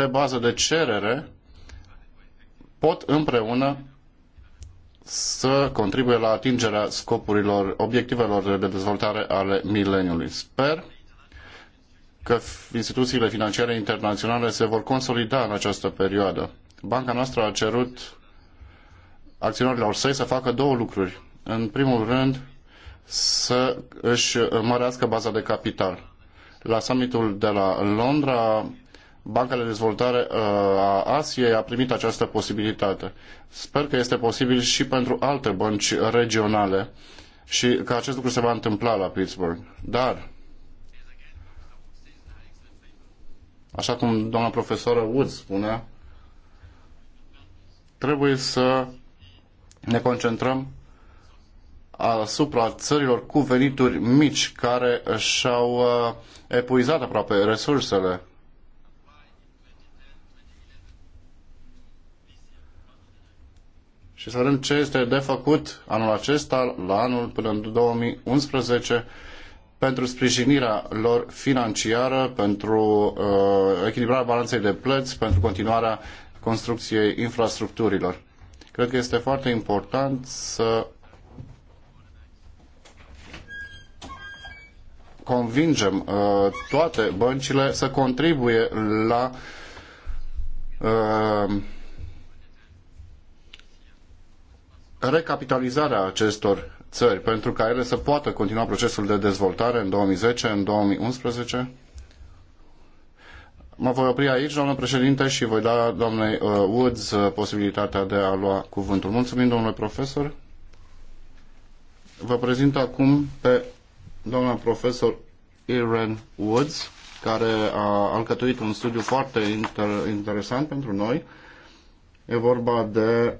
pe bază de cerere pot împreună să contribuie la atingerea scopurilor, obiectivelor de dezvoltare ale mileniului. Sper că instituțiile financiare internaționale se vor consolida în această perioadă. Banca noastră a cerut acționarilor săi să facă două lucruri. În primul rând, să își mărească baza de capital. La summitul de la Londra Banca de Dezvoltare uh, a Asiei a primit această posibilitate. Sper că este posibil și pentru alte bănci regionale și că acest lucru se va întâmpla la Pittsburgh. Dar, așa cum doamna profesoră Woods spunea, trebuie să ne concentrăm asupra țărilor cu venituri mici care și-au uh, epuizat aproape resursele și să vedem ce este de făcut anul acesta, la anul până în 2011, pentru sprijinirea lor financiară, pentru uh, echilibrarea balanței de plăți, pentru continuarea construcției infrastructurilor. Cred că este foarte important să convingem uh, toate băncile să contribuie la uh, recapitalizarea acestor țări pentru ca ele să poată continua procesul de dezvoltare în 2010, în 2011? Mă voi opri aici, doamnă președinte, și voi da doamnei uh, Woods uh, posibilitatea de a lua cuvântul. Mulțumim, domnule profesor. Vă prezint acum pe doamna profesor Irene Woods, care a alcătuit un studiu foarte inter interesant pentru noi. E vorba de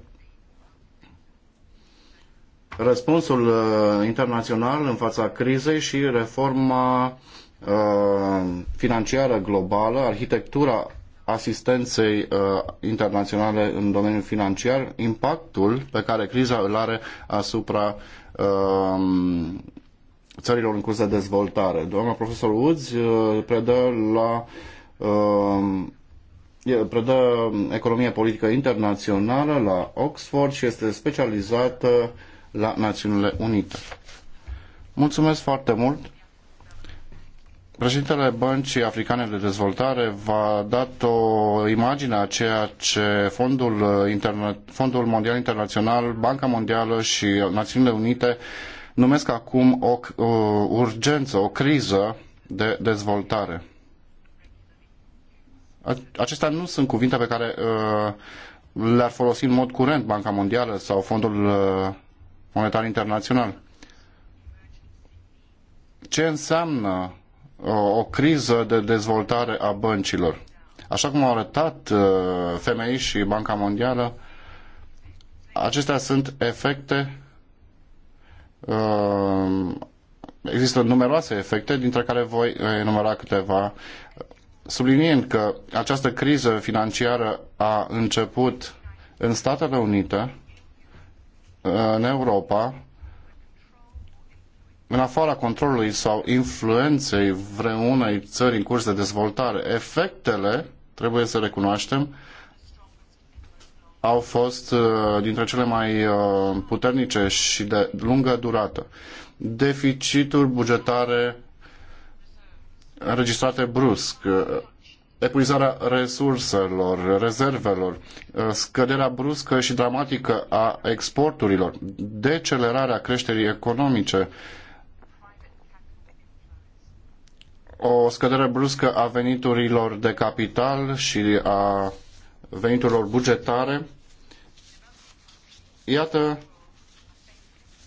răspunsul uh, internațional în fața crizei și reforma uh, financiară globală, arhitectura asistenței uh, internaționale în domeniul financiar, impactul pe care criza îl are asupra uh, țărilor în curs de dezvoltare. Doamna profesor Woods uh, predă la uh, predă economie politică internațională la Oxford și este specializată la Națiunile Unite. Mulțumesc foarte mult! Președintele Băncii Africane de Dezvoltare v-a dat o imagine a ceea ce Fondul, uh, Internet, Fondul Mondial Internațional, Banca Mondială și Națiunile Unite numesc acum o, uh, urgență, o criză de dezvoltare. Acestea nu sunt cuvinte pe care uh, le-ar folosi în mod curent Banca Mondială sau Fondul uh, Monetar Internațional. Ce înseamnă uh, o criză de dezvoltare a băncilor? Așa cum au arătat uh, FMI și Banca Mondială, acestea sunt efecte uh, există numeroase efecte, dintre care voi enumera câteva, subliniind că această criză financiară a început în Statele Unite, în Europa, în afara controlului sau influenței vreunei țări în curs de dezvoltare, efectele, trebuie să recunoaștem, au fost uh, dintre cele mai uh, puternice și de lungă durată. Deficituri bugetare uh, înregistrate brusc, epuizarea resurselor, rezervelor, uh, scăderea bruscă și dramatică a exporturilor, decelerarea creșterii economice, o scădere bruscă a veniturilor de capital și a veniturilor bugetare. Iată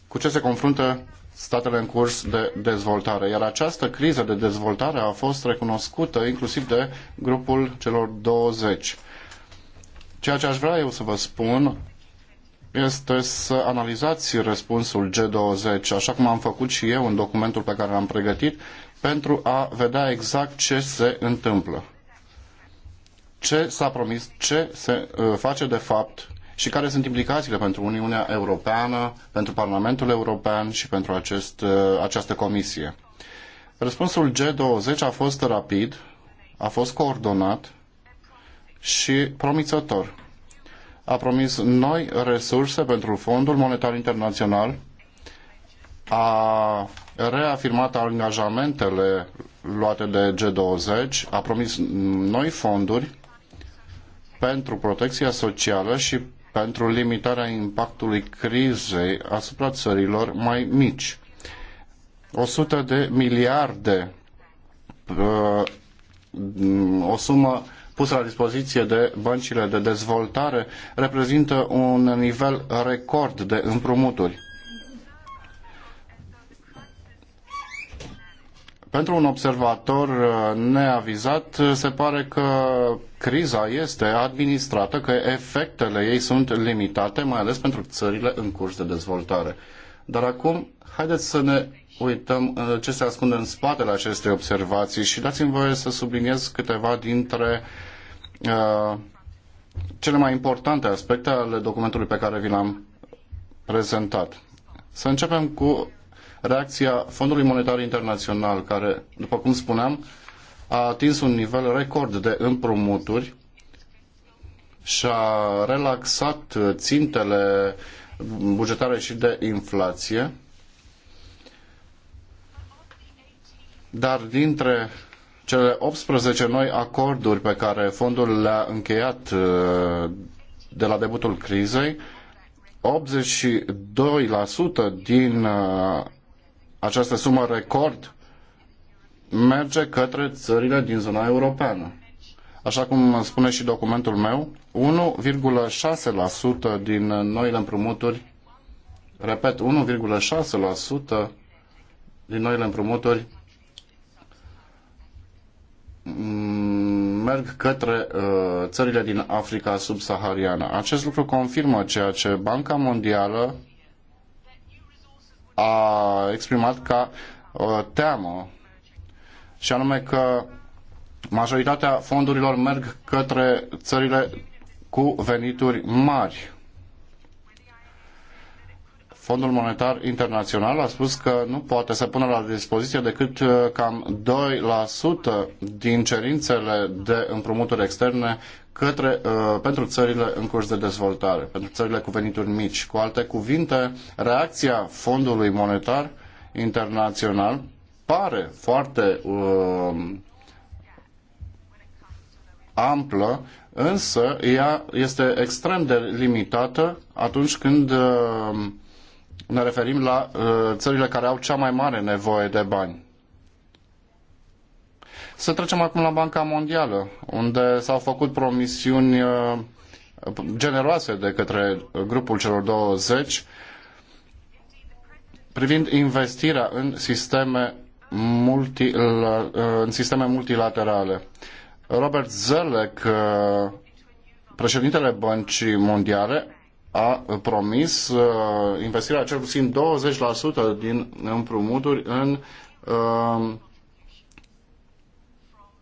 cu ce se confruntă statele în curs de dezvoltare. Iar această criză de dezvoltare a fost recunoscută inclusiv de grupul celor 20. Ceea ce aș vrea eu să vă spun este să analizați răspunsul G20, așa cum am făcut și eu în documentul pe care l-am pregătit, pentru a vedea exact ce se întâmplă. Ce s-a promis, ce se uh, face de fapt și care sunt implicațiile pentru Uniunea Europeană, pentru Parlamentul European și pentru acest, uh, această comisie. Răspunsul G20 a fost rapid, a fost coordonat și promițător. A promis noi resurse pentru Fondul Monetar Internațional, a reafirmat angajamentele luate de G20, a promis noi fonduri pentru protecția socială și pentru limitarea impactului crizei asupra țărilor mai mici. 100 de miliarde, uh, o sumă pusă la dispoziție de băncile de dezvoltare, reprezintă un nivel record de împrumuturi. Pentru un observator uh, neavizat, uh, se pare că criza este administrată, că efectele ei sunt limitate, mai ales pentru țările în curs de dezvoltare. Dar acum, haideți să ne uităm uh, ce se ascunde în spatele acestei observații și dați-mi voie să subliniez câteva dintre cele mai importante aspecte ale documentului pe care vi l-am prezentat. Să începem cu reacția Fondului Monetar Internațional, care, după cum spuneam, a atins un nivel record de împrumuturi și a relaxat țintele bugetare și de inflație. Dar dintre cele 18 noi acorduri pe care fondul le-a încheiat uh, de la debutul crizei, 82% din uh, această sumă record merge către țările din zona europeană. Așa cum spune și documentul meu, 1,6% din noile împrumuturi, repet, 1,6% din noile împrumuturi mm, merg către uh, țările din Africa subsahariană. Acest lucru confirmă ceea ce Banca Mondială a exprimat ca uh, teamă și anume că majoritatea fondurilor merg către țările cu venituri mari. Fondul Monetar Internațional a spus că nu poate să pună la dispoziție decât uh, cam 2% din cerințele de împrumuturi externe către, uh, pentru țările în curs de dezvoltare, pentru țările cu venituri mici. Cu alte cuvinte, reacția Fondului Monetar Internațional pare foarte uh, amplă, însă ea este extrem de limitată atunci când uh, ne referim la uh, țările care au cea mai mare nevoie de bani. Să trecem acum la Banca Mondială, unde s-au făcut promisiuni uh, generoase de către grupul celor 20 privind investirea în sisteme, multila, uh, în sisteme multilaterale. Robert Zelec, președintele Băncii Mondiale, a promis uh, investirea cel puțin 20% din împrumuturi în uh,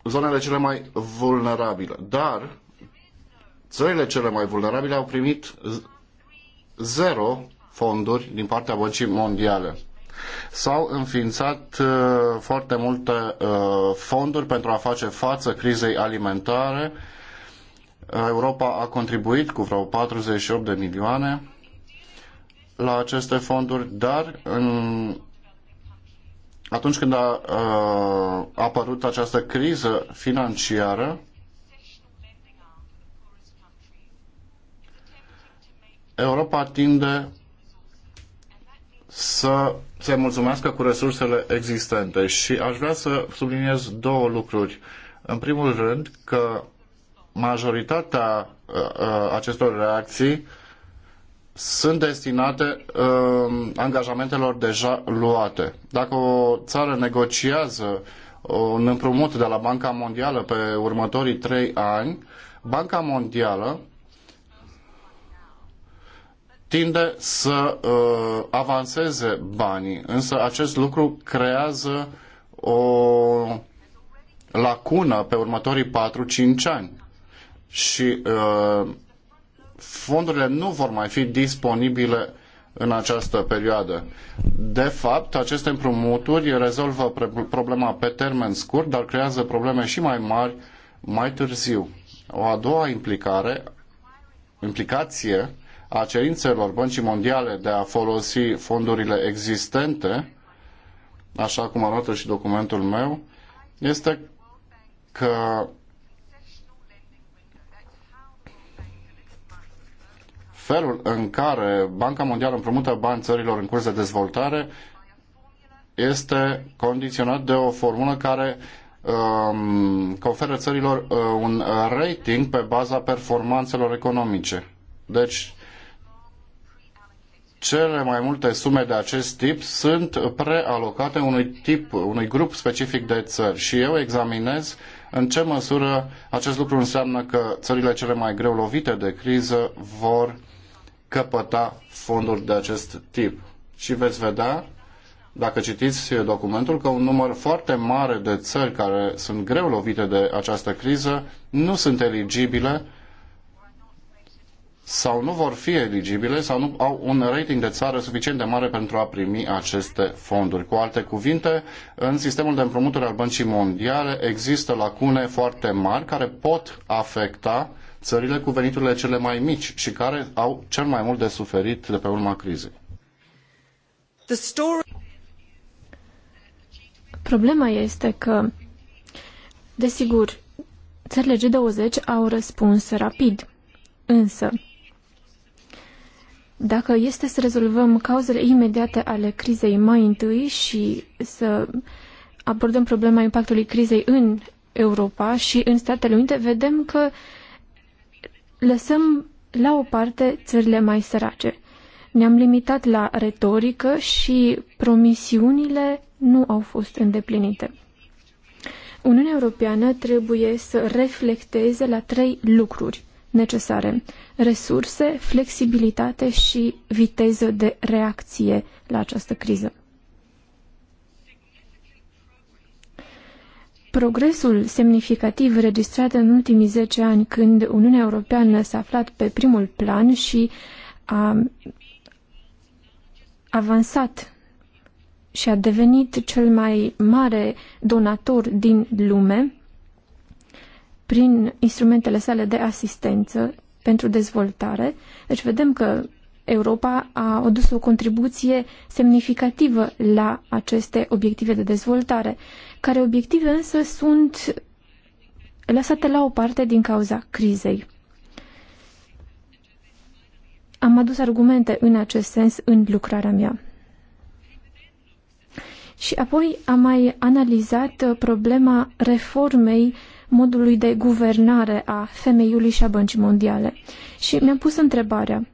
zonele cele mai vulnerabile. Dar țările cele mai vulnerabile au primit zero fonduri din partea Băncii Mondiale. S-au înființat uh, foarte multe fonduri pentru a face față crizei alimentare Uh, Europa a contribuit cu vreo 48 de milioane la aceste fonduri, dar în, atunci când a, a uh, apărut această criză financiară, Europa tinde să se mulțumească cu resursele existente și aș vrea să subliniez două lucruri. În primul rând că majoritatea uh, uh, acestor reacții sunt destinate um, angajamentelor deja luate. Dacă o țară negociază un împrumut de la Banca Mondială pe următorii trei ani, Banca Mondială tinde să uh, avanseze banii, însă acest lucru creează o lacună pe următorii patru-cinci ani și uh, fondurile nu vor mai fi disponibile în această perioadă. De fapt, aceste împrumuturi rezolvă problema pe termen scurt, dar creează probleme și mai mari mai târziu. O a doua implicare, implicație a cerințelor băncii mondiale de a folosi fondurile existente, așa cum arată și documentul meu, este că felul în care Banca Mondială împrumută bani țărilor în curs de dezvoltare este condiționat de o formulă care um, conferă țărilor uh, un rating pe baza performanțelor economice. Deci, cele mai multe sume de acest tip sunt prealocate unui tip, unui grup specific de țări și eu examinez în ce măsură acest lucru înseamnă că țările cele mai greu lovite de criză vor căpăta fonduri de acest tip. Și veți vedea, dacă citiți documentul, că un număr foarte mare de țări care sunt greu lovite de această criză nu sunt eligibile sau nu vor fi eligibile sau nu au un rating de țară suficient de mare pentru a primi aceste fonduri. Cu alte cuvinte, în sistemul de împrumuturi al Băncii Mondiale există lacune foarte mari care pot afecta țările cu veniturile cele mai mici și care au cel mai mult de suferit de pe urma crizei. Problema este că, desigur, țările G20 au răspuns rapid, însă dacă este să rezolvăm cauzele imediate ale crizei mai întâi și să abordăm problema impactului crizei în Europa și în Statele Unite, vedem că uh, lăsăm la o parte țările mai sărace. Ne-am limitat la retorică și promisiunile nu au fost îndeplinite. Uniunea Europeană trebuie să reflecteze la trei lucruri necesare. Resurse, flexibilitate și viteză de reacție la această criză. Progresul semnificativ registrat în ultimii 10 ani, când Uniunea Europeană s-a aflat pe primul plan și a avansat și a devenit cel mai mare donator din lume prin instrumentele sale de asistență pentru dezvoltare. Deci vedem că Europa a adus o contribuție semnificativă la aceste obiective de dezvoltare care obiective însă sunt lăsate la o parte din cauza crizei. Am adus argumente în acest sens în lucrarea mea. Și apoi am mai analizat problema reformei modului de guvernare a femeiului și a băncii mondiale. Și mi-am pus întrebarea,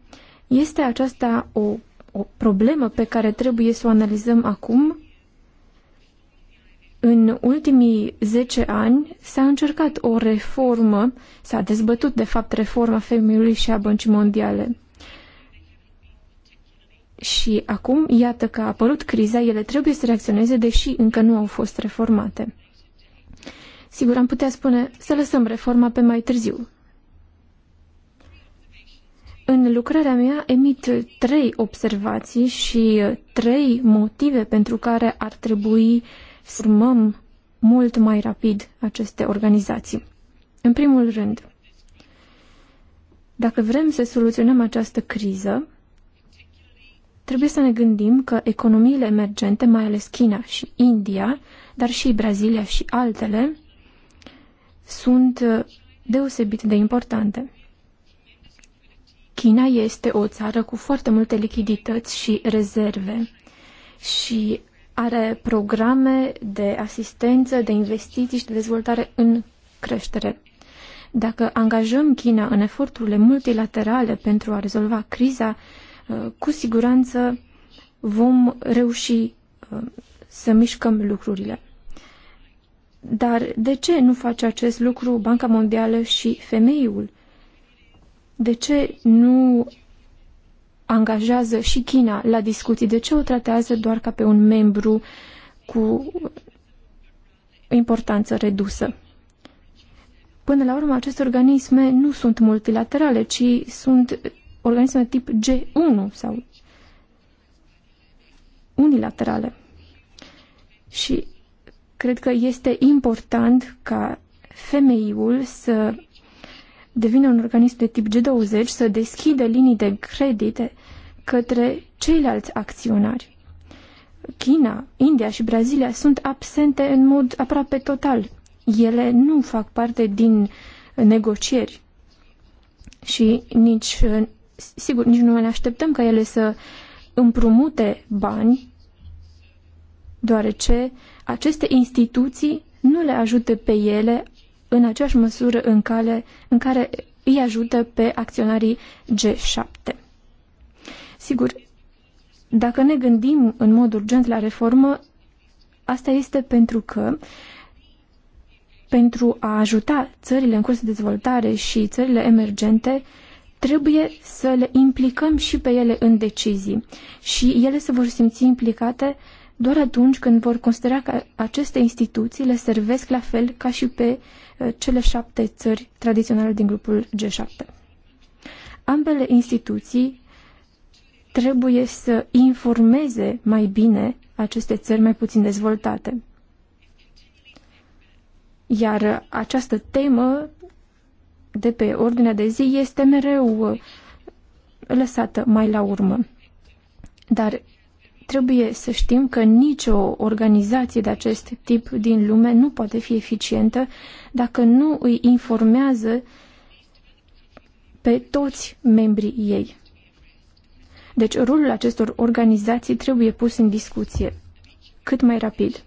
este aceasta o, o problemă pe care trebuie să o analizăm acum în ultimii 10 ani s-a încercat o reformă, s-a dezbătut de fapt reforma femeiului și a băncii mondiale. Și acum, iată că a apărut criza, ele trebuie să reacționeze, deși încă nu au fost reformate. Sigur, am putea spune să lăsăm reforma pe mai târziu. În lucrarea mea emit trei observații și trei motive pentru care ar trebui uh, formăm mult mai rapid aceste organizații. În primul rând, dacă vrem să soluționăm această criză, trebuie să ne gândim că economiile emergente, mai ales China și India, dar și Brazilia și altele, sunt uh, deosebit de importante. China este o țară cu foarte multe lichidități și rezerve și are programe de asistență, de investiții și de dezvoltare în creștere. Dacă angajăm China în eforturile multilaterale pentru a rezolva criza, uh, cu siguranță vom reuși uh, să mișcăm lucrurile. Dar de ce nu face acest lucru Banca Mondială și femeiul? De ce nu angajează și China la discuții? De ce o tratează doar ca pe un membru cu importanță redusă? Până la urmă, aceste organisme nu sunt multilaterale, ci sunt organisme tip G1 sau unilaterale. Și cred că este important ca femeiul să devine un organism de tip G20 să deschidă linii de credite către ceilalți acționari. China, India și Brazilia sunt absente în mod aproape total. Ele nu fac parte din negocieri și nici, sigur, nici nu ne așteptăm ca ele să împrumute bani, deoarece aceste instituții nu le ajută pe ele în aceeași măsură în care, în care îi ajută pe acționarii G7. Sigur, dacă ne gândim în mod urgent la reformă, asta este pentru că pentru a ajuta țările în curs de dezvoltare și țările emergente, trebuie să le implicăm și pe ele în decizii și ele se vor simți implicate doar atunci când vor considera că aceste instituții le servesc la fel ca și pe uh, cele șapte țări tradiționale din grupul G7. Ambele instituții trebuie să informeze mai bine aceste țări mai puțin dezvoltate. Iar această temă de pe ordinea de zi este mereu uh, lăsată mai la urmă. Dar Trebuie să știm că nicio organizație de acest tip din lume nu poate fi eficientă dacă nu îi informează pe toți membrii ei. Deci rolul acestor organizații trebuie pus în discuție cât mai rapid.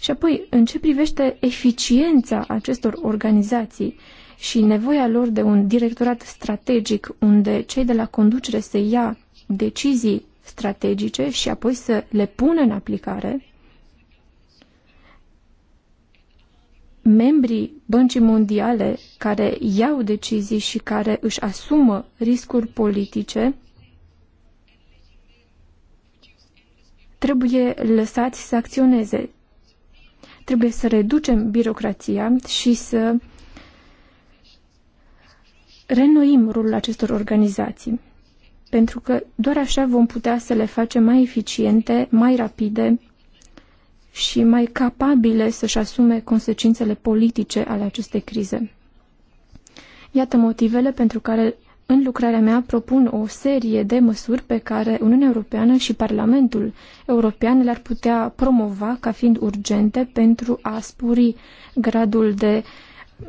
Și apoi, în ce privește eficiența acestor organizații și nevoia lor de un directorat strategic unde cei de la conducere să ia decizii strategice și apoi să le pună în aplicare, membrii băncii mondiale care iau decizii și care își asumă riscuri politice trebuie lăsați să acționeze. Trebuie să reducem birocrația și să renoim rolul acestor organizații pentru că doar așa vom putea să le facem mai eficiente, mai rapide și mai capabile să-și asume consecințele politice ale acestei crize. Iată motivele pentru care în lucrarea mea propun o serie de măsuri pe care Uniunea Europeană și Parlamentul European le-ar putea promova ca fiind urgente pentru a spuri gradul de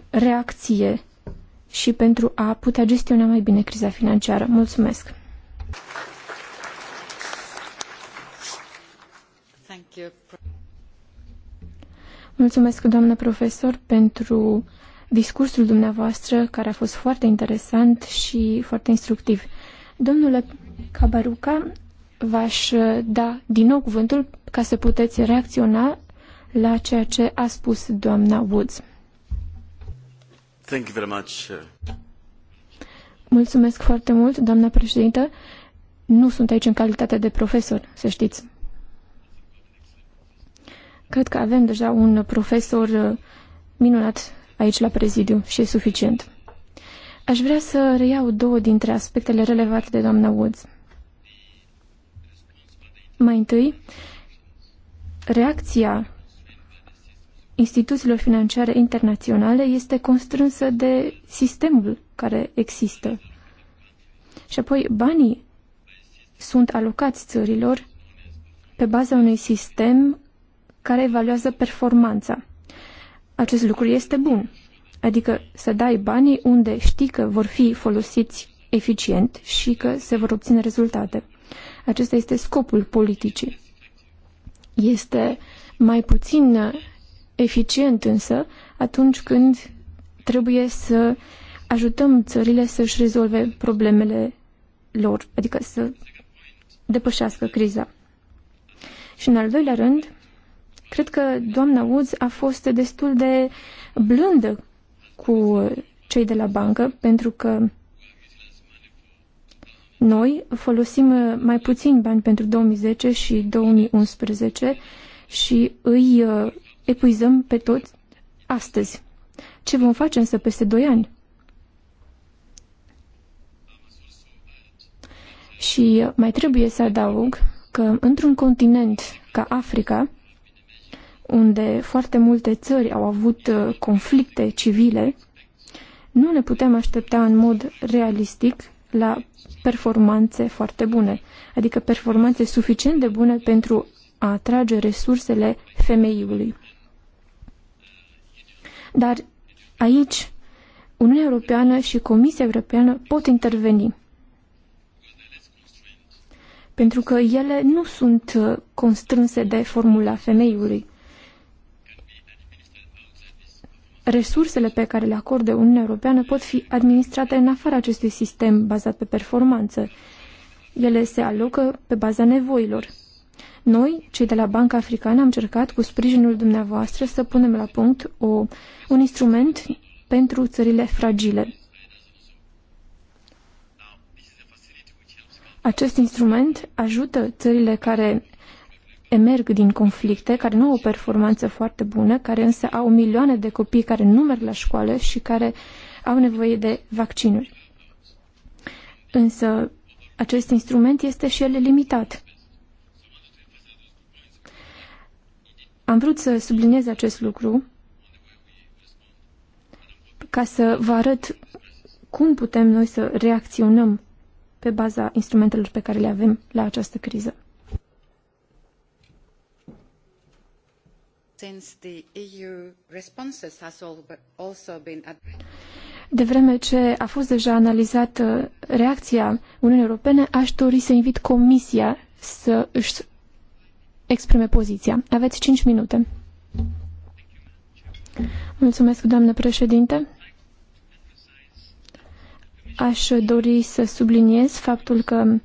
reacție și pentru a putea gestiona mai bine criza financiară. Mulțumesc! Mulțumesc, doamnă profesor, pentru discursul dumneavoastră, care a fost foarte interesant și foarte instructiv. Domnule Cabaruca, v-aș uh, da din nou cuvântul ca să puteți reacționa la ceea ce a spus doamna Woods. Thank you very much. Uh. Mulțumesc foarte mult, doamna președintă. Nu sunt aici în calitate de profesor, să știți. Cred că avem deja un profesor uh, minunat aici la prezidiu și e suficient. Aș vrea să reiau două dintre aspectele relevate de doamna Woods. Mai întâi, reacția instituțiilor financiare internaționale este constrânsă de sistemul care există. Și apoi, banii sunt alocați țărilor pe baza unui sistem care evaluează performanța. Acest lucru este bun, adică să dai banii unde știi că vor fi folosiți eficient și că se vor obține rezultate. Acesta este scopul politicii. Este mai puțin eficient însă atunci când trebuie să ajutăm țările să-și rezolve problemele lor, adică să depășească criza. Și în al doilea rând, cred că doamna Woods a fost destul de blândă cu cei de la bancă, pentru că noi folosim mai puțin bani pentru 2010 și 2011 și îi uh, epuizăm pe toți astăzi. Ce vom face însă peste 2 ani? Și mai trebuie să adaug că într-un continent ca Africa, unde foarte multe țări au avut uh, conflicte civile, nu ne putem aștepta în mod realistic la performanțe foarte bune, adică performanțe suficient de bune pentru a atrage resursele femeiului. Dar aici Uniunea Europeană și Comisia Europeană pot interveni pentru că ele nu sunt uh, constrânse de formula femeiului. Resursele pe care le acordă Uniunea Europeană pot fi administrate în afara acestui sistem bazat pe performanță. Ele se alocă pe baza nevoilor. Noi, cei de la Banca Africană, am încercat cu sprijinul dumneavoastră să punem la punct o, un instrument pentru țările fragile. Acest instrument ajută țările care emerg din conflicte, care nu au o performanță foarte bună, care însă au milioane de copii care nu merg la școală și care au nevoie de vaccinuri. Însă acest instrument este și el limitat. Am vrut să subliniez acest lucru ca să vă arăt cum putem noi să reacționăm pe baza instrumentelor pe care le avem la această criză. De vreme ce a fost deja analizată reacția Uniunii Europene, aș dori să invit Comisia să își exprime poziția. Aveți 5 minute. Mulțumesc, doamnă președinte. Aș dori să subliniez faptul că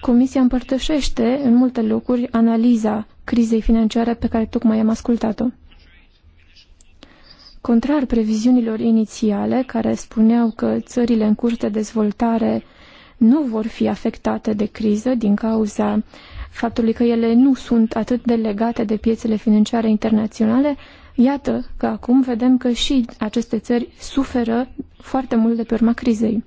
Comisia împărtășește în multe locuri analiza crizei financiare pe care tocmai am ascultat-o. Contrar previziunilor inițiale, care spuneau că țările în curs de dezvoltare nu vor fi afectate de criză din cauza faptului că ele nu sunt atât de legate de piețele financiare internaționale, iată că acum vedem că și aceste țări suferă foarte mult de pe urma crizei.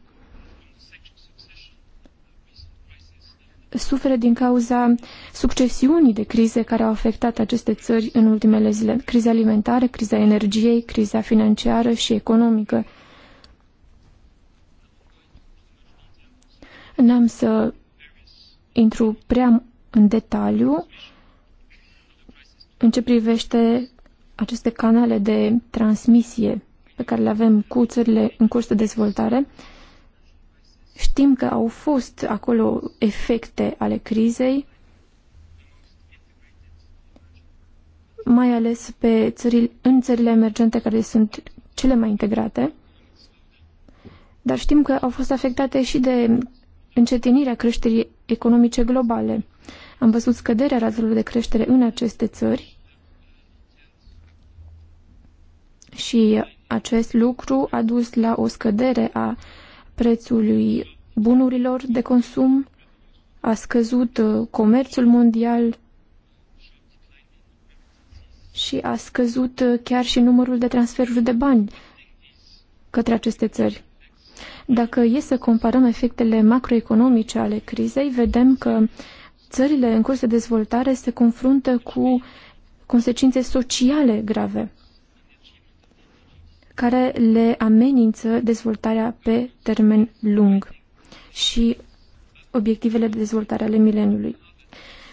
suferă din cauza succesiunii de crize care au afectat aceste țări în ultimele zile. Criza alimentară, criza energiei, criza financiară și economică. N-am să intru prea în detaliu în ce privește aceste canale de transmisie pe care le avem cu țările în curs de dezvoltare, uh, Știm că au fost acolo efecte ale crizei, mai ales pe țări, în țările emergente care sunt cele mai integrate, dar știm că au fost afectate și de încetinirea creșterii economice globale. Am văzut scăderea ratelor de creștere în aceste țări și acest lucru a dus la o scădere a prețului bunurilor de consum, a scăzut uh, comerțul mondial și a scăzut uh, chiar și numărul de transferuri de bani către aceste țări. Dacă e să comparăm efectele macroeconomice ale crizei, vedem că țările în curs de dezvoltare se confruntă cu consecințe sociale grave care le amenință dezvoltarea pe termen lung și obiectivele de dezvoltare ale mileniului.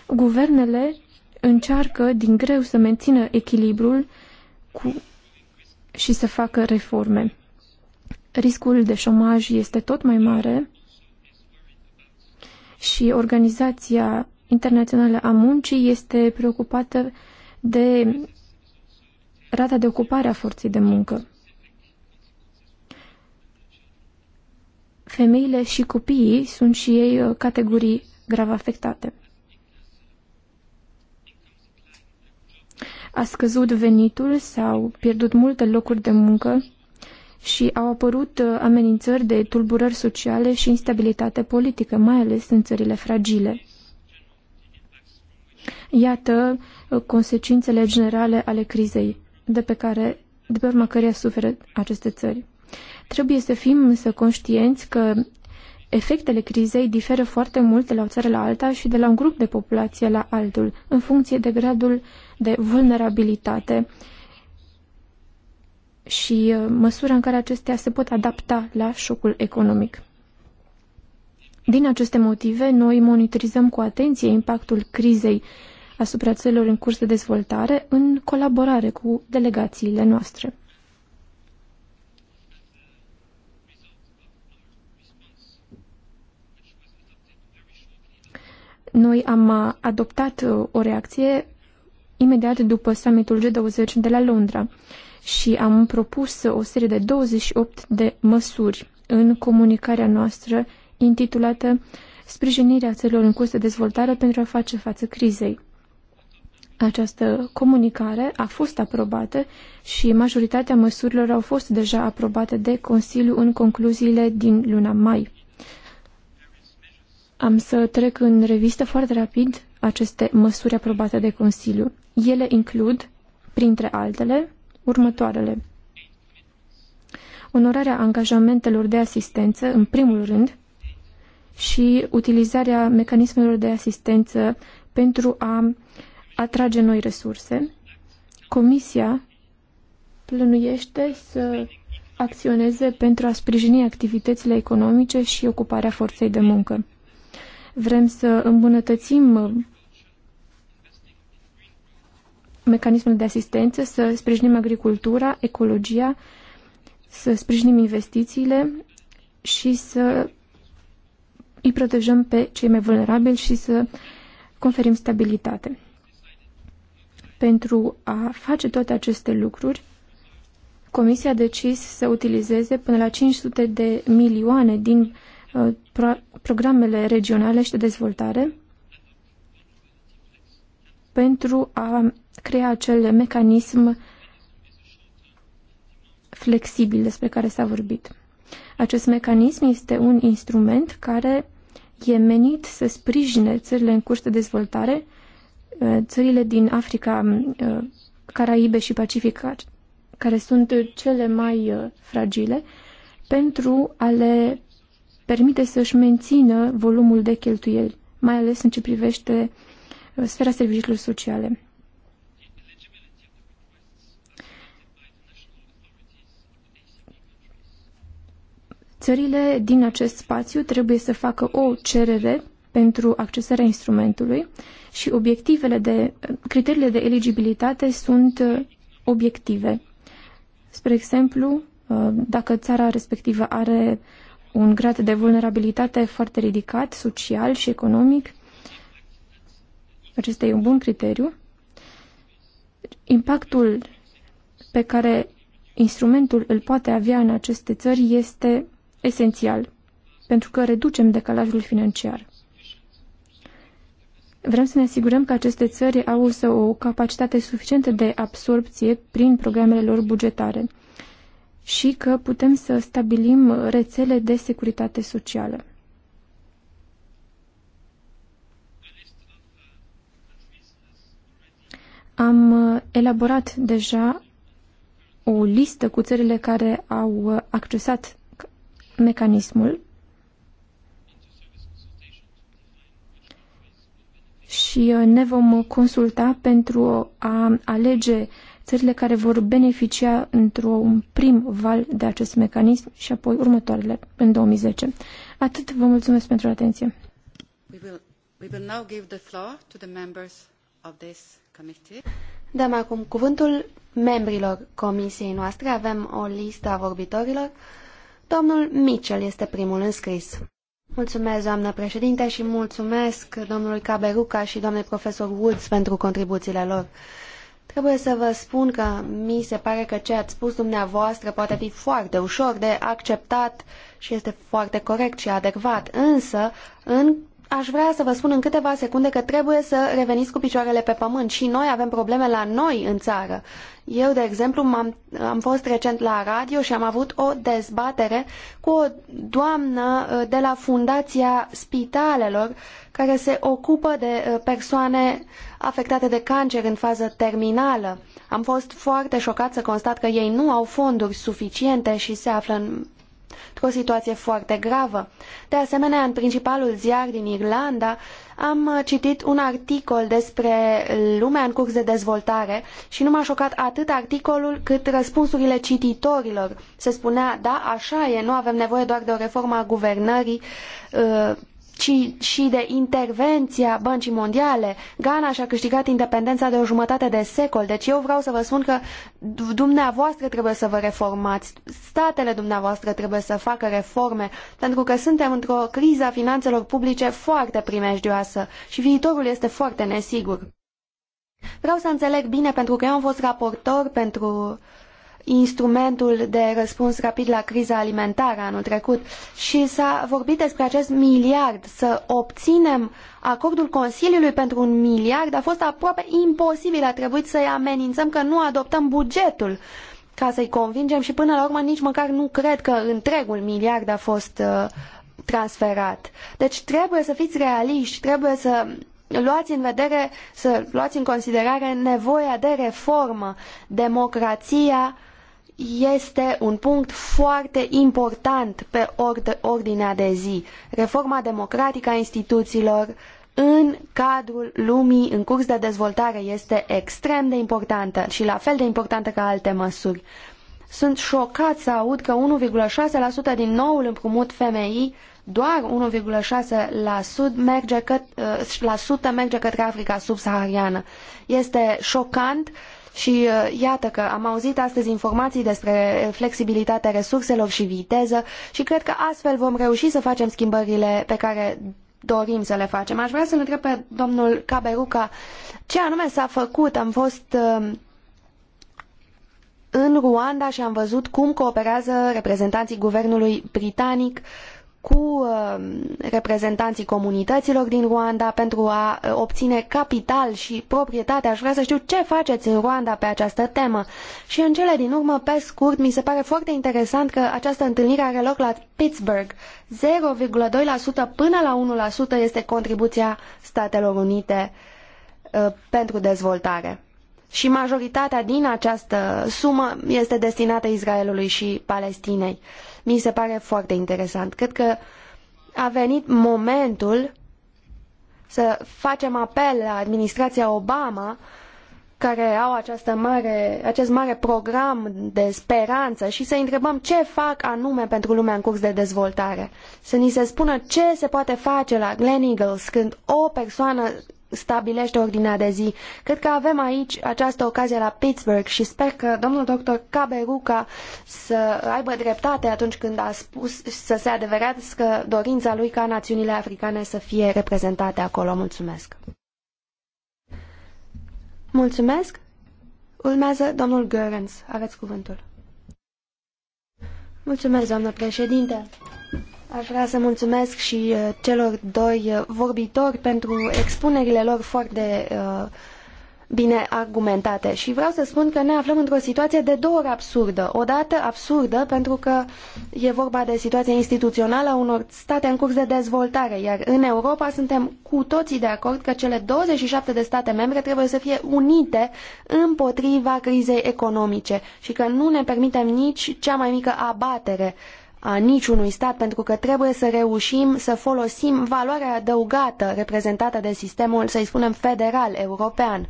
Guvernele încearcă din greu să mențină echilibrul cu și să facă reforme. Riscul de șomaj este tot mai mare și Organizația Internațională a Muncii este preocupată de rata de ocupare a forței de muncă. femeile și copiii sunt și ei uh, categorii grav afectate. A scăzut venitul, s-au pierdut multe locuri de muncă și au apărut uh, amenințări de tulburări sociale și instabilitate politică, mai ales în țările fragile. Iată uh, consecințele generale ale crizei de pe care, de pe urma căreia suferă aceste țări. Trebuie să fim însă conștienți că efectele crizei diferă foarte mult de la o țară la alta și de la un grup de populație la altul, în funcție de gradul de vulnerabilitate și uh, măsura în care acestea se pot adapta la șocul economic. Din aceste motive, noi monitorizăm cu atenție impactul crizei asupra țărilor în curs de dezvoltare în colaborare cu delegațiile noastre. Noi am uh, adoptat uh, o reacție imediat după summitul G20 de la Londra și am propus o serie de 28 de măsuri în comunicarea noastră intitulată Sprijinirea țărilor în curs de dezvoltare pentru a face față crizei. Această comunicare a fost aprobată și majoritatea măsurilor au fost deja aprobate de Consiliu în concluziile din luna mai. Am să trec în revistă foarte rapid aceste măsuri aprobate de Consiliu. Ele includ, printre altele, următoarele. Onorarea angajamentelor de asistență, în primul rând, și utilizarea mecanismelor de asistență pentru a atrage noi resurse. Comisia plănuiește să acționeze pentru a sprijini activitățile economice și ocuparea forței de muncă. Vrem să îmbunătățim uh, mecanismul de asistență, să sprijinim agricultura, ecologia, să sprijinim investițiile și să îi protejăm pe cei mai vulnerabili și să conferim stabilitate. Pentru a face toate aceste lucruri, Comisia a decis să utilizeze până la 500 de milioane din uh, Uh, programele regionale și de dezvoltare pentru a crea acel mecanism flexibil despre care s-a vorbit. Acest mecanism este un instrument care e menit să sprijine țările în curs de dezvoltare, uh, țările din Africa, uh, Caraibe și Pacific, care sunt cele mai fragile, pentru a le permite să-și mențină volumul de cheltuieli, mai ales în ce privește uh, sfera serviciilor sociale. Țările din acest spațiu trebuie să facă o cerere pentru accesarea instrumentului și obiectivele de, criteriile de eligibilitate sunt uh, obiective. Spre exemplu, uh, dacă țara respectivă are un grad de vulnerabilitate foarte ridicat, social și economic. Acesta e un bun criteriu. Impactul pe care instrumentul îl poate avea în aceste țări este esențial, pentru că reducem decalajul financiar. Vrem să ne asigurăm că aceste țări au o capacitate suficientă de absorpție prin programele lor bugetare și că putem să stabilim rețele de securitate socială. Am uh, elaborat deja o listă cu țările care au uh, accesat mecanismul și uh, ne vom consulta pentru a alege țările care vor beneficia într-un prim val de acest mecanism și apoi următoarele în 2010. Atât, vă mulțumesc pentru atenție. Dăm acum cuvântul membrilor comisiei noastre. Avem o listă a vorbitorilor. Domnul Mitchell este primul înscris. Mulțumesc, doamnă președinte, și mulțumesc domnului Caberuca și doamnei profesor Woods pentru contribuțiile lor. Trebuie să vă spun că mi se pare că ce ați spus dumneavoastră poate fi foarte ușor de acceptat și este foarte corect și adecvat, însă în Aș vrea să vă spun în câteva secunde că trebuie să reveniți cu picioarele pe pământ și noi avem probleme la noi în țară. Eu, de exemplu, am am fost recent la radio și am avut o dezbatere cu o doamnă uh, de la Fundația Spitalelor care se ocupă de uh, persoane uh, afectate de cancer în fază terminală. Am fost foarte șocat să constat că ei nu au fonduri suficiente și se află în o situație foarte gravă. De asemenea, în principalul ziar din Irlanda am citit un articol despre lumea în curs de dezvoltare și nu m-a șocat atât articolul cât răspunsurile cititorilor. Se spunea, da, așa e, nu avem nevoie doar de o reformă a guvernării, ă, ci și de intervenția Băncii Mondiale. Ghana și-a câștigat independența de o jumătate de secol, deci eu vreau să vă spun că dumneavoastră trebuie să vă reformați, statele dumneavoastră trebuie să facă reforme, pentru că suntem într-o criză a finanțelor publice foarte primejdioasă și viitorul este foarte nesigur. Vreau să înțeleg bine, pentru că eu am fost raportor pentru instrumentul de răspuns rapid la criza alimentară anul trecut și s-a vorbit despre acest miliard. Să obținem acordul Consiliului pentru un miliard a fost aproape imposibil. A trebuit să-i amenințăm că nu adoptăm bugetul ca să-i convingem și până la urmă nici măcar nu cred că întregul miliard a fost uh, transferat. Deci trebuie să fiți realiști, trebuie să luați în vedere, să luați în considerare nevoia de reformă, democrația este un punct foarte important pe ordinea de zi. Reforma democratică a instituțiilor în cadrul lumii în curs de dezvoltare este extrem de importantă și la fel de importantă ca alte măsuri. Sunt șocat să aud că 1,6% din noul împrumut FMI, doar 1,6% merge, căt, la sută merge către Africa subsahariană. Este șocant uh, și uh, iată că am auzit astăzi informații despre flexibilitatea resurselor și viteză și cred că astfel vom reuși să facem schimbările pe care dorim să le facem. Aș vrea să-l întreb pe domnul Caberuca ce anume s-a făcut. Am fost uh, în Ruanda și am văzut cum cooperează reprezentanții guvernului britanic cu uh, reprezentanții comunităților din Rwanda pentru a uh, obține capital și proprietate. Aș vrea să știu ce faceți în Rwanda pe această temă. Și în cele din urmă, pe scurt, mi se pare foarte interesant că această întâlnire are loc la Pittsburgh. 0,2% până la 1% este contribuția Statelor Unite uh, pentru dezvoltare. Și majoritatea din această sumă este destinată Israelului și Palestinei mi se pare foarte interesant. Cred că a venit momentul să facem apel la administrația Obama care au această mare, acest mare program de speranță și să întrebăm ce fac anume pentru lumea în curs de dezvoltare. Să ni se spună ce se poate face la Glen Eagles când o persoană stabilește ordinea de zi. Cred că avem aici această ocazie la Pittsburgh și sper că domnul doctor Caberuca să aibă dreptate atunci când a spus să se adeverească dorința lui ca națiunile africane să fie reprezentate acolo. Mulțumesc! Mulțumesc! Urmează domnul Görens. Aveți cuvântul. Mulțumesc, doamnă președinte! Aș vrea să mulțumesc și uh, celor doi uh, vorbitori pentru expunerile lor foarte uh, bine argumentate. Și vreau să spun că ne aflăm într-o situație de două ori absurdă. O dată absurdă pentru că e vorba de situația instituțională a unor state în curs de dezvoltare, iar în Europa suntem cu toții de acord că cele 27 de state membre trebuie să fie unite împotriva crizei economice și că nu ne permitem nici cea mai mică abatere a niciunui stat, pentru că trebuie să reușim să folosim valoarea adăugată reprezentată de sistemul, să-i spunem, federal european,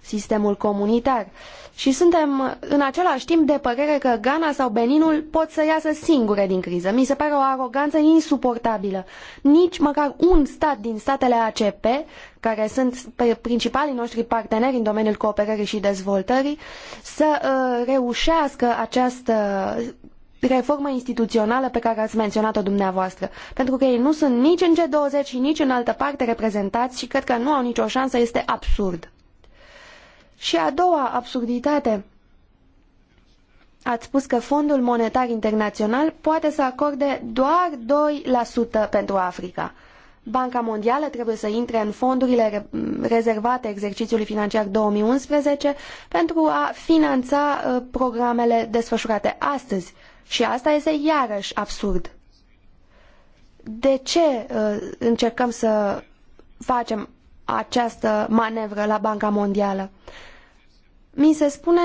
sistemul comunitar. Și suntem în același timp de părere că Ghana sau Beninul pot să iasă singure din criză. Mi se pare o aroganță insuportabilă. Nici măcar un stat din statele ACP, care sunt principalii noștri parteneri în domeniul cooperării și dezvoltării, să uh, reușească această reformă instituțională pe care ați menționat-o dumneavoastră, pentru că ei nu sunt nici în G20 și nici în altă parte reprezentați și cred că nu au nicio șansă, este absurd. Și a doua absurditate, ați spus că Fondul Monetar Internațional poate să acorde doar 2% pentru Africa. Banca Mondială trebuie să intre în fondurile rezervate exercițiului financiar 2011 pentru a finanța uh, programele desfășurate astăzi și asta este iarăși absurd. De ce uh, încercăm să facem această manevră la Banca Mondială? Mi se spune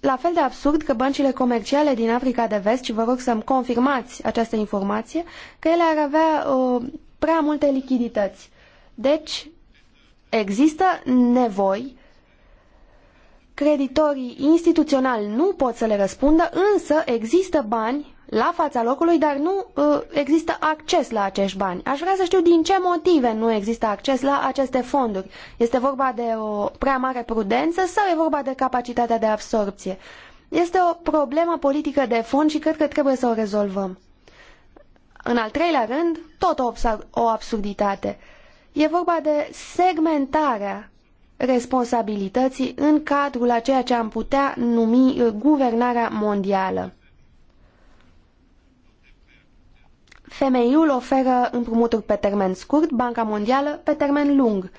la fel de absurd că băncile comerciale din Africa de Vest, și vă rog să-mi confirmați această informație, că ele ar avea uh, prea multe lichidități. Deci, există nevoi Creditorii instituționali nu pot să le răspundă, însă există bani la fața locului, dar nu uh, există acces la acești bani. Aș vrea să știu din ce motive nu există acces la aceste fonduri. Este vorba de o prea mare prudență sau e vorba de capacitatea de absorpție? Este o problemă politică de fond și cred că trebuie să o rezolvăm. În al treilea rând, tot o, absurditate. E vorba de segmentarea responsabilității în cadrul a ceea ce am putea numi uh, guvernarea mondială. Femeiul oferă împrumuturi pe termen scurt, Banca Mondială pe termen lung.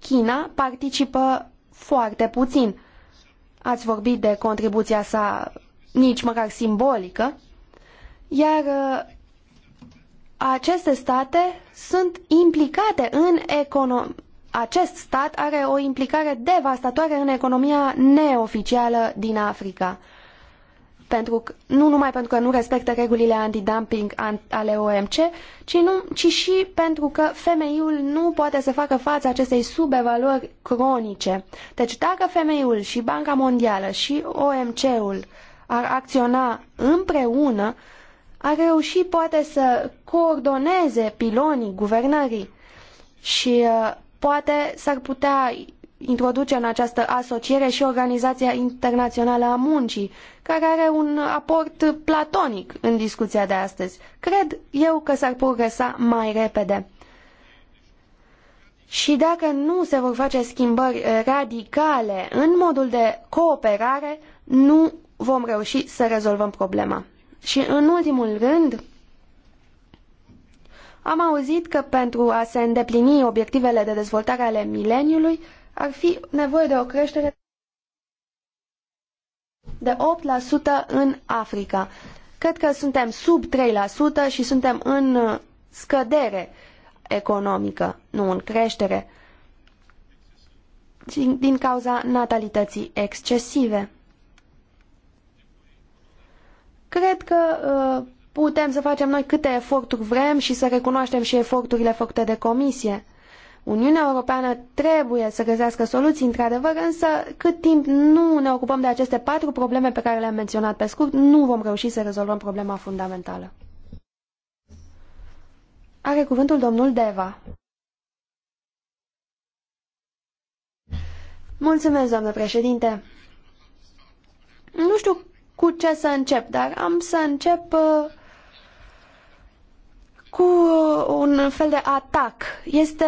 China participă foarte puțin. Ați vorbit de contribuția sa nici măcar simbolică, iar uh, aceste state sunt implicate în economie acest stat are o implicare devastatoare în economia neoficială din Africa. Pentru, nu numai pentru că nu respectă regulile antidumping ale OMC, ci, nu, ci și pentru că femeiul nu poate să facă față acestei subevaluări cronice. Deci dacă femeiul și Banca Mondială și OMC-ul ar acționa împreună, ar reuși poate să coordoneze pilonii guvernării și uh, Poate s-ar putea introduce în această asociere și Organizația Internațională a Muncii, care are un aport platonic în discuția de astăzi. Cred eu că s-ar progresa mai repede. Și dacă nu se vor face schimbări radicale în modul de cooperare, nu vom reuși să rezolvăm problema. Și în ultimul rând, am auzit că pentru a se îndeplini obiectivele de dezvoltare ale mileniului ar fi nevoie de o creștere de 8% în Africa. Cred că suntem sub 3% și suntem în scădere economică, nu în creștere, din cauza natalității excesive. Cred că uh, Putem să facem noi câte eforturi vrem și să recunoaștem și eforturile făcute de comisie. Uniunea Europeană trebuie să găsească soluții, într-adevăr, însă cât timp nu ne ocupăm de aceste patru probleme pe care le-am menționat pe scurt, nu vom reuși să rezolvăm problema fundamentală. Are cuvântul domnul Deva. Mulțumesc, domnule președinte. Nu știu cu ce să încep, dar am să încep uh, cu uh, un fel de atac. Este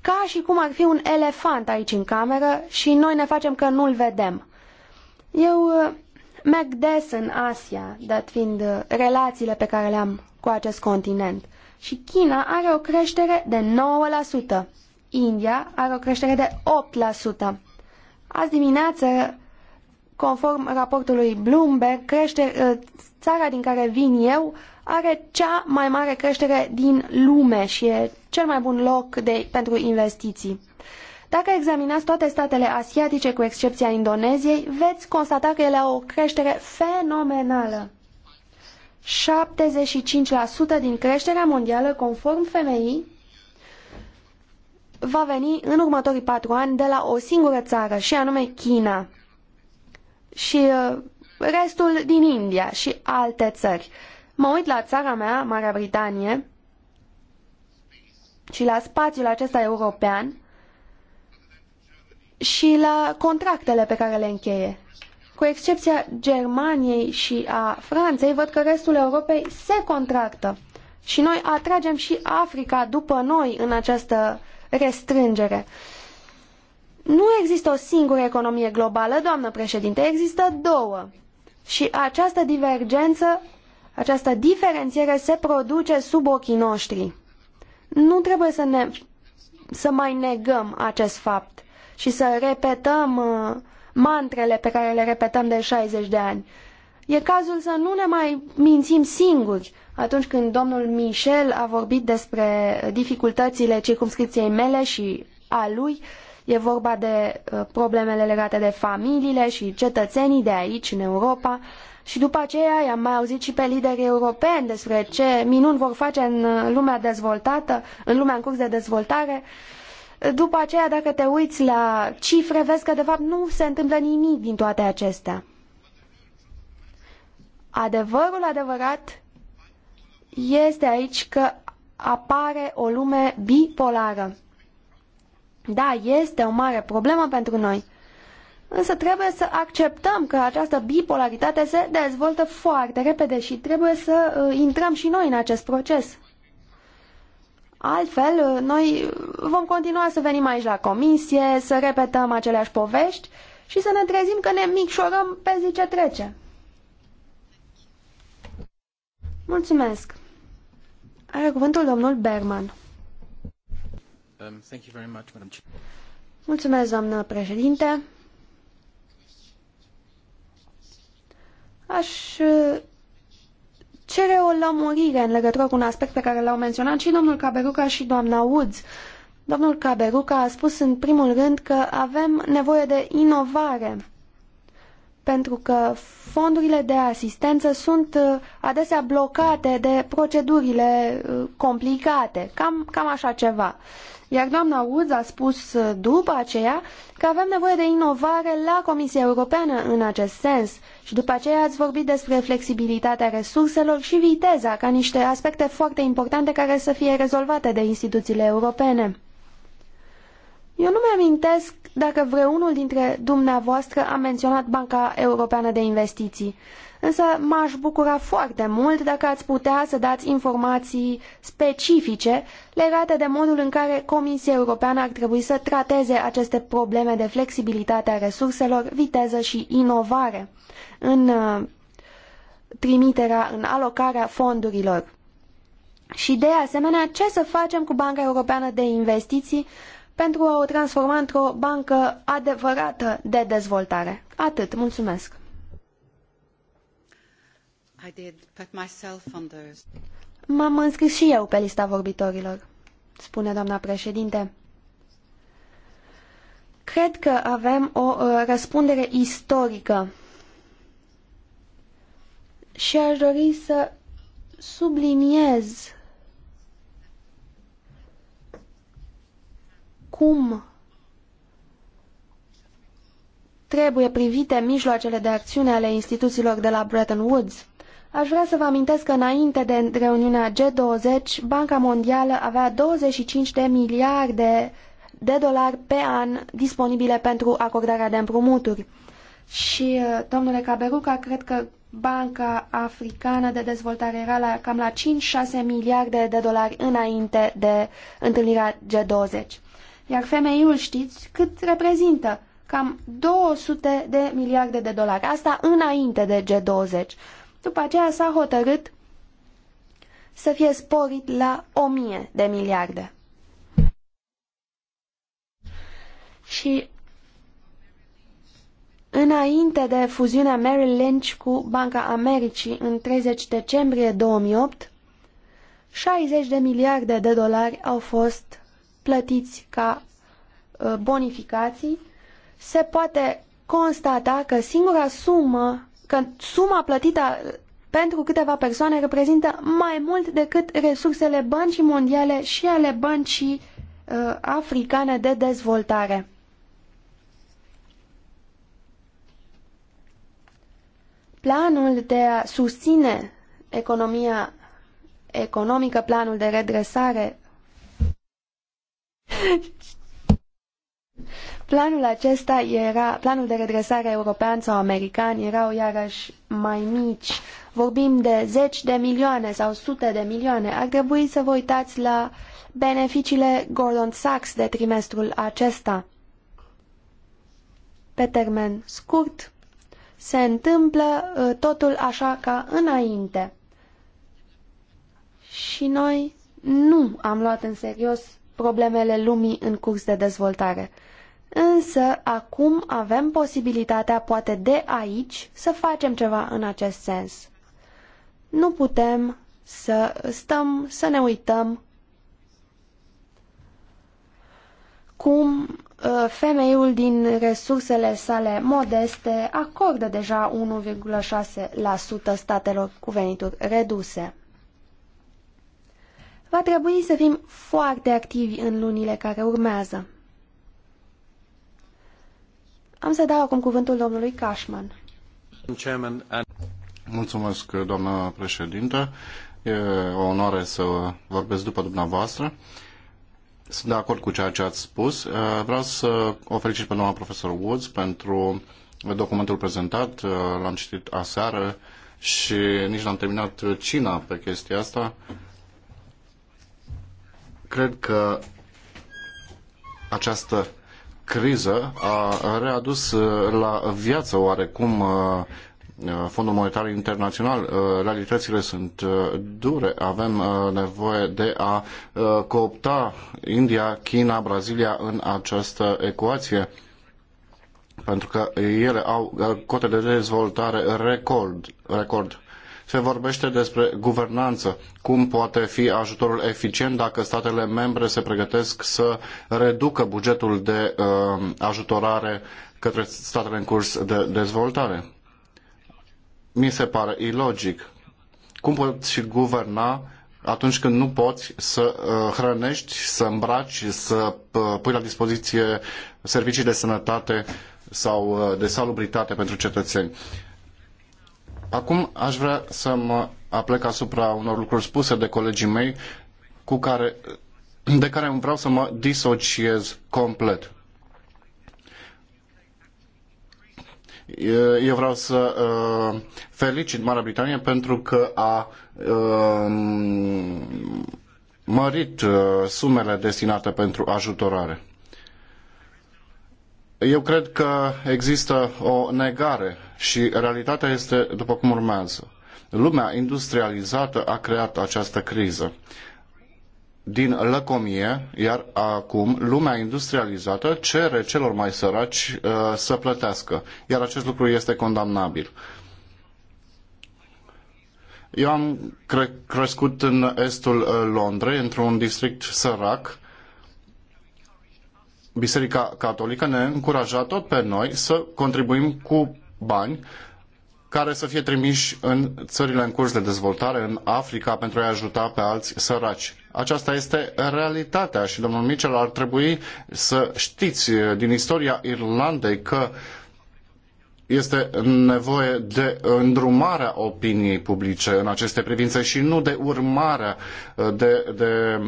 ca și cum ar fi un elefant aici în cameră și noi ne facem că nu-l vedem. Eu uh, merg des în Asia, dat fiind uh, relațiile pe care le-am cu acest continent. Și China are o creștere de 9%. India are o creștere de 8%. Azi dimineață, conform raportului Bloomberg, crește, țara din care vin eu are cea mai mare creștere din lume și e cel mai bun loc de, pentru investiții. Dacă examinați toate statele asiatice, cu excepția Indoneziei, veți constata că ele au o creștere fenomenală. 75% din creșterea mondială, conform FMI, va veni în următorii patru ani de la o singură țară, și anume China. Și uh, restul din India și alte țări. Mă uit la țara mea, Marea Britanie, și la spațiul acesta european și la contractele pe care le încheie. Cu excepția Germaniei și a Franței, văd că restul Europei se contractă. Și noi atragem și Africa după noi în această restrângere. Nu există o singură economie globală, doamnă președinte, există două. Și această divergență această diferențiere se produce sub ochii noștri. Nu trebuie să, ne, să mai negăm acest fapt și să repetăm uh, mantrele pe care le repetăm de 60 de ani. E cazul să nu ne mai mințim singuri atunci când domnul Michel a vorbit despre dificultățile circumscripției mele și a lui. E vorba de uh, problemele legate de familiile și cetățenii de aici, în Europa. Uh, și după aceea i-am mai auzit și pe liderii europeni despre ce minuni vor face în lumea dezvoltată, în lumea în curs de dezvoltare. După aceea, dacă te uiți la cifre, vezi că de fapt nu se întâmplă nimic din toate acestea. Adevărul adevărat este aici că apare o lume bipolară. Da, este o mare problemă pentru noi. Însă trebuie să acceptăm că această bipolaritate se dezvoltă foarte repede și trebuie să uh, intrăm și noi în acest proces. Altfel, uh, noi vom continua să venim aici la comisie, să repetăm aceleași povești și să ne trezim că ne micșorăm pe zi ce trece. Mulțumesc. Are cuvântul domnul Berman. Um, Mulțumesc, doamnă președinte. Aș cere o lămurire în legătură cu un aspect pe care l-au menționat și domnul Caberuca și doamna Woods. Domnul Caberuca a spus în primul rând că avem nevoie de inovare pentru că fondurile de asistență sunt uh, adesea blocate de procedurile uh, complicate, cam, cam așa ceva. Iar doamna Woods a spus uh, după aceea că avem nevoie de inovare la Comisia Europeană în acest sens și după aceea ați vorbit despre flexibilitatea resurselor și viteza ca niște aspecte foarte importante care să fie rezolvate de instituțiile europene. Eu nu mi-amintesc dacă vreunul dintre dumneavoastră a menționat Banca Europeană de Investiții însă m-aș bucura foarte mult dacă ați putea să dați informații specifice legate de modul în care Comisia Europeană ar trebui să trateze aceste probleme de flexibilitate a resurselor, viteză și inovare în uh, trimiterea, în alocarea fondurilor. Și de asemenea, ce să facem cu Banca Europeană de Investiții pentru a o transforma într-o bancă adevărată de dezvoltare? Atât, mulțumesc! M-am înscris și eu pe lista vorbitorilor, spune doamna președinte. Cred că avem o uh, răspundere istorică și aș dori să subliniez cum trebuie privite mijloacele de acțiune ale instituțiilor de la Bretton Woods. Aș vrea să vă amintesc că înainte de reuniunea G20, Banca Mondială avea 25 de miliarde de dolari pe an disponibile pentru acordarea de împrumuturi. Și, uh, domnule Caberuca, cred că Banca Africană de Dezvoltare era la, cam la 5-6 miliarde de dolari înainte de întâlnirea G20. Iar femeiul știți cât reprezintă? Cam 200 de miliarde de dolari. Asta înainte de G20. După aceea s-a hotărât să fie sporit la 1000 de miliarde. Și înainte de fuziunea Merrill Lynch cu Banca Americii în 30 decembrie 2008, 60 de miliarde de dolari au fost plătiți ca uh, bonificații. Se poate constata că singura sumă că suma plătită pentru câteva persoane reprezintă mai mult decât resursele băncii mondiale și ale băncii uh, africane de dezvoltare. Planul de a susține economia economică, planul de redresare Planul acesta era, planul de redresare european sau american erau iarăși mai mici. Vorbim de zeci de milioane sau sute de milioane. Ar trebui să vă uitați la beneficiile Goldman Sachs de trimestrul acesta. Pe termen scurt, se întâmplă ă, totul așa ca înainte. Și noi nu am luat în serios problemele lumii în curs de dezvoltare. Însă, acum avem posibilitatea, poate de aici, să facem ceva în acest sens. Nu putem să stăm, să ne uităm cum ă, femeiul din resursele sale modeste acordă deja 1,6% statelor cu venituri reduse. Va trebui să fim foarte activi în lunile care urmează. Am să dau acum cuvântul domnului Cashman. Mulțumesc, doamnă președinte. E o onoare să vorbesc după dumneavoastră. Sunt de acord cu ceea ce ați spus. Vreau să o felicit pe doamna profesor Woods pentru documentul prezentat. L-am citit aseară și nici n-am terminat cina pe chestia asta. Cred că această criză a readus uh, la viață oarecum uh, uh, Fondul Monetar Internațional, realitățile sunt dure. Avem nevoie de a coopta India, China, Brazilia în această ecuație pentru că ele au cote de dezvoltare record. record se vorbește despre guvernanță, cum poate fi ajutorul eficient dacă statele membre se pregătesc să reducă bugetul de um, ajutorare către statele în curs de dezvoltare. Mi se pare ilogic. Cum poți guverna atunci când nu poți să uh, hrănești, să îmbraci, să uh, pui la dispoziție servicii de sănătate sau uh, de salubritate pentru cetățeni. Acum aș vrea să mă aplec asupra unor lucruri spuse de colegii mei cu care, de care vreau să mă disociez complet. Eu vreau să uh, felicit Marea Britanie pentru că a uh, mărit uh, sumele destinate pentru ajutorare. Eu cred că există o negare și realitatea este după cum urmează. Lumea industrializată a creat această criză din lăcomie, iar acum lumea industrializată cere celor mai săraci uh, să plătească, iar acest lucru este condamnabil. Eu am cre crescut în estul uh, Londrei, într-un district sărac, Biserica Catolică ne încuraja tot pe noi să contribuim cu bani care să fie trimiși în țările în curs de dezvoltare, în Africa, pentru a-i ajuta pe alți săraci. Aceasta este realitatea și, domnul Mitchell, ar trebui să știți din istoria Irlandei că este nevoie de îndrumarea opiniei publice în aceste privințe și nu de urmarea, de, de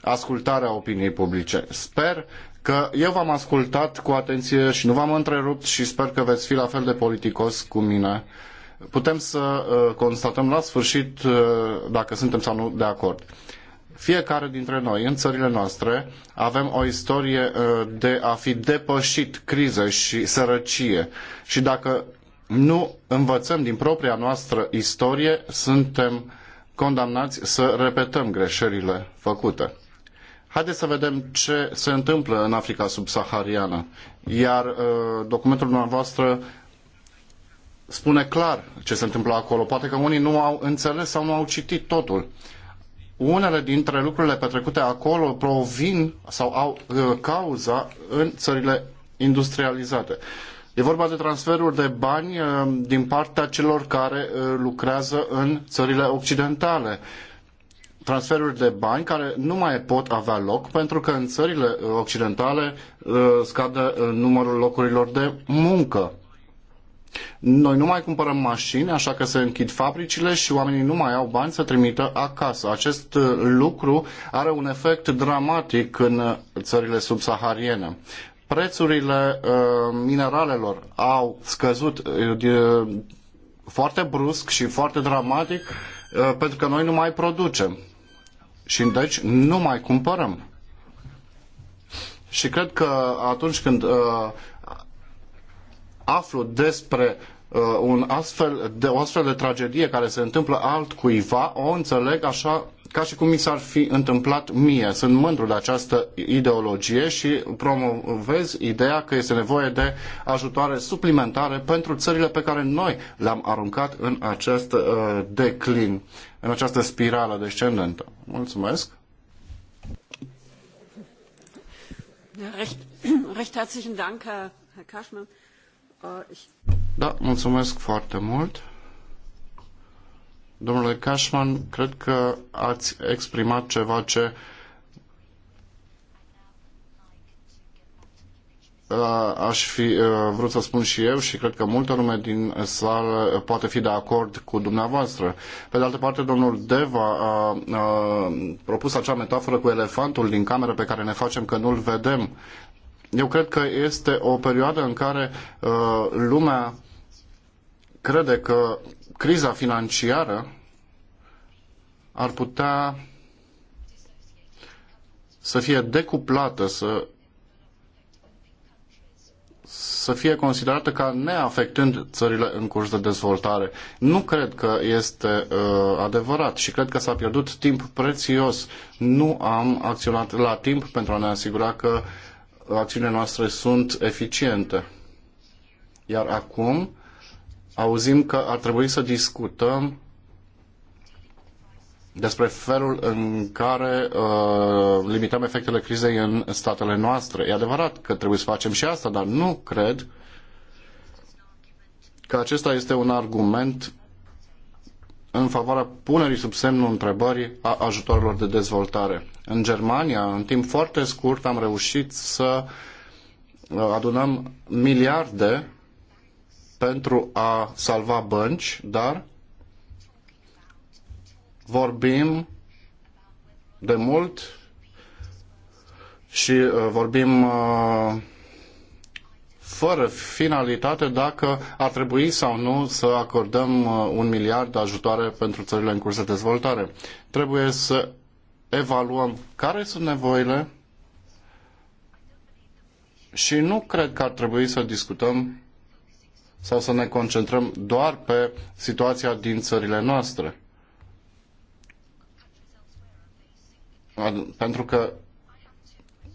ascultarea opiniei publice. Sper că eu v-am ascultat cu atenție și nu v-am întrerupt și sper că veți fi la fel de politicos cu mine. Putem să uh, constatăm la sfârșit uh, dacă suntem sau nu de acord. Fiecare dintre noi, în țările noastre, avem o istorie uh, de a fi depășit crize și sărăcie. Și dacă nu învățăm din propria noastră istorie, suntem condamnați să repetăm greșelile făcute. Haideți să vedem ce se întâmplă în Africa subsahariană. Iar uh, documentul dumneavoastră spune clar ce se întâmplă acolo. Poate că unii nu au înțeles sau nu au citit totul. Unele dintre lucrurile petrecute acolo provin sau au uh, cauza în țările industrializate. E vorba de transferuri de bani uh, din partea celor care lucrează în țările occidentale. Uh, transferuri de bani care nu mai pot avea loc pentru că în țările uh, occidentale uh, scade uh, numărul locurilor de muncă. Noi nu mai cumpărăm mașini, așa că se închid fabricile și oamenii nu mai au bani să trimită acasă. Acest lucru are un efect dramatic în țările subsahariene. Prețurile mineralelor au scăzut foarte brusc și foarte dramatic pentru că noi nu mai producem și deci nu mai cumpărăm. Și cred că atunci când uh, aflu despre Uh, un astfel de, o astfel de tragedie care se întâmplă altcuiva, o înțeleg așa ca și cum mi s-ar fi întâmplat mie. Sunt mândru de această ideologie și promovez ideea că este nevoie de ajutoare suplimentare pentru țările pe care noi le-am aruncat în acest uh, declin, în această spirală descendentă. Mulțumesc! Recht, recht herzlichen Dank, Herr, Herr Kaschmann. Uh, ich da, mulțumesc foarte mult. Domnule Cashman, cred că ați exprimat ceva ce uh, aș fi uh, vrut să spun și eu și cred că multă lume din sală poate fi de acord cu dumneavoastră. Pe de altă parte, domnul Deva a, a propus acea metaforă cu elefantul din cameră pe care ne facem că nu-l vedem. Eu cred că este o perioadă în care uh, lumea crede că criza financiară ar putea să fie decuplată, să, să fie considerată ca neafectând țările în curs de dezvoltare. Nu cred că este uh, adevărat și cred că s-a pierdut timp prețios. Nu am acționat la timp pentru a ne asigura că acțiunile noastre sunt eficiente. Iar acum auzim că ar trebui să discutăm despre felul în care uh, limităm efectele crizei în statele noastre. E adevărat că trebuie să facem și asta, dar nu cred că acesta este un argument în favoarea punerii sub semnul întrebării a ajutoarelor de dezvoltare. În Germania, în timp foarte scurt, am reușit să uh, adunăm miliarde pentru a salva bănci, dar vorbim de mult și uh, vorbim uh, fără finalitate dacă ar trebui sau nu să acordăm uh, un miliard de ajutoare pentru țările în curs de dezvoltare. Trebuie să evaluăm care sunt nevoile și nu cred că ar trebui să discutăm sau să ne concentrăm doar pe situația din țările noastre. Pentru că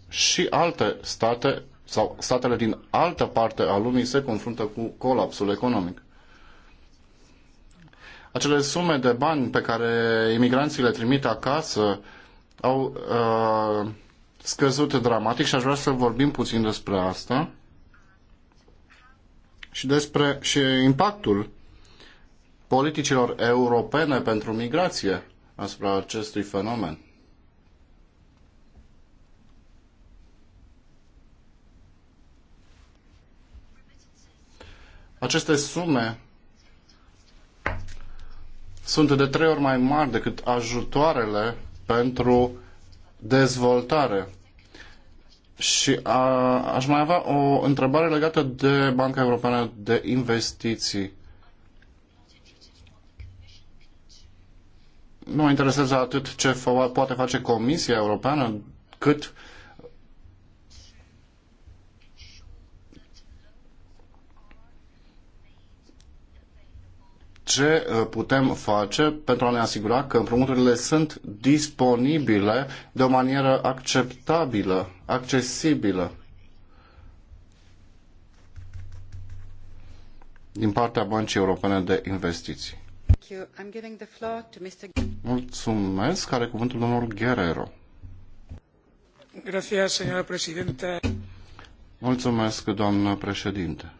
și alte state sau statele din altă parte a lumii se confruntă cu colapsul economic. Acele sume de bani pe care imigranții le trimit acasă au uh, scăzut dramatic și aș vrea să vorbim puțin despre asta și despre și impactul politicilor europene pentru migrație asupra acestui fenomen. Aceste sume sunt de trei ori mai mari decât ajutoarele pentru dezvoltare. Și a, aș mai avea o întrebare legată de Banca Europeană de Investiții. Nu mă interesează atât ce poate face Comisia Europeană, cât uh, ce uh, putem face pentru a ne asigura că împrumuturile sunt disponibile de o manieră acceptabilă, accesibilă din partea Băncii Europene de Investiții. Mulțumesc. Are cuvântul domnul Guerrero. Mulțumesc, doamnă președinte.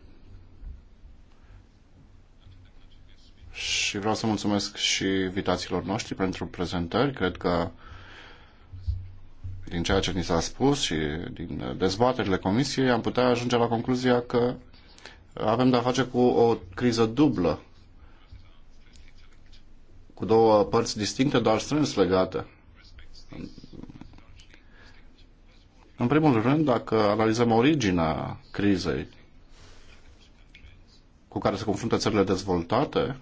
și vreau să mulțumesc și invitațiilor noștri pentru prezentări. Cred că din ceea ce ni s-a spus și din dezbaterile comisiei am putea ajunge la concluzia că avem de-a face cu o criză dublă, cu două părți distincte, dar strâns legate. În primul rând, dacă analizăm originea crizei cu care se confruntă țările dezvoltate,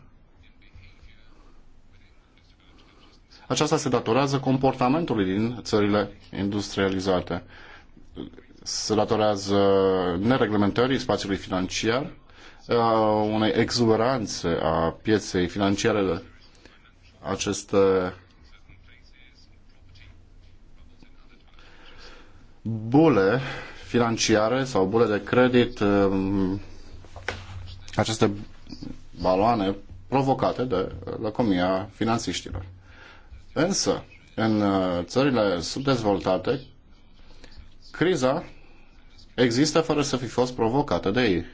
Aceasta se datorează comportamentului din țările industrializate. Se datorează nereglementării spațiului financiar, unei exuberanțe a pieței financiare. Aceste bule financiare sau bule de credit, um, aceste baloane provocate de lăcomia finanțiștilor. Însă, în uh, țările subdezvoltate, criza există fără să fi fost provocată de ei.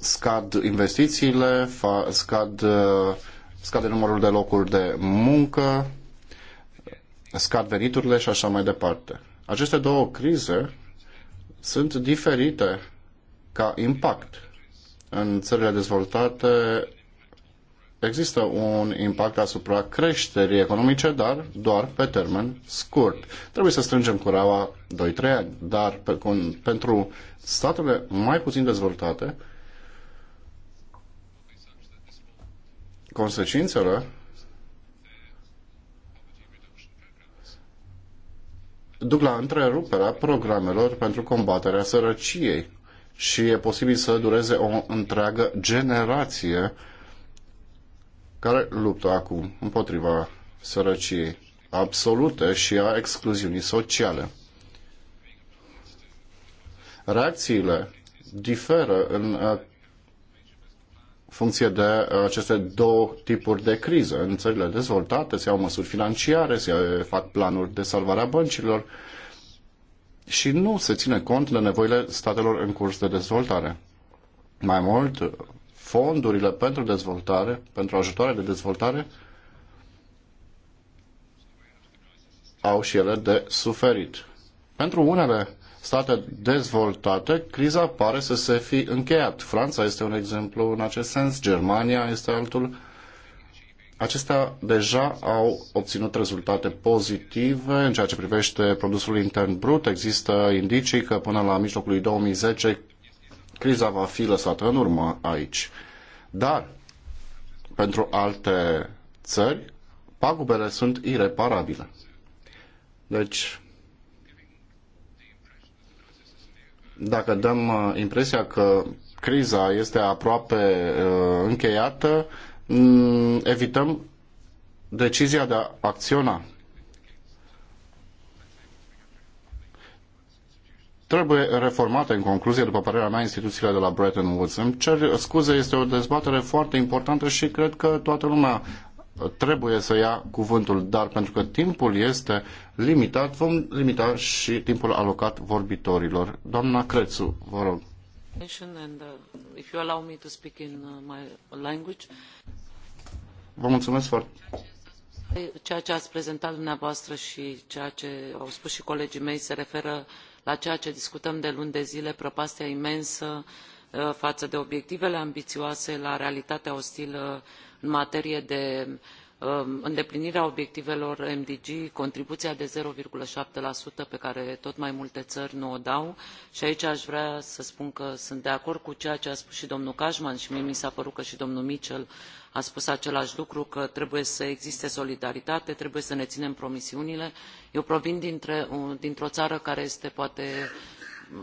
Scad investițiile, scad, uh, scade numărul de locuri de muncă, scad veniturile și așa mai departe. Aceste două crize sunt diferite ca impact. În țările dezvoltate există un impact asupra creșterii economice, dar doar pe termen scurt. Trebuie să strângem cureaua 2-3 ani, dar pe, pentru statele mai puțin dezvoltate, consecințele duc la întreruperea programelor pentru combaterea sărăciei și e posibil să dureze o întreagă generație uh, care luptă acum împotriva sărăciei absolute și a excluziunii sociale. Reacțiile diferă în uh, funcție de uh, aceste două tipuri de criză. În țările dezvoltate se iau măsuri financiare, se fac planuri de salvare a băncilor și nu se ține cont de nevoile statelor în curs de dezvoltare. Mai mult, fondurile pentru dezvoltare, pentru ajutoare de dezvoltare, au și ele de suferit. Pentru unele state dezvoltate, criza pare să se fi încheiat. Franța este un exemplu în acest sens, Germania este altul. Acestea deja au obținut rezultate pozitive în ceea ce privește produsul intern brut. Există indicii că până la mijlocul lui 2010 criza va fi lăsată în urmă aici. Dar pentru alte țări, pagubele sunt ireparabile. Deci, dacă dăm uh, impresia că criza este aproape uh, încheiată, mm, evităm decizia de a acționa. Trebuie reformate, în concluzie, după părerea mea, instituțiile de la Bretton Woods. Îmi cer scuze, este o dezbatere foarte importantă și cred că toată lumea trebuie să ia cuvântul, dar pentru că timpul este limitat, vom limita și timpul alocat vorbitorilor. Doamna Crețu, vă rog. Vă mulțumesc foarte mult ceea ce ați prezentat dumneavoastră și ceea ce au spus și colegii mei se referă la ceea ce discutăm de luni de zile prăpastia imensă uh, față de obiectivele ambițioase la realitatea ostilă în materie de um, îndeplinirea obiectivelor mdg contribuția de zero șapte pe care tot mai multe țări nu o dau și aici aș vrea să spun că sunt de acord cu ceea ce a spus și domnul cashman și mie mi s a părut că și domnul mitchell a spus același lucru că trebuie să existe solidaritate trebuie să ne ținem promisiunile. eu provin dintr o țară care este poate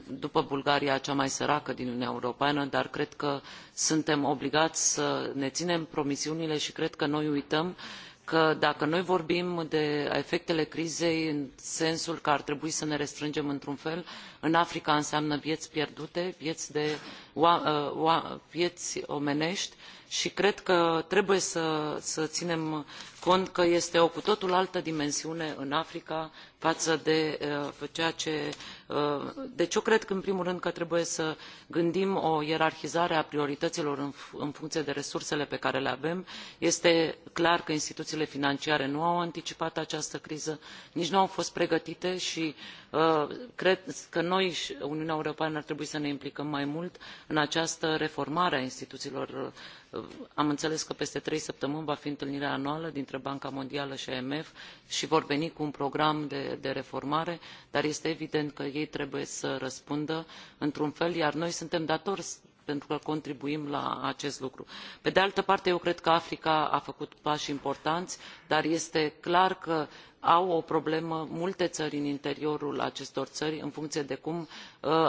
după bulgaria cea mai săracă din uniunea europeană dar cred că suntem obligați să ne ținem promisiunile și cred că noi uităm că dacă noi vorbim de efectele crizei în sensul că ar trebui să ne restrângem într un fel în africa înseamnă vieți pierdute vieți, de, uh, vieți și cred că trebuie să, să ținem cont că este o cu totul altă dimensiune în Africa față de uh, ceea ce... Uh, deci eu cred că, în primul rând, că trebuie să gândim o ierarhizare a priorităților în, în funcție de resursele pe care le avem. Este clar că instituțiile financiare nu au anticipat această criză, nici nu au fost pregătite și uh, cred că noi, Uniunea Europeană, ar trebui să ne implicăm mai mult în această reformare a instituțiilor. Am înțeles că peste trei săptămâni va fi întâlnirea anuală dintre între banca mondială și imf și vor veni cu un program de, reformare dar este evident că ei trebuie să răspundă într un fel iar noi suntem datori pentru că contribuim la acest lucru. pe de altă parte eu cred că africa a făcut pași importani dar este clar că au o problemă multe țări în interiorul acestor țări în funcție de cum uh,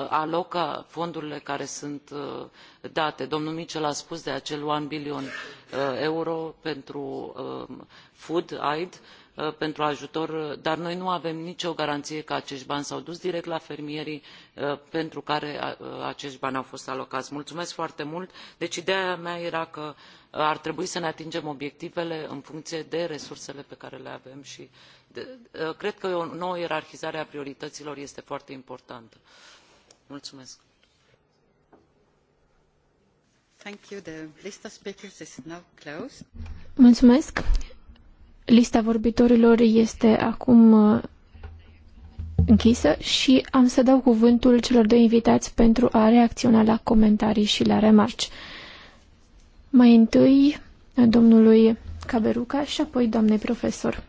alocă fondurile care sunt uh, date. domnul mitchell a spus de acel one billion uh, euro pentru um, food aid pentru ajutor dar noi nu avem nicio garanție că acești bani s au dus direct la fermierii pentru care acești bani au fost alocați. mulumesc foarte mult deci ideea mea era că ar trebui să ne atingem obiectivele în funcție de resursele pe care le avem și Uh, cred că o nouă ierarhizare a priorităților este foarte importantă. Mulțumesc. Mulțumesc. Lista vorbitorilor este acum uh, închisă și am să dau cuvântul celor doi invitați pentru a reacționa la comentarii și la remarci. Mai întâi domnului Caberuca și apoi doamnei profesor.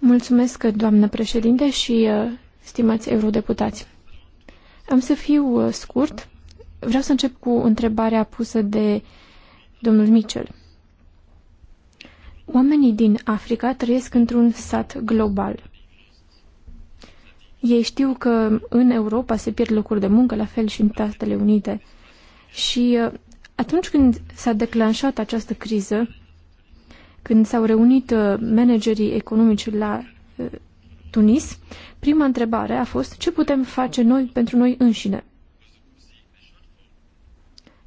Mulțumesc, doamnă președinte și uh, stimați eurodeputați. Am să fiu uh, scurt. Vreau să încep cu întrebarea pusă de domnul Mitchell. Oamenii din Africa trăiesc într-un sat global. Ei știu că în Europa se pierd locuri de muncă, la fel și în Statele Unite. Și uh, atunci când s-a declanșat această criză, când s-au reunit uh, managerii economici la uh, Tunis, prima întrebare a fost ce putem face noi pentru noi înșine.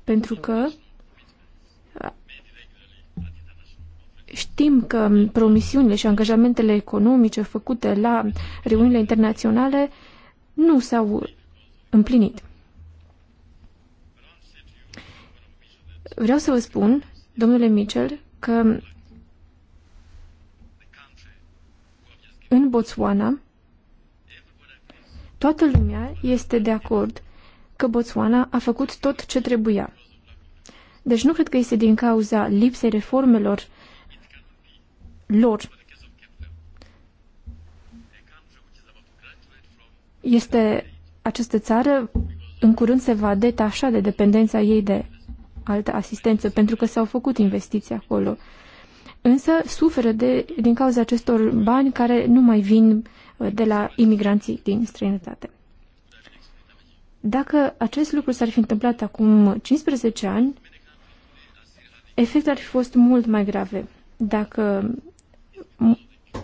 Pentru că uh, știm că um, promisiunile și angajamentele economice făcute la reuniunile internaționale nu s-au împlinit. Vreau să vă spun, domnule Mitchell, că în Botswana, toată lumea este de acord că Botswana a făcut tot ce trebuia. Deci nu cred că este din cauza lipsei reformelor lor. Este această țară în curând se va detașa de dependența ei de altă asistență, pentru că s-au făcut investiții acolo însă suferă de, din cauza acestor bani care nu mai vin uh, de la imigranții din străinătate. Dacă acest lucru s-ar fi întâmplat acum 15 ani, efectele ar fi fost mult mai grave. Dacă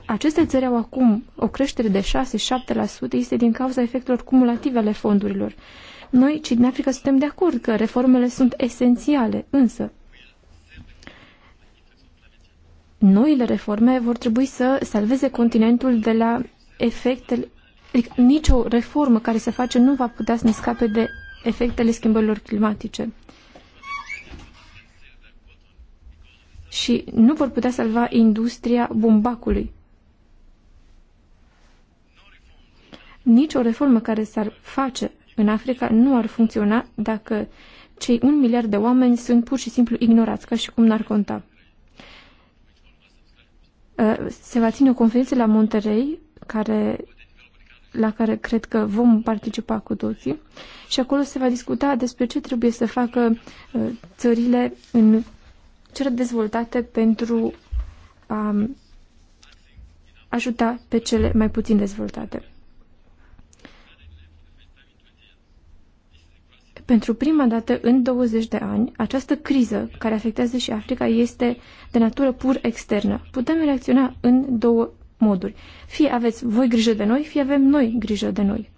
aceste țări au acum o creștere de 6-7%, este din cauza efectelor cumulative ale fondurilor. Noi, cei din Africa, suntem de acord că reformele sunt esențiale, însă noile reforme vor trebui să salveze continentul de la efectele. Adică nicio reformă care se face nu va putea să ne scape de efectele schimbărilor climatice. Și nu vor putea salva industria bumbacului. Nicio reformă care s-ar face în Africa nu ar funcționa dacă cei un miliard de oameni sunt pur și simplu ignorați, ca și cum n-ar conta. Uh, se va ține o conferință la Monterey, care, la care cred că vom participa cu toții, și acolo se va discuta despre ce trebuie să facă uh, țările în cele dezvoltate pentru a um, ajuta pe cele mai puțin dezvoltate. Pentru prima dată în 20 de ani, această criză care afectează și Africa este de natură pur externă. Putem reacționa în două moduri. Fie aveți voi grijă de noi, fie avem noi grijă de noi.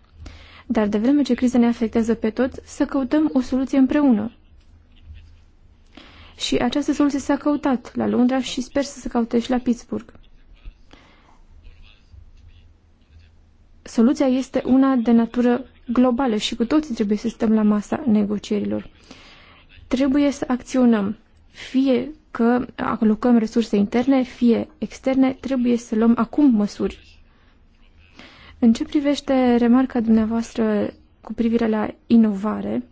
Dar de vreme ce criza ne afectează pe toți, să căutăm o soluție împreună. Și această soluție s-a căutat la Londra și sper să se caute și la Pittsburgh. Soluția este una de natură globală și cu toții trebuie să stăm la masa negocierilor. Trebuie să acționăm, fie că alocăm resurse interne, fie externe, trebuie să luăm acum măsuri. În ce privește remarca dumneavoastră cu privire la inovare,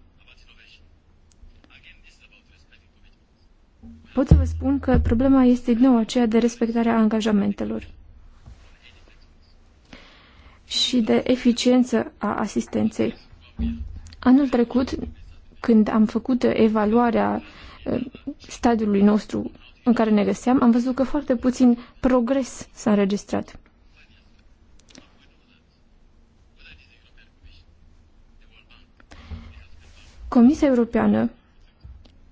pot să vă spun că problema este din nou aceea de respectarea angajamentelor și de eficiență a asistenței. Anul trecut, când am făcut evaluarea eh, stadiului nostru în care ne găseam, am văzut că foarte puțin progres s-a înregistrat. Comisia Europeană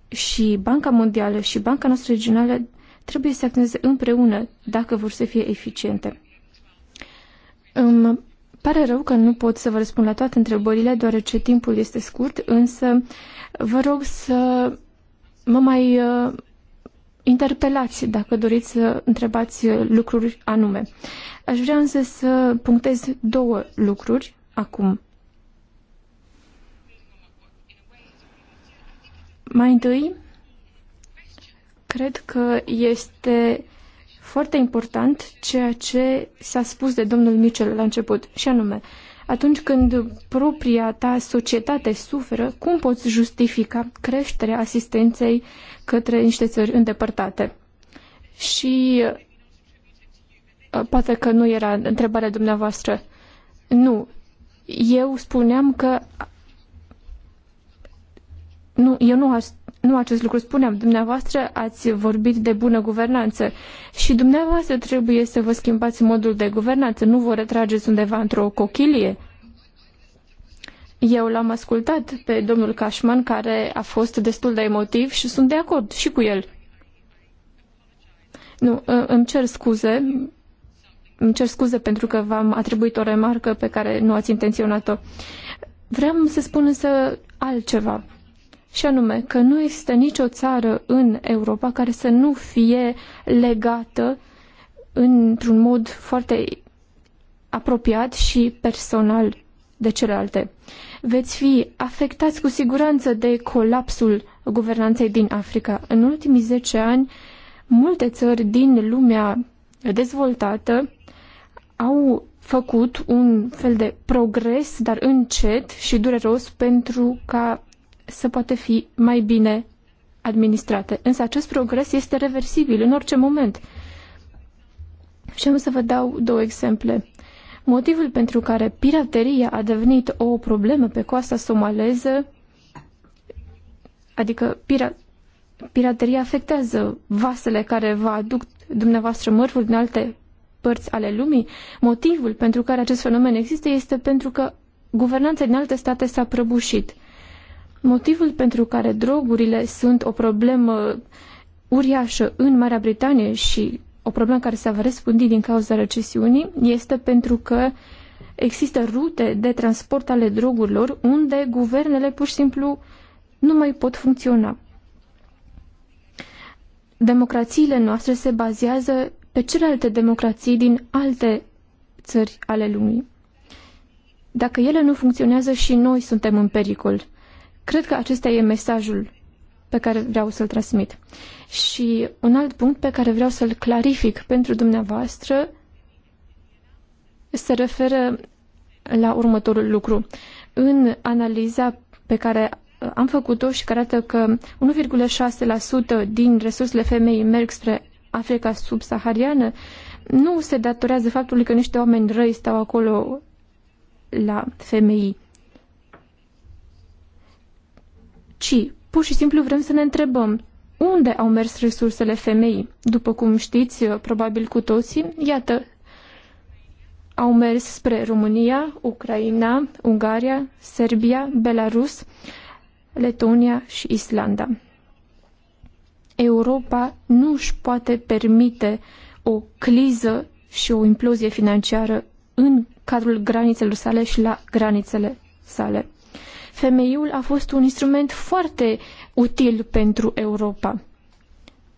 și Banca Mondială și Banca noastră regională trebuie să acționeze împreună dacă vor să fie eficiente. Îmi pare rău că nu pot să vă răspund la toate întrebările, deoarece timpul este scurt, însă vă rog să mă mai uh, interpelați dacă doriți să întrebați lucruri anume. Aș vrea însă să punctez două lucruri acum. Mai întâi, cred că este foarte important ceea ce s-a spus de domnul Mitchell la început, și anume, atunci când propria ta societate suferă, cum poți justifica creșterea asistenței către niște țări îndepărtate? Și uh, poate că nu era întrebarea dumneavoastră. Nu. Eu spuneam că nu, eu nu aș nu acest lucru spuneam, dumneavoastră ați vorbit de bună guvernanță și dumneavoastră trebuie să vă schimbați modul de guvernanță, nu vă retrageți undeva într-o cochilie. Eu l-am ascultat pe domnul Cashman, care a fost destul de emotiv și sunt de acord și cu el. Nu, ă, îmi cer scuze, îmi cer scuze pentru că v-am atribuit o remarcă pe care nu ați intenționat-o. Vreau să spun însă altceva și anume că nu există nicio țară în Europa care să nu fie legată într-un mod foarte apropiat și personal de celelalte. Veți fi afectați cu siguranță de colapsul guvernanței din Africa. În ultimii 10 ani, multe țări din lumea dezvoltată au făcut un fel de progres, dar încet și dureros, pentru ca să poate fi mai bine administrate. Însă acest progres este reversibil în orice moment. Și am să vă dau două exemple. Motivul pentru care pirateria a devenit o problemă pe coasta somaleză, adică pira- pirateria afectează vasele care vă aduc dumneavoastră mărfuri din alte părți ale lumii, motivul pentru care acest fenomen există este pentru că guvernanța din alte state s-a prăbușit. Motivul pentru care drogurile sunt o problemă uriașă în Marea Britanie și o problemă care se va răspândi din cauza recesiunii este pentru că există rute de transport ale drogurilor unde guvernele pur și simplu nu mai pot funcționa. Democrațiile noastre se bazează pe celelalte democrații din alte țări ale lumii. Dacă ele nu funcționează și noi suntem în pericol. Cred că acesta e mesajul pe care vreau să-l transmit. Și un alt punct pe care vreau să-l clarific pentru dumneavoastră se referă la următorul lucru. În analiza pe care am făcut-o și care arată că 1,6% din resursele femei merg spre Africa subsahariană, nu se datorează faptului că niște oameni răi stau acolo la femei. ci pur și simplu vrem să ne întrebăm unde au mers resursele femeii. După cum știți, probabil cu toții, iată, au mers spre România, Ucraina, Ungaria, Serbia, Belarus, Letonia și Islanda. Europa nu își poate permite o cliză și o implozie financiară în cadrul granițelor sale și la granițele sale femeiul a fost un instrument foarte util pentru Europa,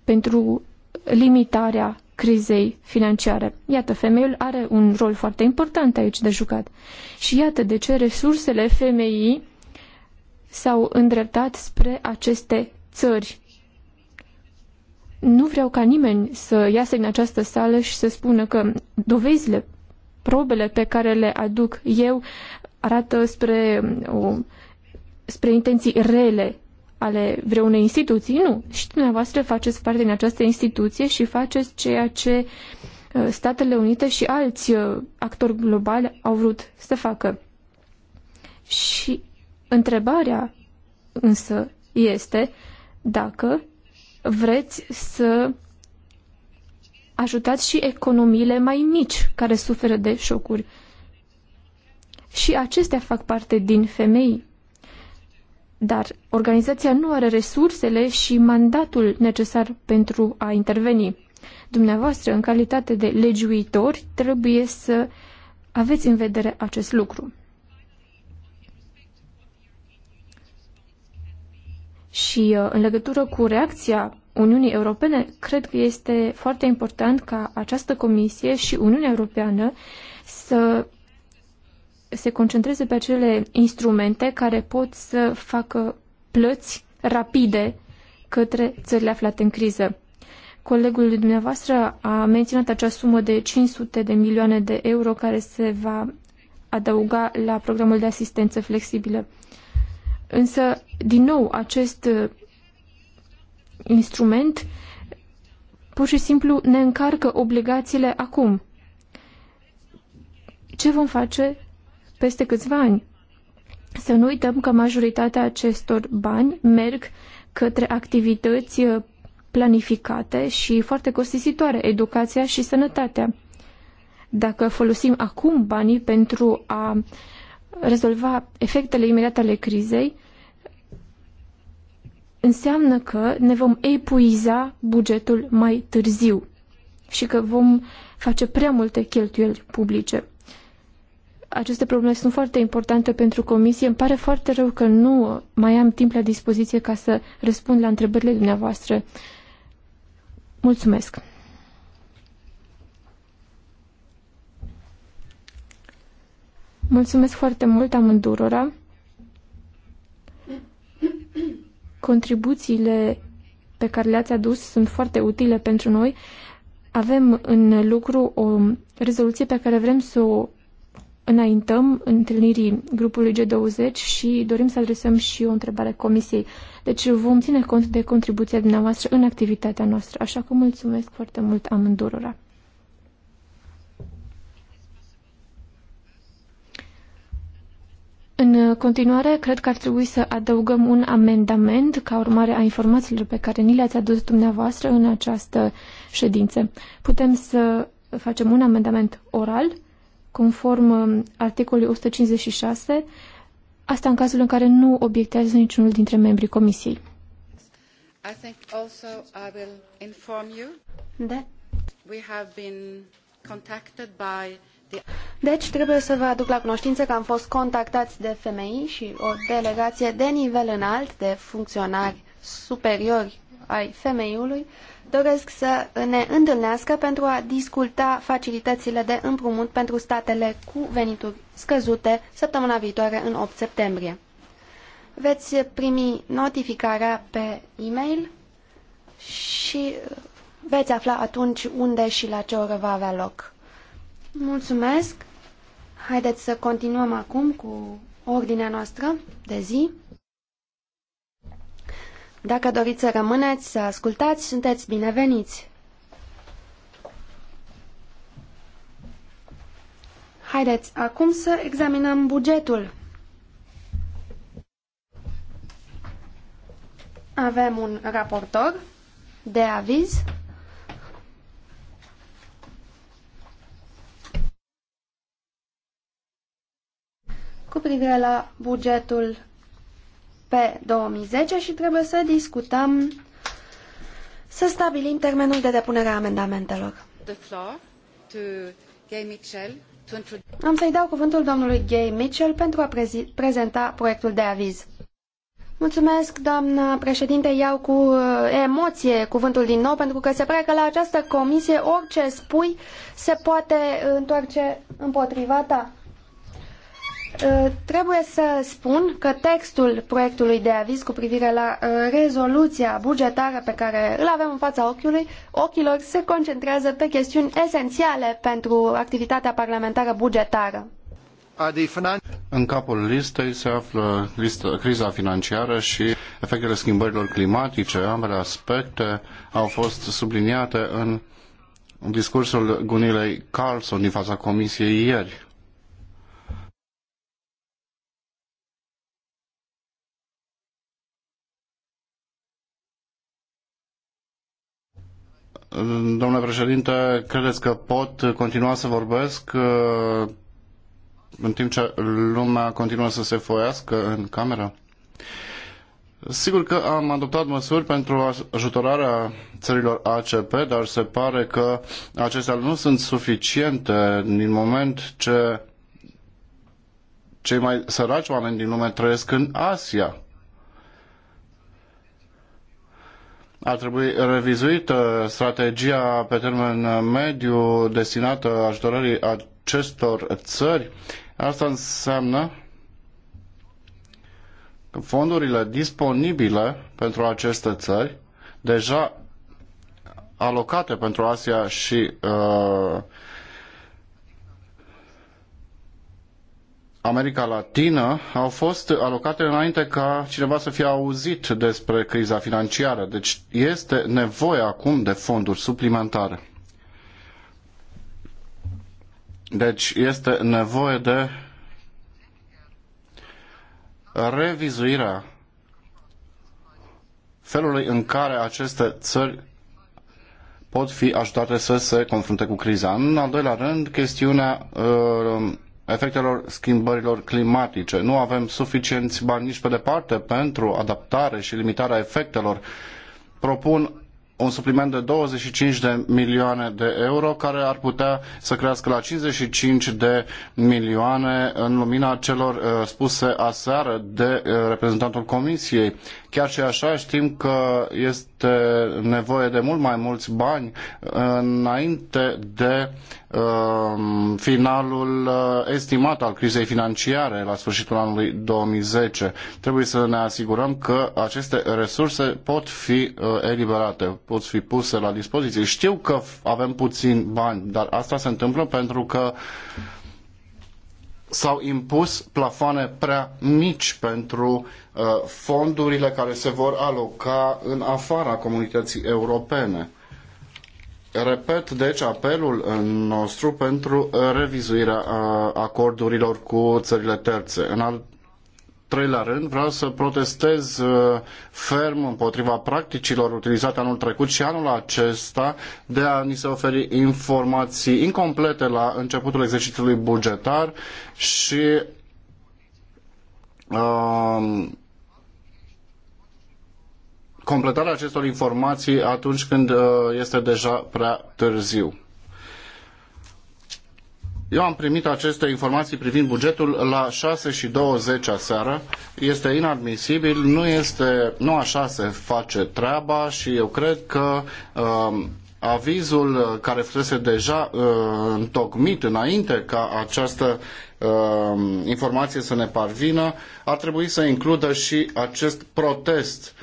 pentru limitarea crizei financiare. Iată, femeiul are un rol foarte important aici de jucat. Și iată de ce resursele femeii s-au îndreptat spre aceste țări. Nu vreau ca nimeni să iasă din această sală și să spună că dovezile, probele pe care le aduc eu arată spre o spre intenții rele ale vreunei instituții, nu. Și dumneavoastră faceți parte din această instituție și faceți ceea ce uh, Statele Unite și alți uh, actori globali au vrut să facă. Și întrebarea însă este dacă vreți să ajutați și economiile mai mici care suferă de șocuri. Și acestea fac parte din femei dar organizația nu are resursele și mandatul necesar pentru a interveni. Dumneavoastră, în calitate de legiuitori, trebuie să aveți în vedere acest lucru. Și uh, în legătură cu reacția Uniunii Europene, cred că este foarte important ca această comisie și Uniunea Europeană să se concentreze pe acele instrumente care pot să facă plăți rapide către țările aflate în criză. Colegul dumneavoastră a menționat acea sumă de 500 de milioane de euro care se va adăuga la programul de asistență flexibilă. Însă, din nou, acest instrument pur și simplu ne încarcă obligațiile acum. Ce vom face peste câțiva ani. Să nu uităm că majoritatea acestor bani merg către activități uh, planificate și foarte costisitoare, educația și sănătatea. Dacă folosim acum banii pentru a rezolva efectele imediate ale crizei, înseamnă că ne vom epuiza bugetul mai târziu și că vom face prea multe cheltuieli publice aceste probleme sunt foarte importante pentru comisie. Îmi pare foarte rău că nu mai am timp la dispoziție ca să răspund la întrebările dumneavoastră. Mulțumesc! Mulțumesc foarte mult amândurora. Contribuțiile pe care le-ați adus sunt foarte utile pentru noi. Avem în lucru o rezoluție pe care vrem să o înaintăm întâlnirii grupului G20 și dorim să adresăm și o întrebare comisiei. Deci vom ține cont de contribuția dumneavoastră în activitatea noastră, așa că mulțumesc foarte mult amândurora. În continuare, cred că ar trebui să adăugăm un amendament ca urmare a informațiilor pe care ni le-ați adus dumneavoastră în această ședință. Putem să facem un amendament oral conform um, articolului 156, asta în cazul în care nu obiectează niciunul dintre membrii comisiei. Da. Deci trebuie să vă aduc la cunoștință că am fost contactați de femei și o delegație de nivel înalt de funcționari superiori ai femeiului doresc să ne întâlnească pentru a discuta facilitățile de împrumut pentru statele cu venituri scăzute săptămâna viitoare în 8 septembrie. Veți primi notificarea pe e-mail și veți afla atunci unde și la ce oră va avea loc. Mulțumesc! Haideți să continuăm acum cu ordinea noastră de zi. Dacă doriți să rămâneți, să ascultați, sunteți bineveniți. Haideți acum să examinăm bugetul. Avem un raportor de aviz. Cu privire la bugetul pe 2010 și trebuie să discutăm să stabilim termenul de depunere a amendamentelor. Am să-i dau cuvântul domnului Gay Mitchell pentru a prezenta proiectul de aviz. Mulțumesc, doamnă președinte. Iau cu uh, emoție cuvântul din nou, pentru că se pare că la această comisie orice spui se poate întoarce împotriva ta. Ă, trebuie să spun că textul proiectului de aviz cu privire la ă, rezoluția bugetară pe care îl avem în fața ochiului, ochilor se concentrează pe chestiuni esențiale pentru activitatea parlamentară bugetară. În capul listei se află criza financiară și efectele schimbărilor climatice. Ambele aspecte au fost subliniate în discursul Gunilei Carlson din fața Comisiei ieri. Domnule președinte, credeți că pot continua să vorbesc uh, în timp ce lumea continuă să se foiască în cameră? Sigur că am adoptat măsuri pentru ajutorarea țărilor ACP, dar se pare că acestea nu sunt suficiente din moment ce cei mai săraci oameni din lume trăiesc în Asia. ar trebui revizuită strategia pe termen mediu destinată ajutorării acestor țări. Asta înseamnă că fondurile disponibile pentru aceste țări, deja alocate pentru Asia și uh, America Latină au fost alocate înainte ca cineva să fie auzit despre criza financiară. Deci este nevoie acum de fonduri suplimentare. Deci este nevoie de revizuirea felului în care aceste țări pot fi ajutate să se confrunte cu criza. În al doilea rând, chestiunea uh, efectelor schimbărilor climatice. Nu avem suficienți bani nici pe departe pentru adaptare și limitarea efectelor. Propun un supliment de 25 de milioane de euro care ar putea să crească la 55 de milioane în lumina celor uh, spuse aseară de uh, reprezentantul Comisiei. Chiar și așa știm că este nevoie de mult mai mulți bani înainte de um, finalul uh, estimat al crizei financiare la sfârșitul anului 2010. Trebuie să ne asigurăm că aceste resurse pot fi uh, eliberate, pot fi puse la dispoziție. Știu că avem puțin bani, dar asta se întâmplă pentru că s-au impus plafoane prea mici pentru uh, fondurile care se vor aloca în afara comunității europene. Repet, deci, apelul nostru pentru revizuirea uh, acordurilor cu țările terțe. În al treilea rând, vreau să protestez uh, ferm împotriva practicilor utilizate anul trecut și anul acesta de a ni se oferi informații incomplete la începutul exercițiului bugetar și um, completarea acestor informații atunci când uh, este deja prea târziu. Eu am primit aceste informații privind bugetul la 6 și 20 seară. Este inadmisibil, nu, este, nu așa se face treaba și eu cred că um, uh, avizul care fusese deja uh, întocmit înainte ca această uh, informație să ne parvină ar trebui să includă și acest protest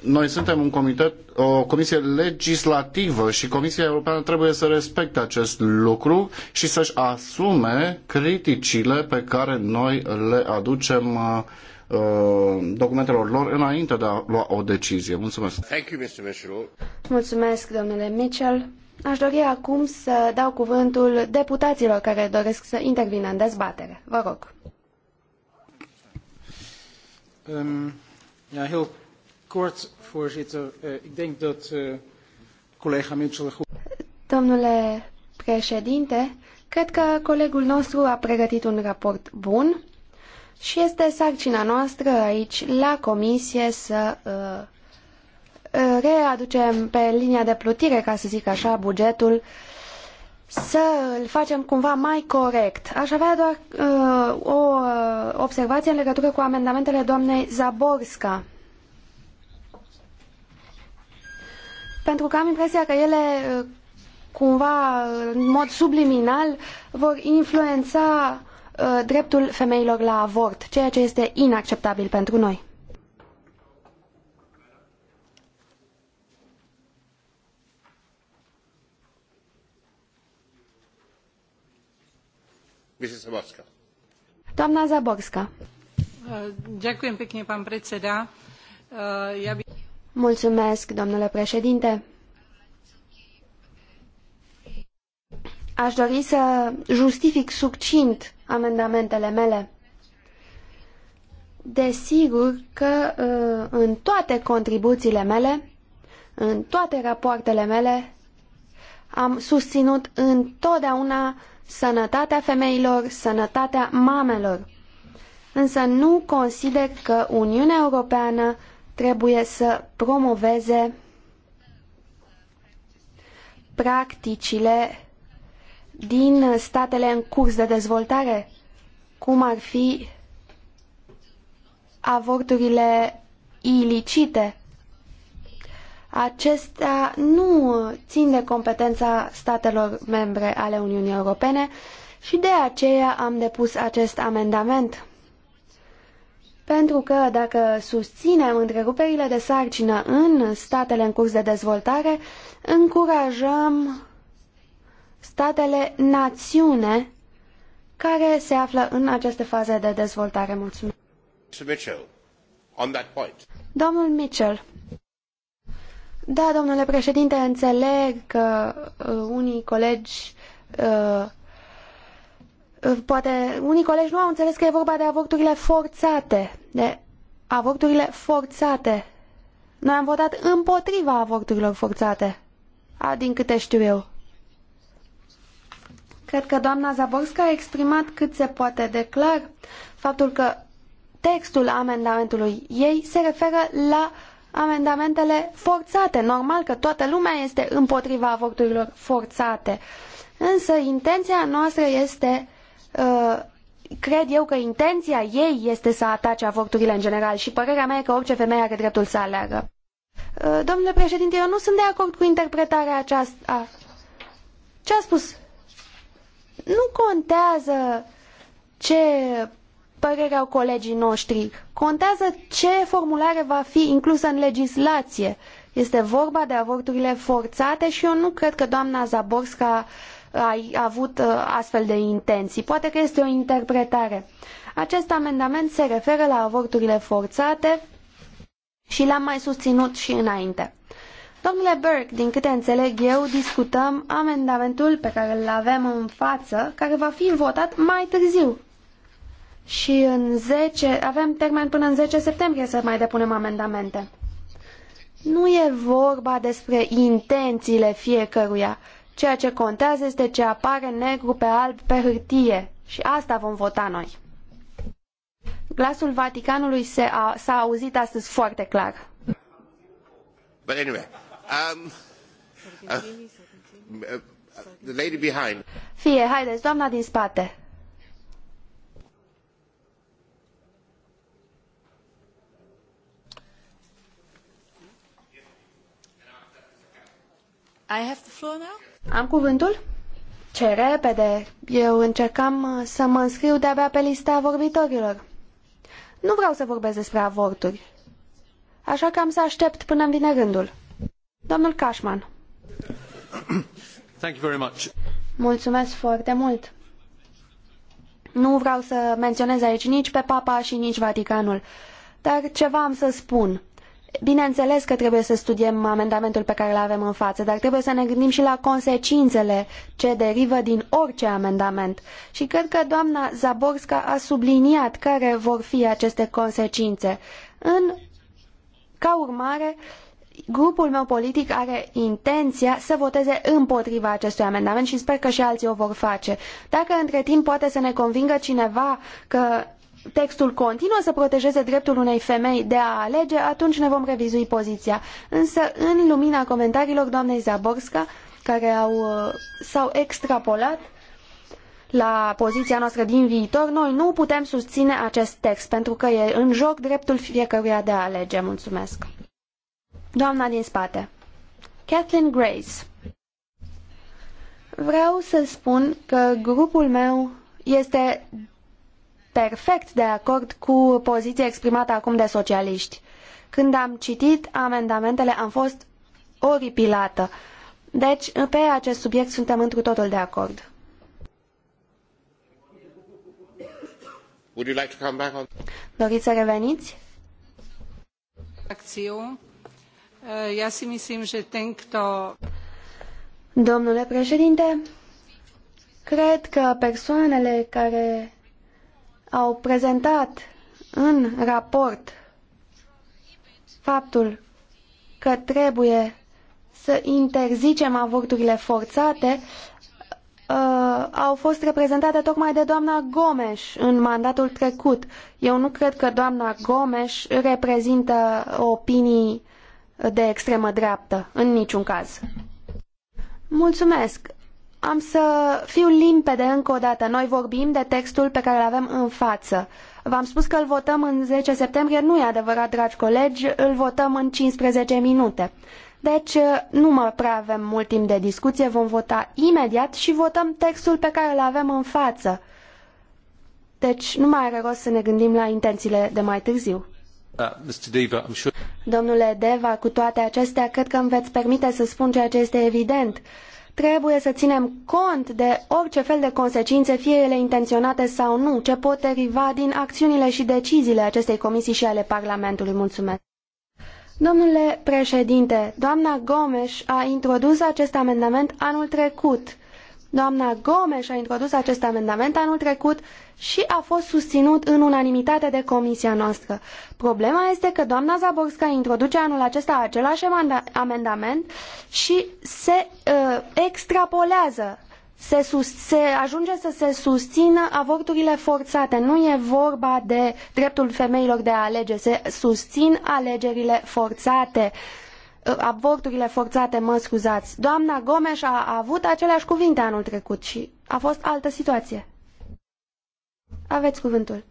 noi suntem un comitet, o comisie legislativă și Comisia Europeană trebuie să respecte acest lucru și să-și asume criticile pe care noi le aducem uh, uh documentelor lor înainte de a lua o decizie. Mulțumesc! Mulțumesc, domnule Mitchell! Aș dori acum să dau cuvântul deputaților care doresc să intervină în dezbatere. Vă rog! Um, yeah, Kort, voorzitter. Eh, ik denk dat eh, collega Mitchell... Domnule președinte, cred că colegul nostru a pregătit un raport bun și este sarcina noastră aici la comisie să uh, readucem pe linia de plutire, ca să zic așa, bugetul, să îl facem cumva mai corect. Aș avea doar uh, o observație în legătură cu amendamentele doamnei Zaborska. pentru că am impresia că ele uh, cumva în mod subliminal vor influența uh, dreptul femeilor la avort, ceea ce este inacceptabil pentru noi. Doamna Zaborska. Uh, Ďakujem pekne, pán predseda. Uh, ja by... Mulțumesc, domnule președinte. Aș dori să justific succint amendamentele mele. Desigur că uh, în toate contribuțiile mele, în toate rapoartele mele, am susținut întotdeauna sănătatea femeilor, sănătatea mamelor. Însă nu consider că Uniunea Europeană trebuie să promoveze practicile din statele în curs de dezvoltare, cum ar fi avorturile ilicite. Acestea nu țin de competența statelor membre ale Uniunii Europene și de aceea am depus acest amendament pentru că dacă susținem întreruperile de sarcină în statele în curs de dezvoltare, încurajăm statele națiune care se află în aceste faze de dezvoltare. Mulțumesc. Mitchell, on that point. Domnul Mitchell. Da, domnule președinte, înțeleg că uh, unii colegi uh, Ă, poate unii colegi nu au înțeles că e vorba de avorturile forțate, de avorturile forțate. Noi am votat împotriva avorturilor forțate, a, din câte știu eu. Cred că doamna Zaborska a exprimat cât se poate de clar faptul că textul amendamentului ei se referă la amendamentele forțate. Normal că toată lumea este împotriva avorturilor forțate. Însă intenția noastră este Uh, cred eu că intenția ei este să atace avorturile în general și părerea mea e că orice femeie are dreptul să aleagă. Uh, domnule președinte, eu nu sunt de acord cu interpretarea aceasta. Ah. Ce a spus? Nu contează ce părere au colegii noștri. Contează ce formulare va fi inclusă în legislație. Este vorba de avorturile forțate și eu nu cred că doamna Zaborska ai avut uh, astfel de intenții. Poate că este o interpretare. Acest amendament se referă la avorturile forțate și l-am mai susținut și înainte. Domnule Burke, din câte înțeleg eu, discutăm amendamentul pe care îl avem în față, care va fi votat mai târziu. Și în 10, avem termen până în 10 septembrie să mai depunem amendamente. Nu e vorba despre intențiile fiecăruia. Ceea ce contează este ce apare negru pe alb pe hârtie și asta vom vota noi. Glasul Vaticanului s-a auzit astăzi foarte clar. But anyway, um, uh, the lady behind. Fie, haideți, doamna din spate. I have the floor now? Am cuvântul? Ce repede! Eu încercam uh, să mă înscriu de-abia pe lista vorbitorilor. Nu vreau să vorbesc despre avorturi. Așa că am să aștept până îmi vine rândul. Domnul Cashman. Thank you very much. Mulțumesc foarte mult. Nu vreau să menționez aici nici pe Papa și nici Vaticanul, dar ceva am să spun. Bineînțeles că trebuie să studiem amendamentul pe care îl avem în față, dar trebuie să ne gândim și la consecințele ce derivă din orice amendament. Și cred că doamna Zaborska a subliniat care vor fi aceste consecințe. În, ca urmare, grupul meu politic are intenția să voteze împotriva acestui amendament și sper că și alții o vor face. Dacă între timp poate să ne convingă cineva că textul continuă să protejeze dreptul unei femei de a alege, atunci ne vom revizui poziția. Însă, în lumina comentariilor doamnei Zaborska, care au, uh, s-au extrapolat la poziția noastră din viitor, noi nu putem susține acest text, pentru că e în joc dreptul fiecăruia de a alege. Mulțumesc. Doamna din spate. Kathleen Grace. Vreau să spun că grupul meu este perfect de acord cu poziția exprimată acum de socialiști. Când am citit amendamentele, am fost oripilată. Deci, pe acest subiect suntem întru totul de acord. Would you like to come back on... Doriți să reveniți? Domnule președinte, cred că persoanele care au prezentat în raport faptul că trebuie să interzicem avorturile forțate uh, au fost reprezentate tocmai de doamna Gomes în mandatul trecut. Eu nu cred că doamna Gomes reprezintă opinii de extremă dreaptă, în niciun caz. Mulțumesc. Am să fiu limpede încă o dată. Noi vorbim de textul pe care îl avem în față. V-am spus că îl votăm în 10 septembrie, nu e adevărat, dragi colegi, îl votăm în 15 minute. Deci nu mai prea avem mult timp de discuție, vom vota imediat și votăm textul pe care îl avem în față. Deci nu mai are rost să ne gândim la intențiile de mai târziu. Uh, sure... Domnule Deva, cu toate acestea, cred că îmi veți permite să spun ceea ce este evident. Uh, trebuie să ținem cont de orice fel de consecințe, fie ele intenționate sau nu, ce pot deriva din acțiunile și deciziile acestei comisii și ale Parlamentului. Mulțumesc! Domnule președinte, doamna Gomes a introdus acest amendament anul trecut Doamna Gomes a introdus acest amendament anul trecut și a fost susținut în unanimitate de comisia noastră. Problema este că doamna Zaborska introduce anul acesta același amendament și se uh, extrapolează se, sus, se, ajunge să se susțină avorturile forțate. Nu e vorba de dreptul femeilor de a alege, se susțin alegerile forțate. Uh, Uh, avorturile forțate, mă scuzați. Doamna Gomes a avut aceleași cuvinte anul trecut și a fost altă situație. Aveți cuvântul.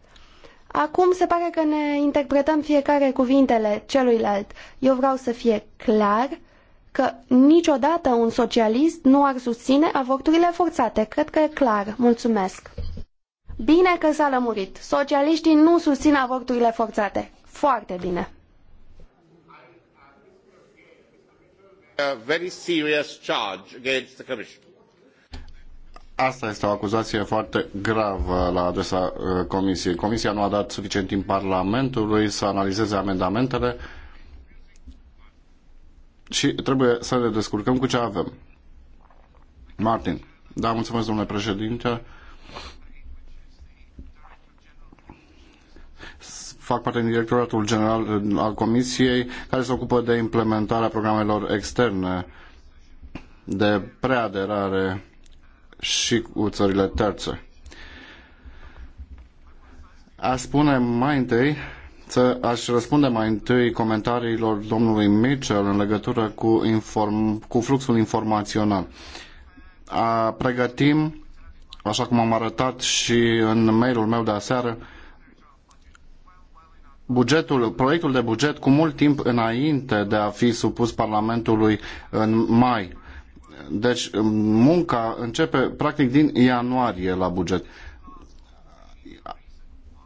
Acum se pare că ne interpretăm fiecare cuvintele celuilalt. Eu vreau să fie clar că niciodată un socialist nu ar susține avorturile forțate. Cred că e clar. Mulțumesc. Bine că s-a lămurit. Socialiștii nu susțin avorturile forțate. Foarte bine. very serious charge against the Commission. Asta este o acuzație foarte gravă la adresa uh, Comisiei. Comisia nu a dat suficient timp Parlamentului să analizeze amendamentele și trebuie să ne descurcăm cu ce avem. Martin. Da, mulțumesc, domnule președinte fac parte din Directoratul General al Comisiei, care se ocupă de implementarea programelor externe de preaderare și cu țările terțe. A spune mai întâi, să aș răspunde mai întâi comentariilor domnului Mitchell în legătură cu, inform, cu fluxul informațional. A, pregătim, așa cum am arătat și în mailul meu de aseară, bugetul, proiectul de buget cu mult timp înainte de a fi supus Parlamentului în mai. Deci munca începe practic din ianuarie la buget.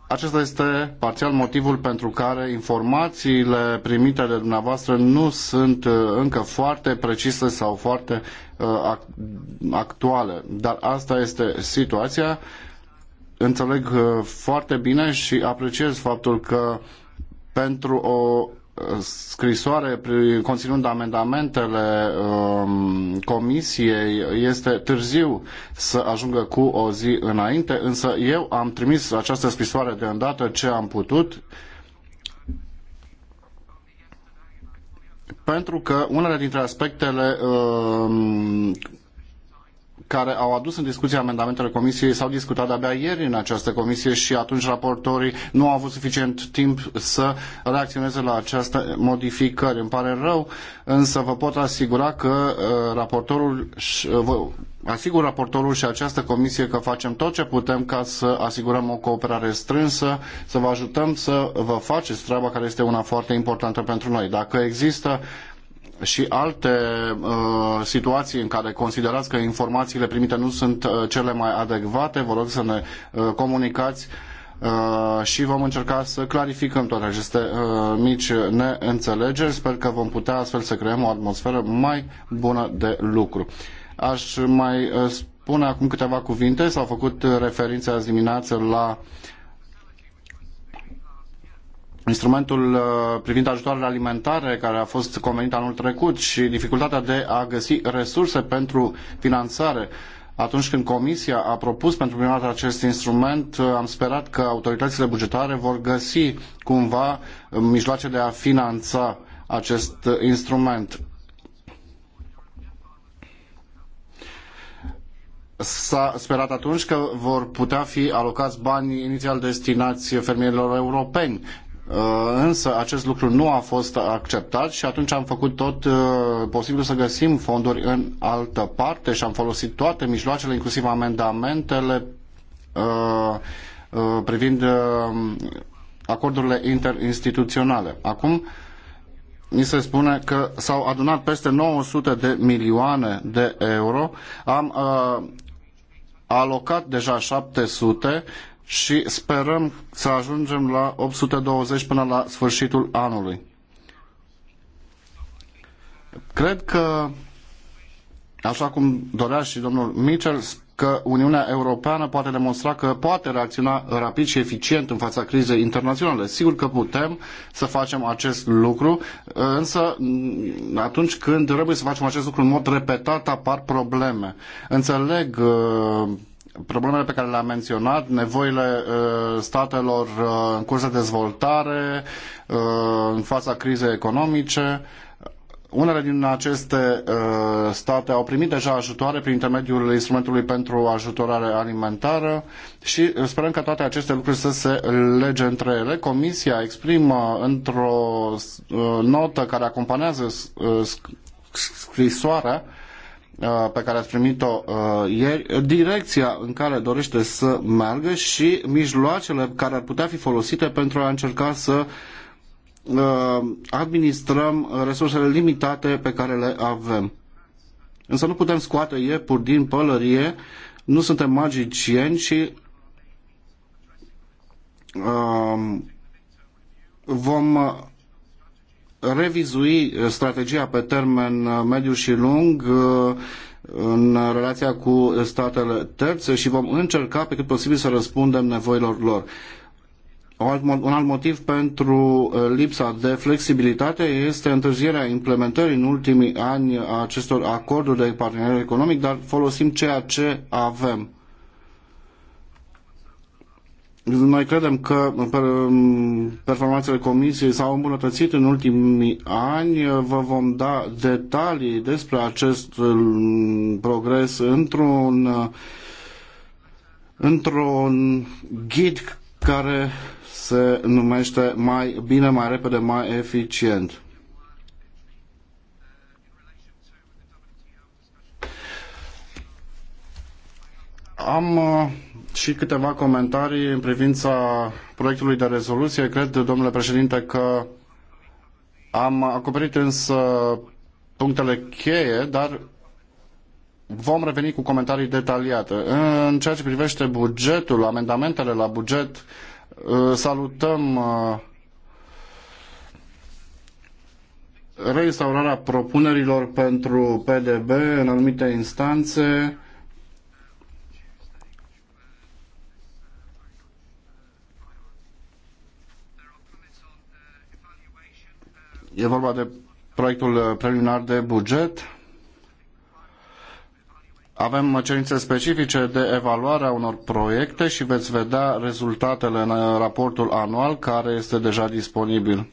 Acesta este parțial motivul pentru care informațiile primite de dumneavoastră nu sunt uh, încă foarte precise sau foarte uh, actuale. Dar asta este situația. Uh, înțeleg uh, foarte bine și apreciez faptul că pentru o uh, scrisoare conținând amendamentele um, comisiei este târziu să ajungă cu o zi înainte, însă eu am trimis această scrisoare de îndată ce am putut pentru că unele dintre aspectele um, care au adus în discuție amendamentele comisiei s-au discutat abia ieri în această comisie și atunci raportorii nu au avut suficient timp să reacționeze la această modificări. Îmi pare rău, însă vă pot asigura că uh, raportorul uh, vă asigur raportorul și această comisie că facem tot ce putem ca să asigurăm o cooperare strânsă, să vă ajutăm să vă faceți treaba care este una foarte importantă pentru noi. Dacă există și alte uh, situații în care considerați că informațiile primite nu sunt uh, cele mai adecvate, vă rog să ne uh, comunicați uh, și vom încerca să clarificăm toate aceste uh, mici neînțelegeri. Sper că vom putea astfel să creăm o atmosferă mai bună de lucru. Aș mai uh, spune acum câteva cuvinte. S-au făcut uh, referințe azi dimineață la uh, instrumentul uh, privind ajutoarele alimentare care a fost convenit anul trecut și dificultatea de a găsi resurse pentru finanțare. Atunci când Comisia a propus pentru prima dată acest instrument, uh, am sperat că autoritățile bugetare vor găsi cumva uh, mijloace de a finanța acest instrument. S-a sperat atunci că vor putea fi alocați bani inițial destinați fermierilor europeni. Uh, însă acest lucru nu a fost acceptat și atunci am făcut tot uh, posibil să găsim fonduri în altă parte și am folosit toate mijloacele, inclusiv amendamentele uh, privind acordurile interinstituționale. Acum ni se spune că s-au adunat peste 900 de milioane de euro. Am alocat deja 700 și sperăm să ajungem la 820 până la sfârșitul anului. Cred că, așa cum dorea și domnul Mitchell, că Uniunea Europeană poate demonstra că poate reacționa rapid și eficient în fața crizei internaționale. Sigur că putem să facem acest lucru, însă mm, atunci când trebuie să facem acest lucru în mod repetat apar probleme. Înțeleg uh, problemele pe care le-am menționat, nevoile uh, statelor uh, în curs de dezvoltare, uh, în fața crizei economice. Unele din aceste state au primit deja ajutoare prin intermediul instrumentului pentru ajutorare alimentară și sperăm ca toate aceste lucruri să se lege între ele. Comisia exprimă într-o notă care acompanează scrisoarea Uh, pe care ați primit-o uh, ieri, direcția în care dorește să meargă și mijloacele care ar putea fi folosite pentru a încerca să uh, administrăm resursele limitate pe care le avem. Însă nu putem scoate iepuri din pălărie, nu suntem magicieni și vom revizui uh, strategia pe termen uh, mediu și lung uh, în relația cu statele terțe și vom încerca pe cât posibil să răspundem nevoilor lor. Un alt motiv pentru lipsa de flexibilitate este întârzierea implementării în ultimii ani a acestor acorduri de parteneriat economic, dar folosim ceea ce avem. Noi credem că performanțele comisiei s-au îmbunătățit în ultimii ani. Vă vom da detalii despre acest uh, progres într-un uh, într-un ghid care se numește mai bine, mai repede, mai eficient. Am uh, și câteva comentarii în privința proiectului de rezoluție. Cred, domnule președinte, că am acoperit însă punctele cheie, dar vom reveni cu comentarii detaliate. În ceea ce privește bugetul, amendamentele la buget, uh, salutăm uh, reinstaurarea propunerilor pentru PDB în anumite instanțe, E vorba de proiectul preliminar de buget. Avem cerințe specifice de evaluare a unor proiecte și veți vedea rezultatele în raportul anual care este deja disponibil.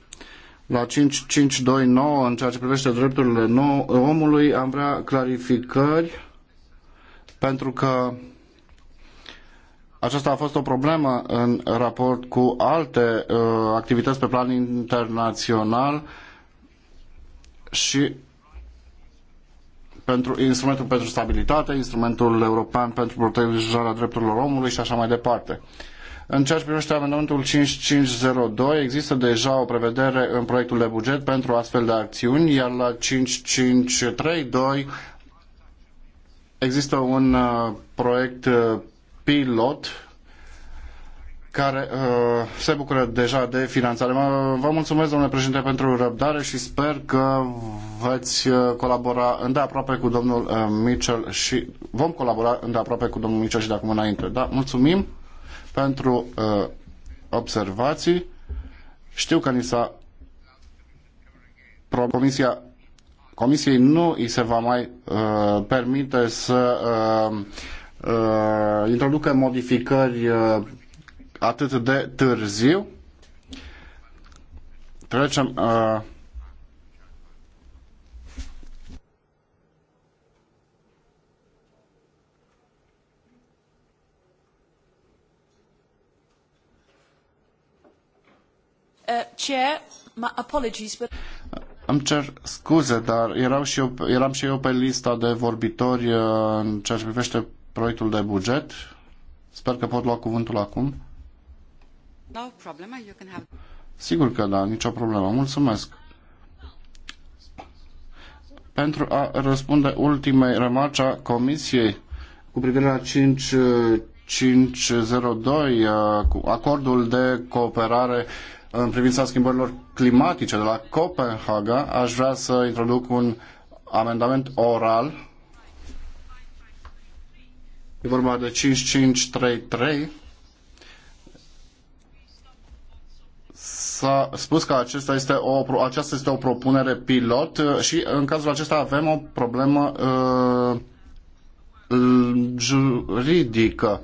La 5529, în ceea ce privește drepturile nou, omului, am vrea clarificări pentru că aceasta a fost o problemă în raport cu alte uh, activități pe plan internațional uh, și pentru instrumentul pentru stabilitate, instrumentul european pentru protejarea drepturilor omului și așa mai departe. În ceea ce privește amendamentul 5502, există deja o prevedere în proiectul de buget pentru astfel de acțiuni, iar la 5532 există un uh, proiect uh, pilot care uh, se bucură deja de finanțare. Vă mulțumesc, domnule președinte, pentru răbdare și sper că veți uh, colabora îndeaproape cu domnul uh, Mitchell și vom colabora îndeaproape cu domnul Mitchell și de acum înainte. Da, mulțumim pentru uh, observații. Știu că ni s-a comisia Comisiei nu i se va mai uh, permite să uh, uh, introducă modificări uh, atât de târziu. Trecem uh, uh, Chair, my apologies, but... Îmi cer scuze, dar eram și eu, eram și eu pe lista de vorbitori uh, în ceea ce privește proiectul de buget. Sper că pot lua cuvântul acum. No problem, you can have... Sigur că da, nicio problemă. Mulțumesc. Pentru a răspunde ultimei remarce a Comisiei cu privire la 5 502, acordul de cooperare în privința schimbărilor climatice de la Copenhaga, aș vrea să introduc un amendament oral. E vorba de 5533 s-a spus că acesta este o, aceasta este o propunere pilot uh, și în cazul acesta avem o problemă uh, juridică.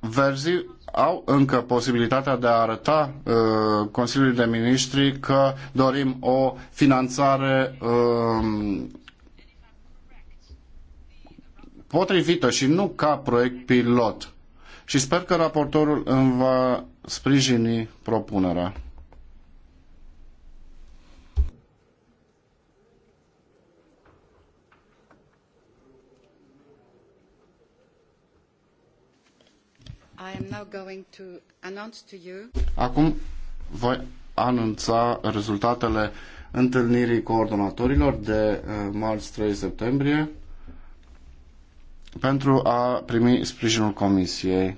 Verzii au încă posibilitatea de a arăta uh, Consiliului de Ministri că dorim o finanțare uh, potrivită și nu ca proiect pilot. Și sper că raportorul îmi va sprijini propunerea. I am now going to announce to you... Acum voi anunța rezultatele întâlnirii coordonatorilor de eh, marți 3 septembrie pentru a primi sprijinul Comisiei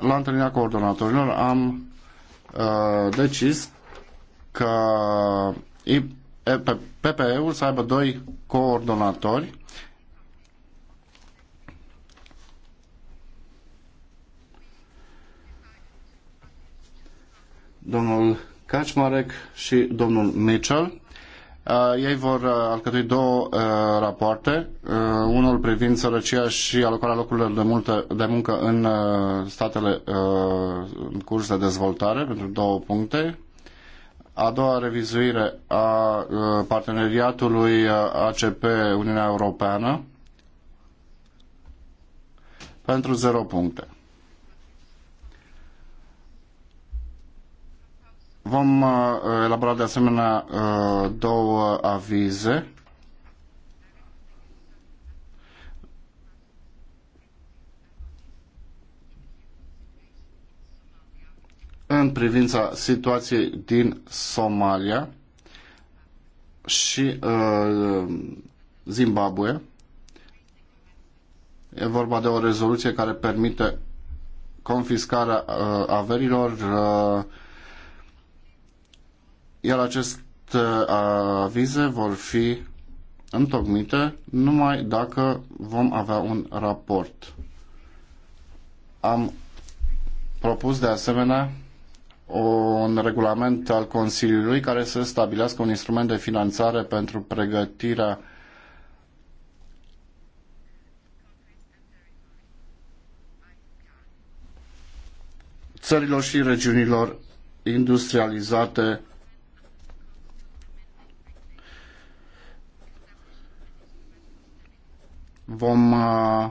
la întâlnirea coordonatorilor am uh, decis că PPE-ul să aibă doi coordonatori domnul Kaczmarek și domnul Mitchell Uh, ei vor uh, alcătui două uh, rapoarte, unul privind sărăcia și alocarea locurilor de, multă, de muncă în statele în curs de dezvoltare, pentru două puncte, a doua revizuire a parteneriatului ACP Uniunea Europeană pentru zero puncte. Vom uh, elabora de asemenea uh, două avize. în privința situației din Somalia și uh, Zimbabwe. E vorba de o rezoluție care permite confiscarea uh, averilor uh, iar aceste uh, avize vor fi întocmite numai dacă vom avea un raport. Am propus de asemenea un regulament al Consiliului care să stabilească un instrument de finanțare pentru pregătirea țărilor și regiunilor industrializate Vom uh,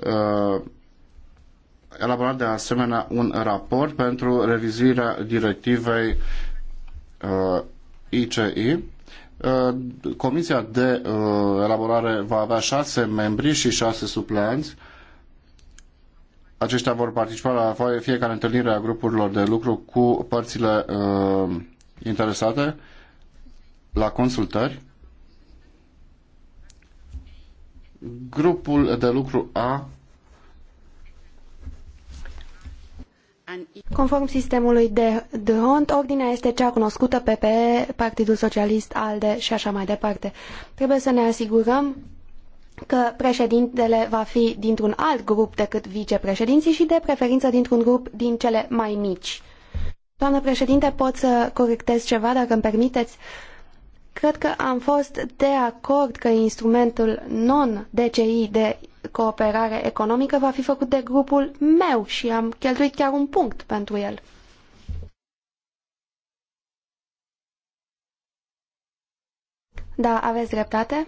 uh, elabora de asemenea un raport pentru revizuirea directivei uh, ICI. Uh, comisia de uh, elaborare va avea șase membri și șase supleanți. Aceștia vor participa la fiecare întâlnire a grupurilor de lucru cu părțile uh, interesate la consultări. Grupul de lucru A Conform sistemului de Hont, ordinea este cea cunoscută PPE, Partidul Socialist, ALDE și așa mai departe. Trebuie să ne asigurăm că președintele va fi dintr-un alt grup decât vicepreședinții și de preferință dintr-un grup din cele mai mici. Doamnă președinte, pot să corectez ceva, dacă îmi permiteți? Uh, Cred că am fost de acord că instrumentul non-DCI de cooperare economică va fi făcut de grupul meu și am cheltuit chiar un punct pentru el. Da, aveți dreptate.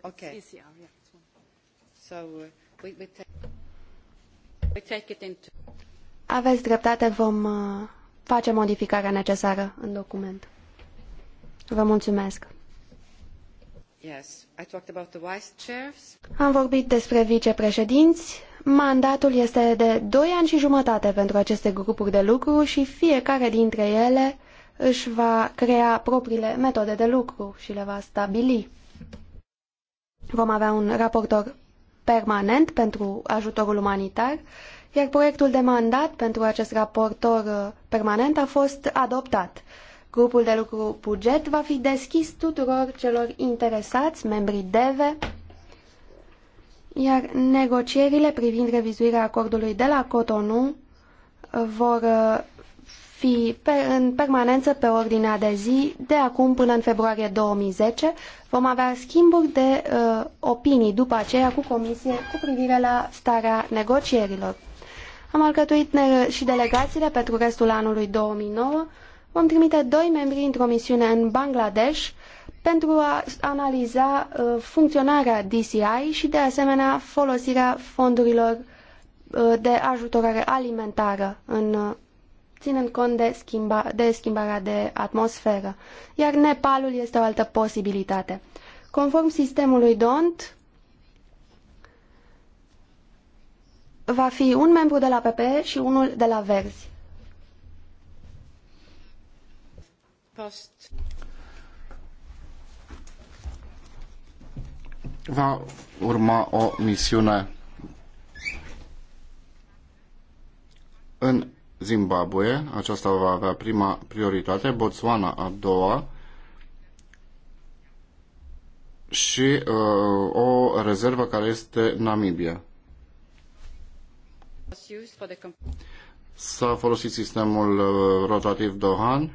Okay. Uh, aveți dreptate, vom uh, face modificarea necesară în document. Vă mulțumesc. Yes, I talked about the vice chairs. Am vorbit despre vicepreședinți. Mandatul este de 2 ani și jumătate pentru aceste grupuri de lucru și fiecare dintre ele își va crea propriile metode de lucru și le va stabili. Vom avea un raportor permanent pentru ajutorul umanitar, iar proiectul de mandat pentru acest raportor permanent a fost adoptat. Grupul de lucru buget va fi deschis tuturor celor interesați, membrii DEVE, iar negocierile privind revizuirea acordului de la Cotonou vor uh, fi pe, în permanență pe ordinea de zi de acum până în februarie 2010. Vom avea schimburi de uh, opinii după aceea cu comisie cu privire la starea negocierilor. Am alcătuit și delegațiile pentru restul anului 2009 vom trimite doi membri într-o misiune în Bangladesh pentru a analiza uh, funcționarea DCI și de asemenea folosirea fondurilor uh, de ajutorare alimentară în uh, ținând cont de, schimba, de schimbarea de atmosferă. Iar Nepalul este o altă posibilitate. Conform sistemului DONT, va fi un membru de la PPE și unul de la Verzi. Va urma o misiune în Zimbabwe, aceasta va avea prima prioritate, Botswana a doua și uh, o rezervă care este Namibia. S-a folosit sistemul uh, rotativ Dohan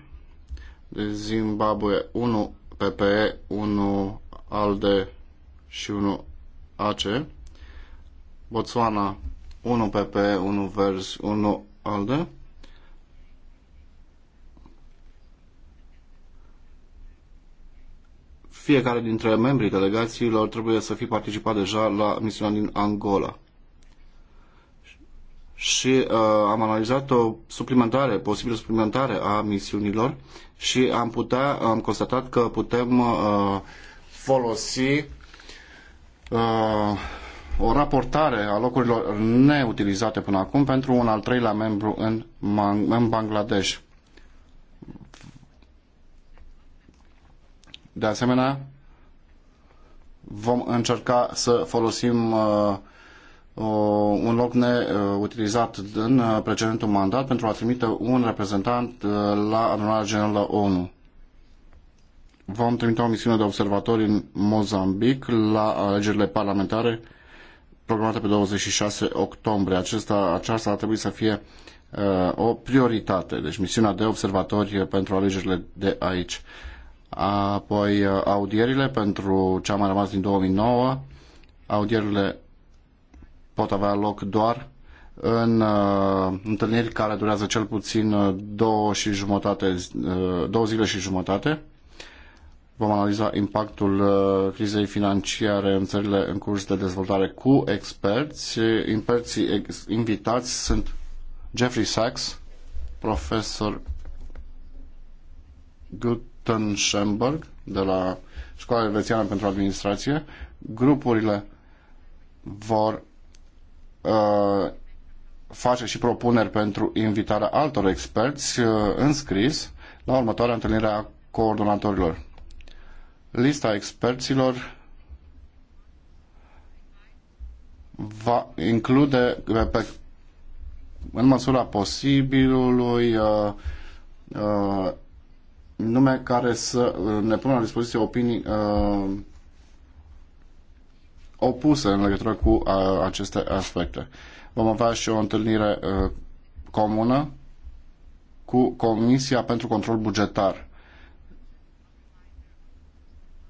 Zimbabwe 1 PPE, 1 ALDE și 1 AC. Botswana 1 PPE, 1 Vers, 1 ALDE. Fiecare dintre membrii delegațiilor trebuie să fi participat deja la misiunea din Angola și uh, am analizat o suplimentare, posibilă suplimentare a misiunilor și am, putea, am constatat că putem uh, folosi uh, o raportare a locurilor neutilizate până acum pentru un al treilea membru în, în Bangladesh. De asemenea, vom încerca să folosim uh, un loc neutilizat în uh, precedentul mandat pentru a trimite un reprezentant uh, la adunarea generală ONU. Vom trimite o misiune de observatori în Mozambic la alegerile parlamentare programată pe 26 octombrie. Acesta, aceasta ar trebui să fie uh, o prioritate, deci misiunea de observatori pentru alegerile de aici. Apoi uh, audierile pentru ce a mai rămas din 2009, audierile pot avea loc doar în uh, întâlniri care durează cel puțin uh, două, și jumătate, uh, două zile și jumătate. Vom analiza impactul uh, crizei financiare în țările în curs de dezvoltare cu experți. Imperții ex- invitați sunt Jeffrey Sachs, profesor Schemberg de la Școala Elvețiană pentru Administrație. Grupurile vor Uh, face și propuneri pentru invitarea altor experți uh, scris la următoarea întâlnire a coordonatorilor. Lista experților va include pe, în măsura posibilului uh, uh, nume care să uh, ne pună la dispoziție opinii uh, opuse în legătură cu a, aceste aspecte. Vom avea și o întâlnire a, comună cu Comisia pentru Control Bugetar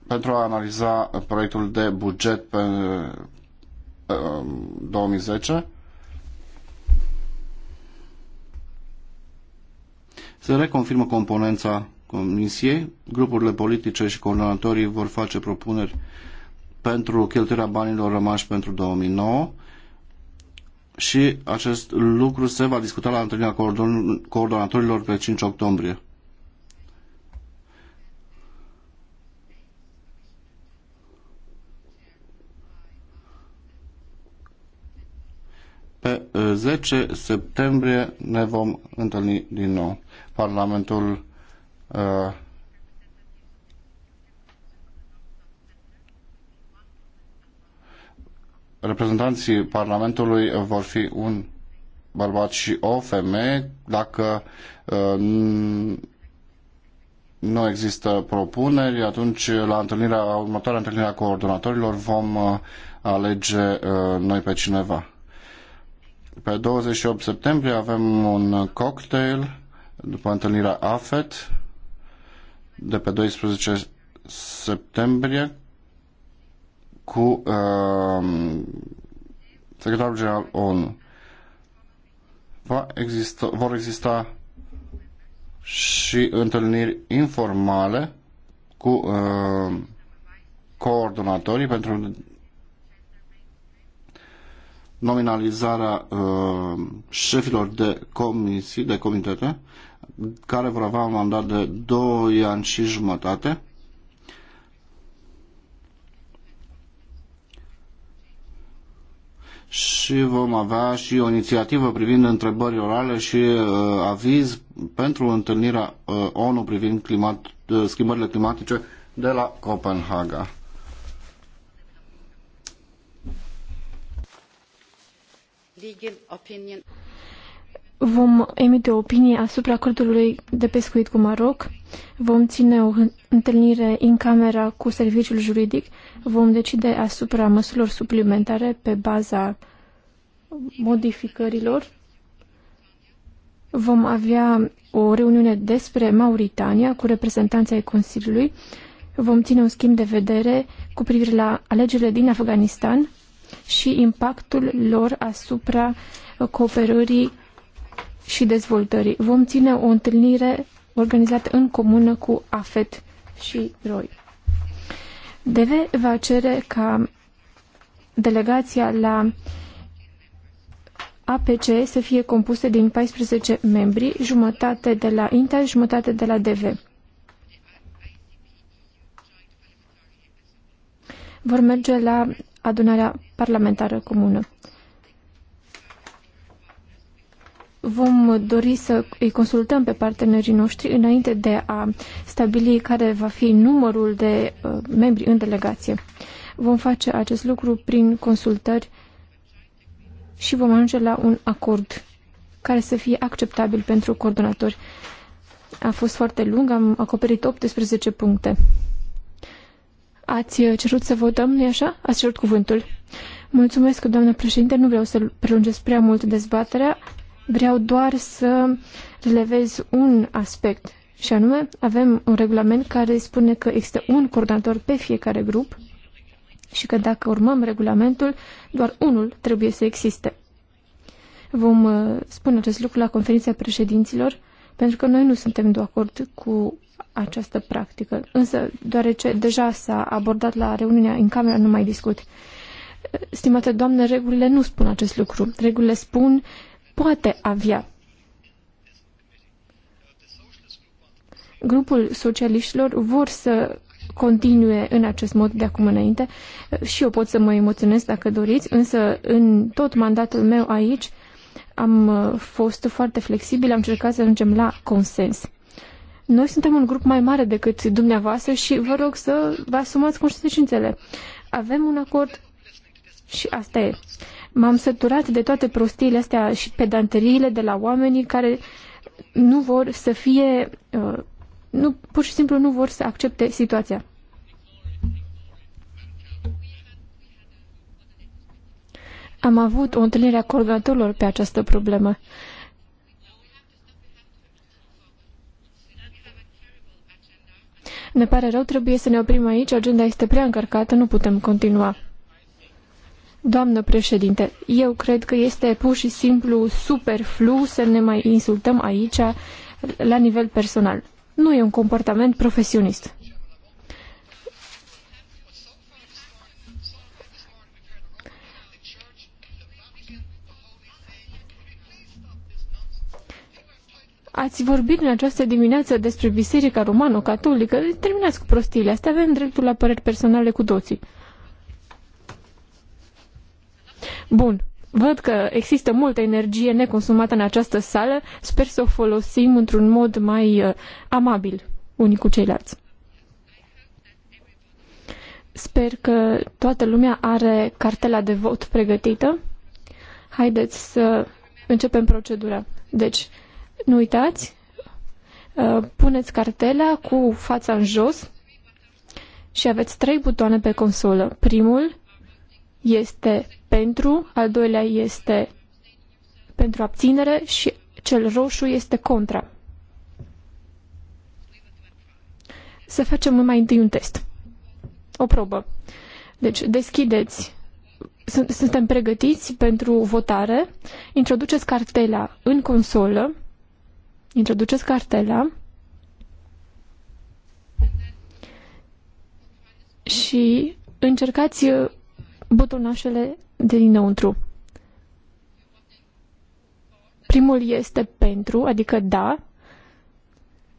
pentru a analiza proiectul de buget pe a, 2010 se reconfirmă componența Comisiei, grupurile politice și coordonatorii vor face propuneri pentru cheltuirea banilor rămași pentru 2009 și acest lucru se va discuta la întâlnirea coordonatorilor pe 5 octombrie. Pe 10 uh, septembrie ne vom întâlni din nou. Parlamentul uh, reprezentanții Parlamentului vor fi un bărbat și o femeie. Dacă uh, nu există propuneri, atunci la întâlnirea, următoarea întâlnire a coordonatorilor vom uh, alege uh, noi pe cineva. Pe 28 septembrie avem un cocktail după întâlnirea AFET de pe 12 septembrie cu uh, secretarul general ONU. Va exista, vor exista și întâlniri informale cu uh, coordonatorii pentru nominalizarea uh, șefilor de comisii, de comitete, care vor avea un mandat de 2 ani și jumătate și vom avea și o inițiativă privind întrebări orale și uh, aviz pentru întâlnirea uh, ONU privind climat, uh, schimbările climatice de la Copenhaga. Legal opinion vom emite o opinie asupra acordului de pescuit cu Maroc, vom ține o întâlnire în camera cu serviciul juridic, vom decide asupra măsurilor suplimentare pe baza modificărilor. Vom avea o reuniune despre Mauritania cu reprezentanța ai Consiliului. Vom ține un schimb de vedere cu privire la alegerile din Afganistan și impactul lor asupra cooperării și dezvoltării. Vom ține o întâlnire organizată în comună cu AFET și ROI. DV va cere ca delegația la APC să fie compusă din 14 membri, jumătate de la INTA, jumătate de la DV. Vor merge la adunarea parlamentară comună. vom dori să îi consultăm pe partenerii noștri înainte de a stabili care va fi numărul de uh, membri în delegație. Vom face acest lucru prin consultări și vom ajunge la un acord care să fie acceptabil pentru coordonatori. A fost foarte lung, am acoperit 18 puncte. Ați uh, cerut să votăm, nu-i așa? Ați cerut cuvântul. Mulțumesc, doamnă președinte, nu vreau să prelungesc prea mult dezbaterea. Vreau doar să relevez un aspect și anume avem un regulament care spune că există un coordonator pe fiecare grup și că dacă urmăm regulamentul, doar unul trebuie să existe. Vom uh, spune acest lucru la conferința președinților, pentru că noi nu suntem de acord cu această practică. Însă, deoarece deja s-a abordat la reuniunea în camera, nu mai discut. Stimate doamne, regulile nu spun acest lucru. Regulile spun poate avea. Grupul socialiștilor vor să continue în acest mod de acum înainte și eu pot să mă emoționez dacă doriți, însă în tot mandatul meu aici am uh, fost foarte flexibil, am încercat să ajungem la consens. Noi suntem un grup mai mare decât dumneavoastră și vă rog să vă asumați conștiințele. Avem un acord și asta e. M-am săturat de toate prostiile astea și pedanteriile de la oamenii care nu vor să fie, uh, nu, pur și simplu nu vor să accepte situația. Am avut o întâlnire a coordonatorilor pe această problemă. Ne pare rău, trebuie să ne oprim aici, agenda este prea încărcată, nu putem continua. Doamnă președinte, eu cred că este pur și simplu superflu să ne mai insultăm aici la nivel personal. Nu e un comportament profesionist. Ați vorbit în această dimineață despre Biserica Romano-Catolică. Terminați cu prostiile astea, avem dreptul la păreri personale cu toții. Bun. Văd că există multă energie neconsumată în această sală. Sper să o folosim într-un mod mai uh, amabil unii cu ceilalți. Sper că toată lumea are cartela de vot pregătită. Haideți să începem procedura. Deci, nu uitați, uh, puneți cartela cu fața în jos și aveți trei butoane pe consolă. Primul este pentru, al doilea este pentru abținere și cel roșu este contra. Să facem mai întâi un test. O probă. Deci, deschideți. Suntem pregătiți pentru votare. Introduceți cartela în consolă. Introduceți cartela. Și încercați butonașele de dinăuntru. Primul este pentru, adică da,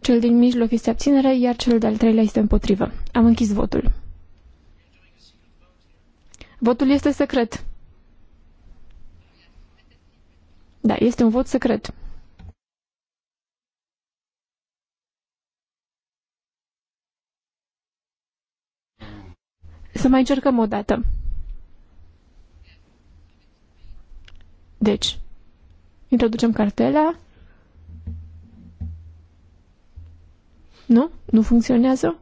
cel din mijloc este abținere, iar cel de-al treilea este împotrivă. Am închis votul. Votul este secret. Da, este un vot secret. Să mai încercăm o dată. Deci, introducem cartela. Nu? Nu funcționează?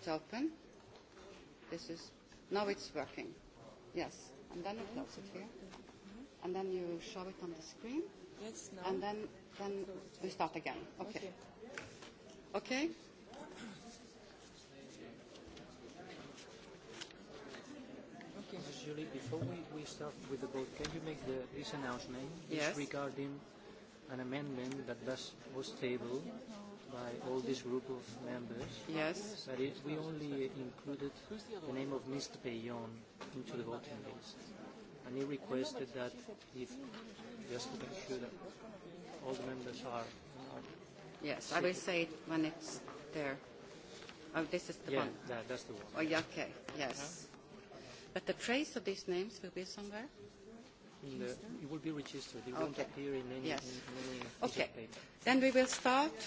it open. This is, now it's working. Yes. And then you close it here. And then you show it on the screen. Yes, now. And then, then we start again. Okay. Okay? Okay. Julie, before we, we start with the vote, can you make the, this announcement yes. regarding an amendment that was tabled? by all this group of members. Yes. But it, we only included the name of Mr. Payon into the voting list. And he requested that if, just to make sure that all the members are. are yes, seated. I will say it when it's there. Oh, this is the yeah, one. Yeah, that's the one. Oh, yeah, okay, yes. Huh? But the trace of these names will be somewhere? In the, it will be registered. It okay. won't appear in any, yes. in, in any okay. Paper. Then we will start. Yeah.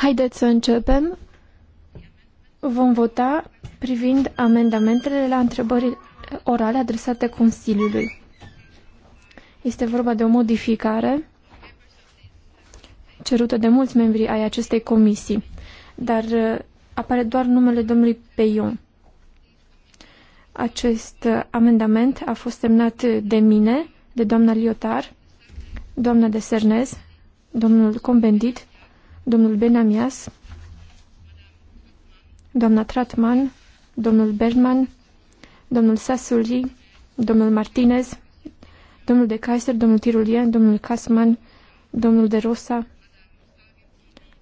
Haideți să începem. Vom vota privind amendamentele la întrebări orale adresate Consiliului. Este vorba de o modificare cerută de mulți membri ai acestei comisii, dar uh, apare doar numele domnului Peion. Acest uh, amendament a fost semnat de mine, de doamna Liotar, doamna de Sernez, domnul Combendit, domnul Benamias, doamna Tratman, domnul Berman, domnul Sasuli, domnul Martinez, domnul de Kaiser, domnul Tirulien, domnul Casman, domnul de Rosa,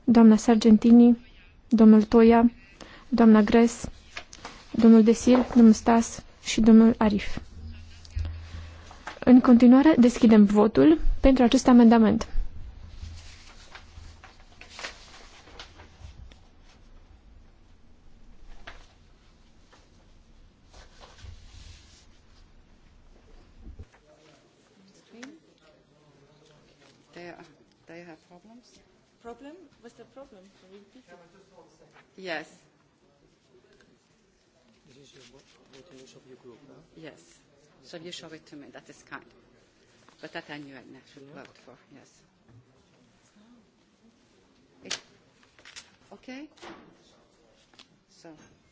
doamna Sargentini, domnul Toia, doamna Gres, domnul Desil, domnul Stas și domnul Arif. În continuare, deschidem votul pentru acest amendament. Problem? What's the problem? Can you repeat it? Yes. This is your voting of your group, huh? Yes. So you show it to me. That is kind. But that I knew I should yeah. vote for. Yes. It, eh. okay. So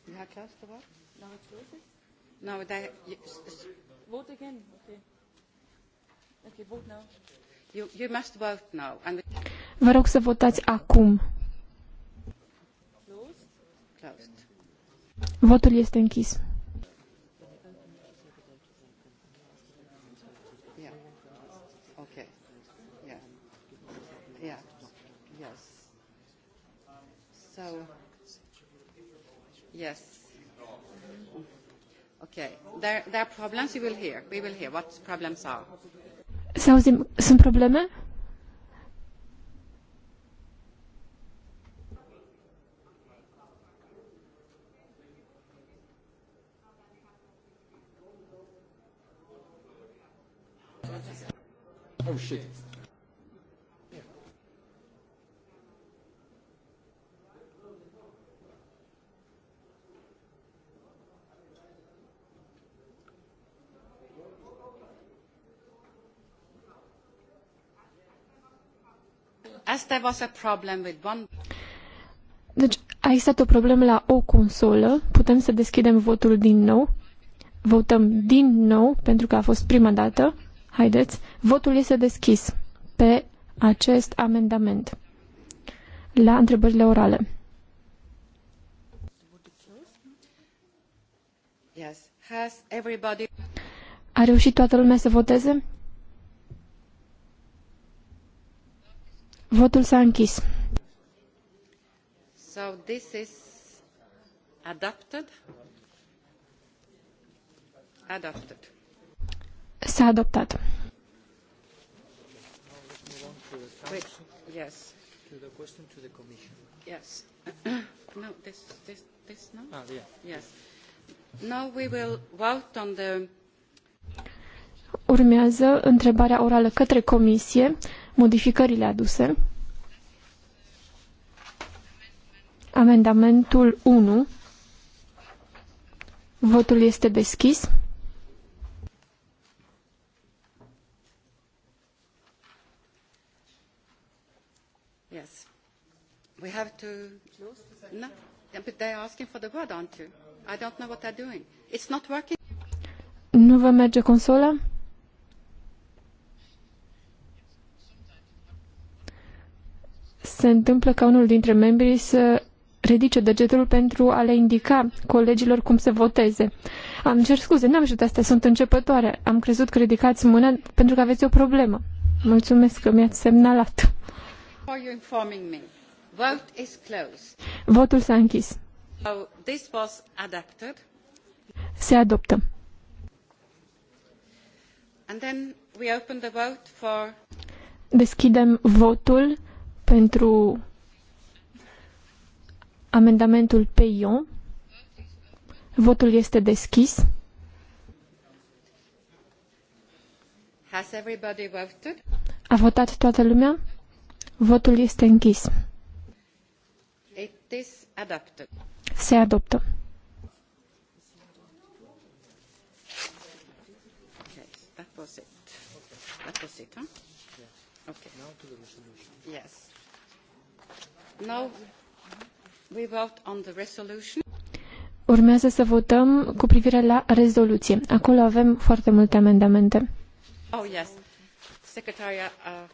you have closed the vote. Now it's voted. No, that. You, vote again. Okay. Okay. Vote now. You you must vote now. And. The Vă rog să votați acum. Votul este închis. yes. Okay. There, there are problems. You will hear. We will hear what problems are. Să auzim, sunt probleme? Oh shit. As there was a problem with one... Deci a existat o problemă la o consolă. Putem să deschidem votul din nou. Votăm din nou pentru că a fost prima dată. Haideți, votul este deschis pe acest amendament la întrebările orale. A reușit toată lumea să voteze? Votul s-a închis. So this is adopted. Adopted. S-a adoptat. Urmează întrebarea orală către comisie, modificările aduse. Amendamentul 1. Votul este deschis. we have to close no but they are asking for the word aren't you i don't know what they're doing it's not working nu vă merge consola se întâmplă ca unul dintre membrii să ridice degetul pentru a le indica colegilor cum să voteze. Am cer scuze, n-am știut astea, sunt începătoare. Am crezut că ridicați mâna pentru că aveți o problemă. Mulțumesc că mi-ați semnalat. Votul s-a închis. Se adoptă. Deschidem votul pentru amendamentul Peion. Votul este deschis. Has everybody voted? A votat toată lumea? Votul este închis. Se adoptă. Urmează să votăm cu privire la rezoluție. Acolo avem foarte multe amendamente. Oh, yes. Secretaria, uh...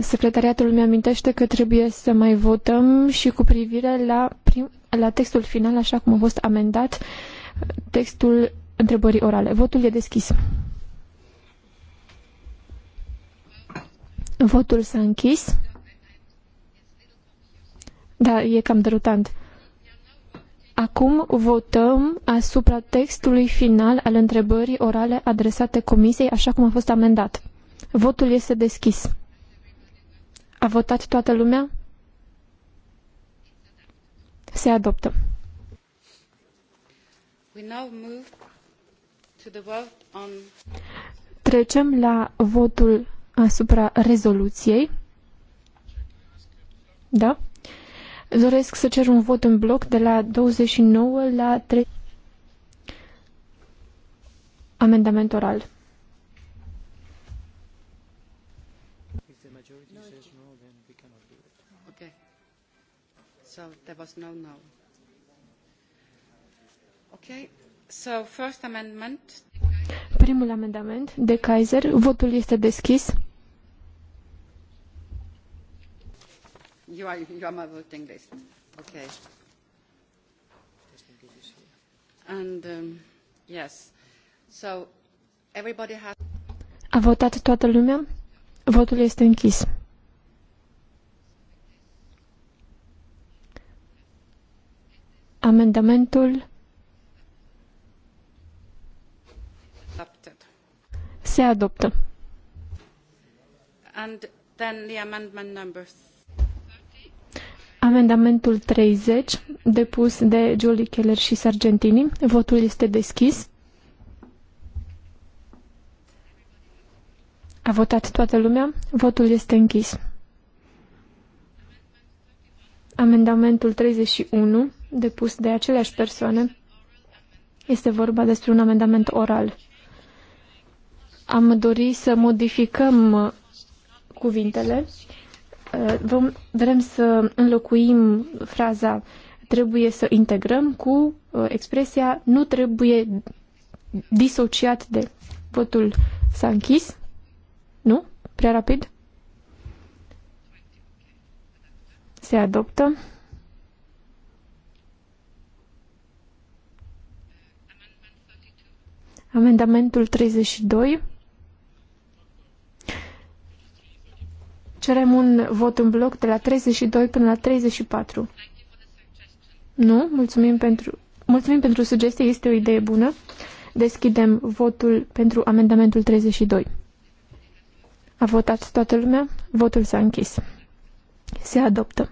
Secretariatul mi-amintește că trebuie să mai votăm și cu privire la, prim, la textul final, așa cum a fost amendat, textul întrebării orale. Votul e deschis. Votul s-a închis. Da, e cam derutant. Acum votăm asupra textului final al întrebării orale adresate comisiei, așa cum a fost amendat. Votul este deschis. A votat toată lumea? Se adoptă. We now move to the vote on... Trecem la votul asupra rezoluției. Da? Doresc să cer un vot în bloc de la 29 la 3. Amendament oral. so there was no no. Okay, so first amendment. Primul amendament de Kaiser, votul este deschis. You are, you are my voting list. Okay. And um, yes, so everybody has. A votat toată lumea? Votul este închis. Amendamentul se adoptă. And then the amendment number. Amendamentul 30, depus de Julie Keller și Sargentini. Votul este deschis. A votat toată lumea. Votul este închis. Amendamentul 31 depus de aceleași persoane. Este vorba despre un amendament oral. Am dorit să modificăm uh, cuvintele. Uh, vom, vrem să înlocuim fraza trebuie să integrăm cu uh, expresia nu trebuie disociat de. Votul s-a închis? Nu? Prea rapid? Se adoptă. Amendamentul 32. Cerem un vot în bloc de la 32 până la 34. Nu? Mulțumim pentru, mulțumim pentru sugestie, este o idee bună. Deschidem votul pentru amendamentul 32. A votat toată lumea, votul s-a închis. Se adoptă.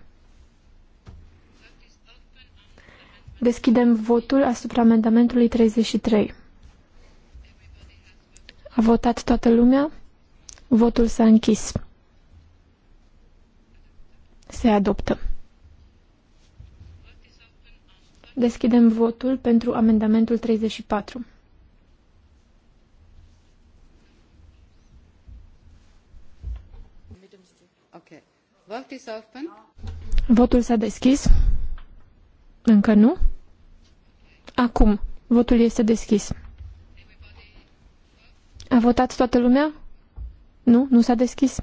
Deschidem votul asupra amendamentului 33. A votat toată lumea? Votul s-a închis. Se adoptă. Deschidem votul pentru amendamentul 34. Votul s-a deschis. Încă nu? Acum. Votul este deschis. A votat toată lumea? Nu? Nu s-a deschis?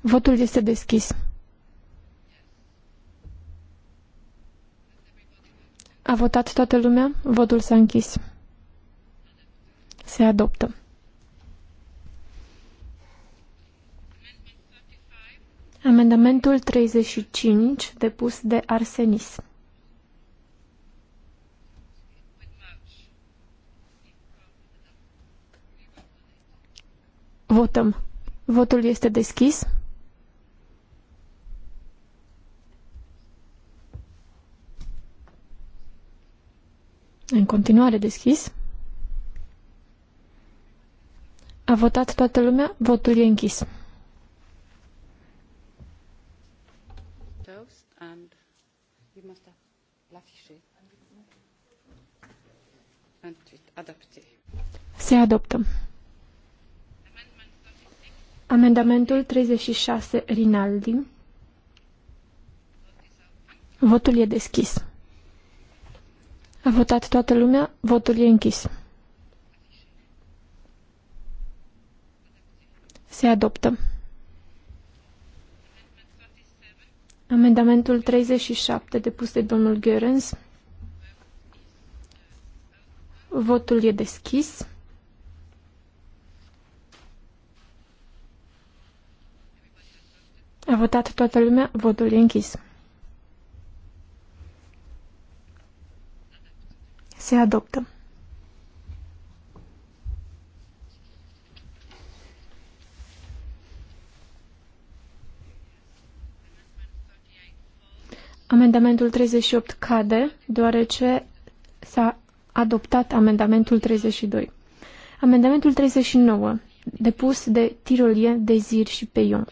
Votul este deschis. A votat toată lumea? Votul s-a închis. Se adoptă. Amendamentul 35 depus de Arsenis. Votăm. Votul este deschis. În continuare deschis. A votat toată lumea, votul e închis. Se adoptă. Amendamentul 36, Rinaldi. Votul e deschis. A votat toată lumea, votul e închis. Se adoptă. Amendamentul 37 depus de domnul Görens. Votul e deschis. A votat toată lumea, votul e închis. Se adoptă. Amendamentul 38 cade, deoarece s-a adoptat amendamentul 32. Amendamentul 39, depus de Tirolie, Dezir și Peion.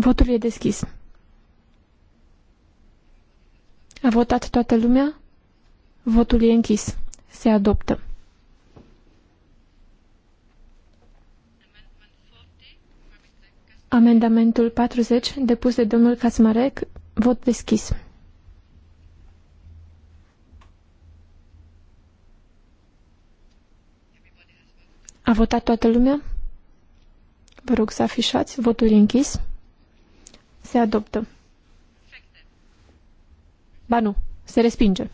Votul e deschis. A votat toată lumea? Votul e închis. Se adoptă. Amendamentul 40, depus de domnul Casmarec, vot deschis. A votat toată lumea? Vă rog să afișați. Votul e închis. Se adoptă. Ba nu, se respinge.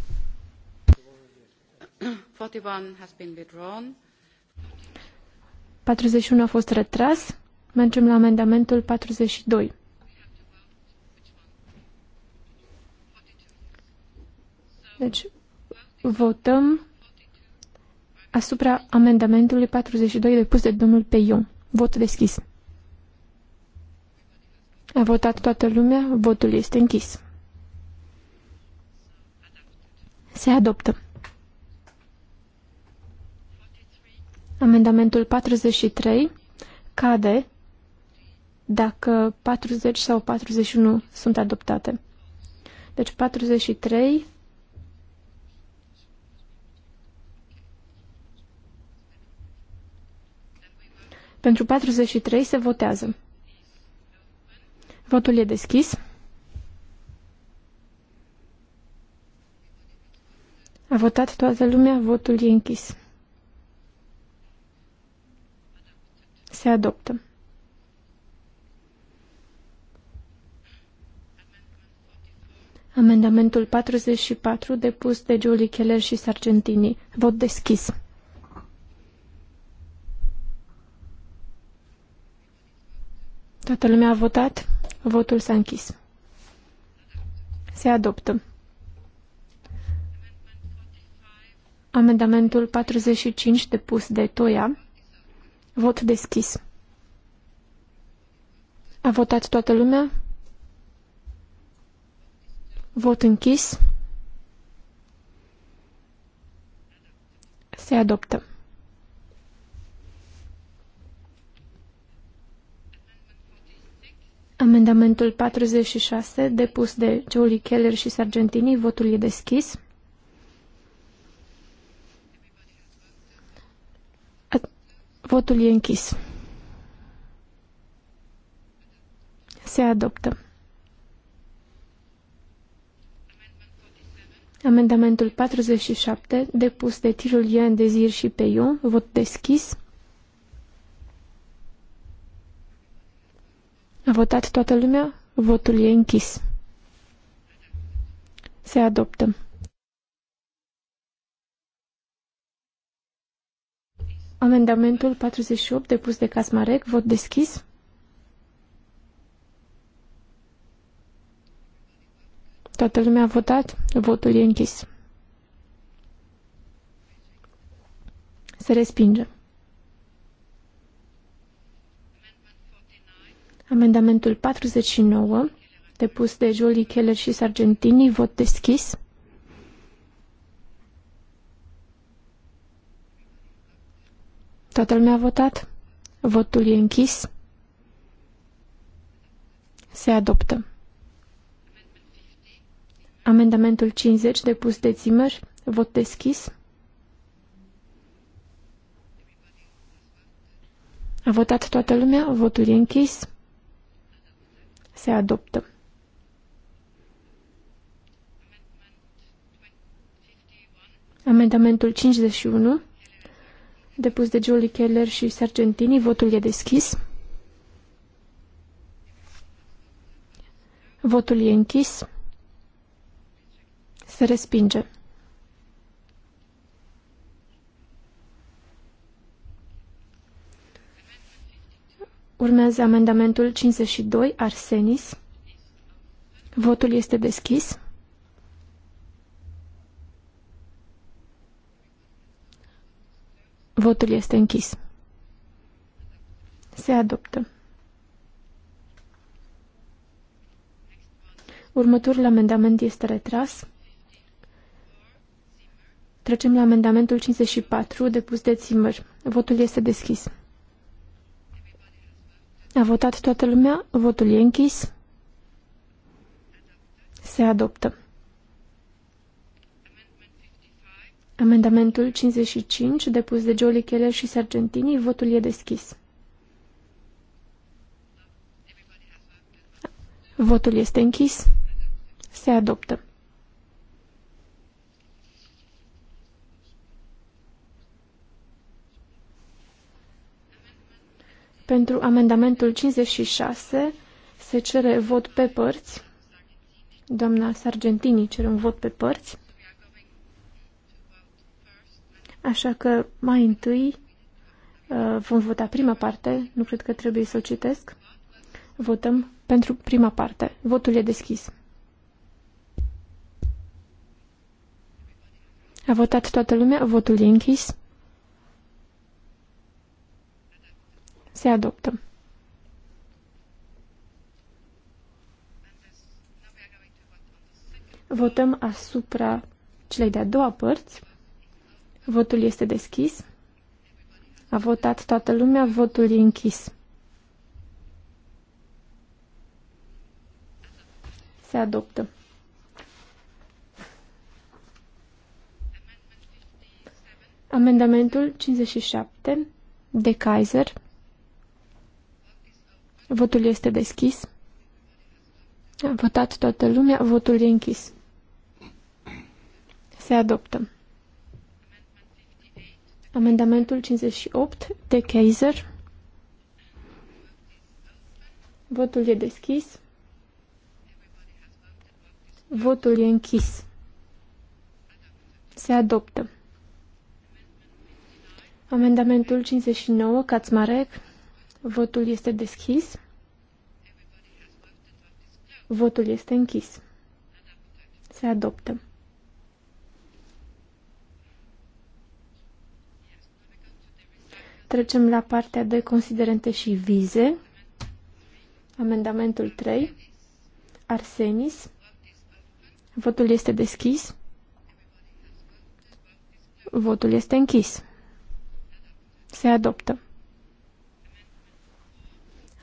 41 a fost retras. Mergem la amendamentul 42. Deci, votăm asupra amendamentului 42 depus de domnul Peion. Vot deschis. A votat toată lumea, votul este închis. Se adoptă. Amendamentul 43 cade dacă 40 sau 41 sunt adoptate. Deci 43 Pentru 43 se votează. Votul e deschis. A votat toată lumea, votul e închis. Se adoptă. Amendamentul 44 depus de Julie Keller și Sargentini. Vot deschis. Toată lumea a votat? Votul s-a închis. Se adoptă. Amendamentul 45 depus de Toia. Vot deschis. A votat toată lumea? Vot închis. Se adoptă. Amendamentul 46, depus de Julie Keller și Sargentini, votul e deschis. Votul e închis. Se adoptă. Amendamentul 47, depus de Tirulien, Dezir și Peiu, vot deschis. A votat toată lumea? Votul e închis. Se adoptă. Amendamentul 48 depus de Casmarec, vot deschis. Toată lumea a votat, votul e închis. Se respinge. Amendamentul 49, depus de Jolie Keller și Sargentini, vot deschis. Toată lumea a votat? Votul e închis. Se adoptă. Amendamentul 50 depus de Zimmer. Vot deschis. A votat toată lumea. Votul e închis. Se adoptă. Amendamentul 51, depus de Julie Keller și Sargentini, votul e deschis. Votul e închis. Se respinge. Urmează amendamentul 52, Arsenis. Votul este deschis. Votul este închis. Se adoptă. Următorul amendament este retras. Trecem la amendamentul 54, depus de Zimmer. Votul este deschis. A votat toată lumea, votul e închis. Se adoptă. Amendamentul 55, depus de Jolly Keller și Sargentini, votul e deschis. Votul este închis. Se adoptă. Pentru amendamentul 56 se cere vot pe părți. Doamna Sargentini cere un vot pe părți. Așa că mai întâi uh, vom vota prima parte. Nu cred că trebuie să o citesc. Votăm pentru prima parte. Votul e deschis. A votat toată lumea, votul e închis. Se adoptă. Votăm asupra celei de-a doua părți. Votul este deschis. A votat toată lumea, votul e închis. Se adoptă. Amendamentul 57 de Kaiser Votul este deschis. A votat toată lumea, votul e închis. Se adoptă. Amendamentul 58 de Kaiser. Votul e deschis. Votul e închis. Se adoptă. Amendamentul 59, Cațmarec. Votul este deschis. Votul este închis. Se adoptă. Trecem la partea de considerente și vize. Amendamentul 3. Arsenis. Votul este deschis. Votul este închis. Se adoptă.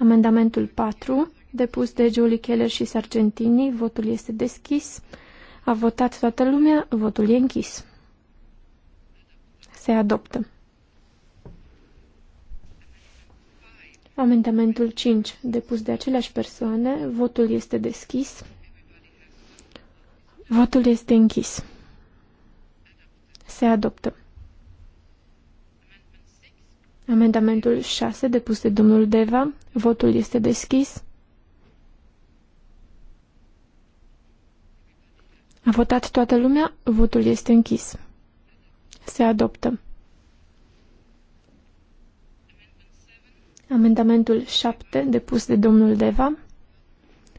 Amendamentul 4, depus de Julie Keller și Sargentini, votul este deschis. A votat toată lumea, votul e închis. Se adoptă. Amendamentul 5, depus de aceleași persoane, votul este deschis. Votul este închis. Se adoptă. Amendamentul 6 depus de domnul Deva. Votul este deschis. A votat toată lumea, votul este închis. Se adoptă. Amendamentul 7 depus de domnul Deva.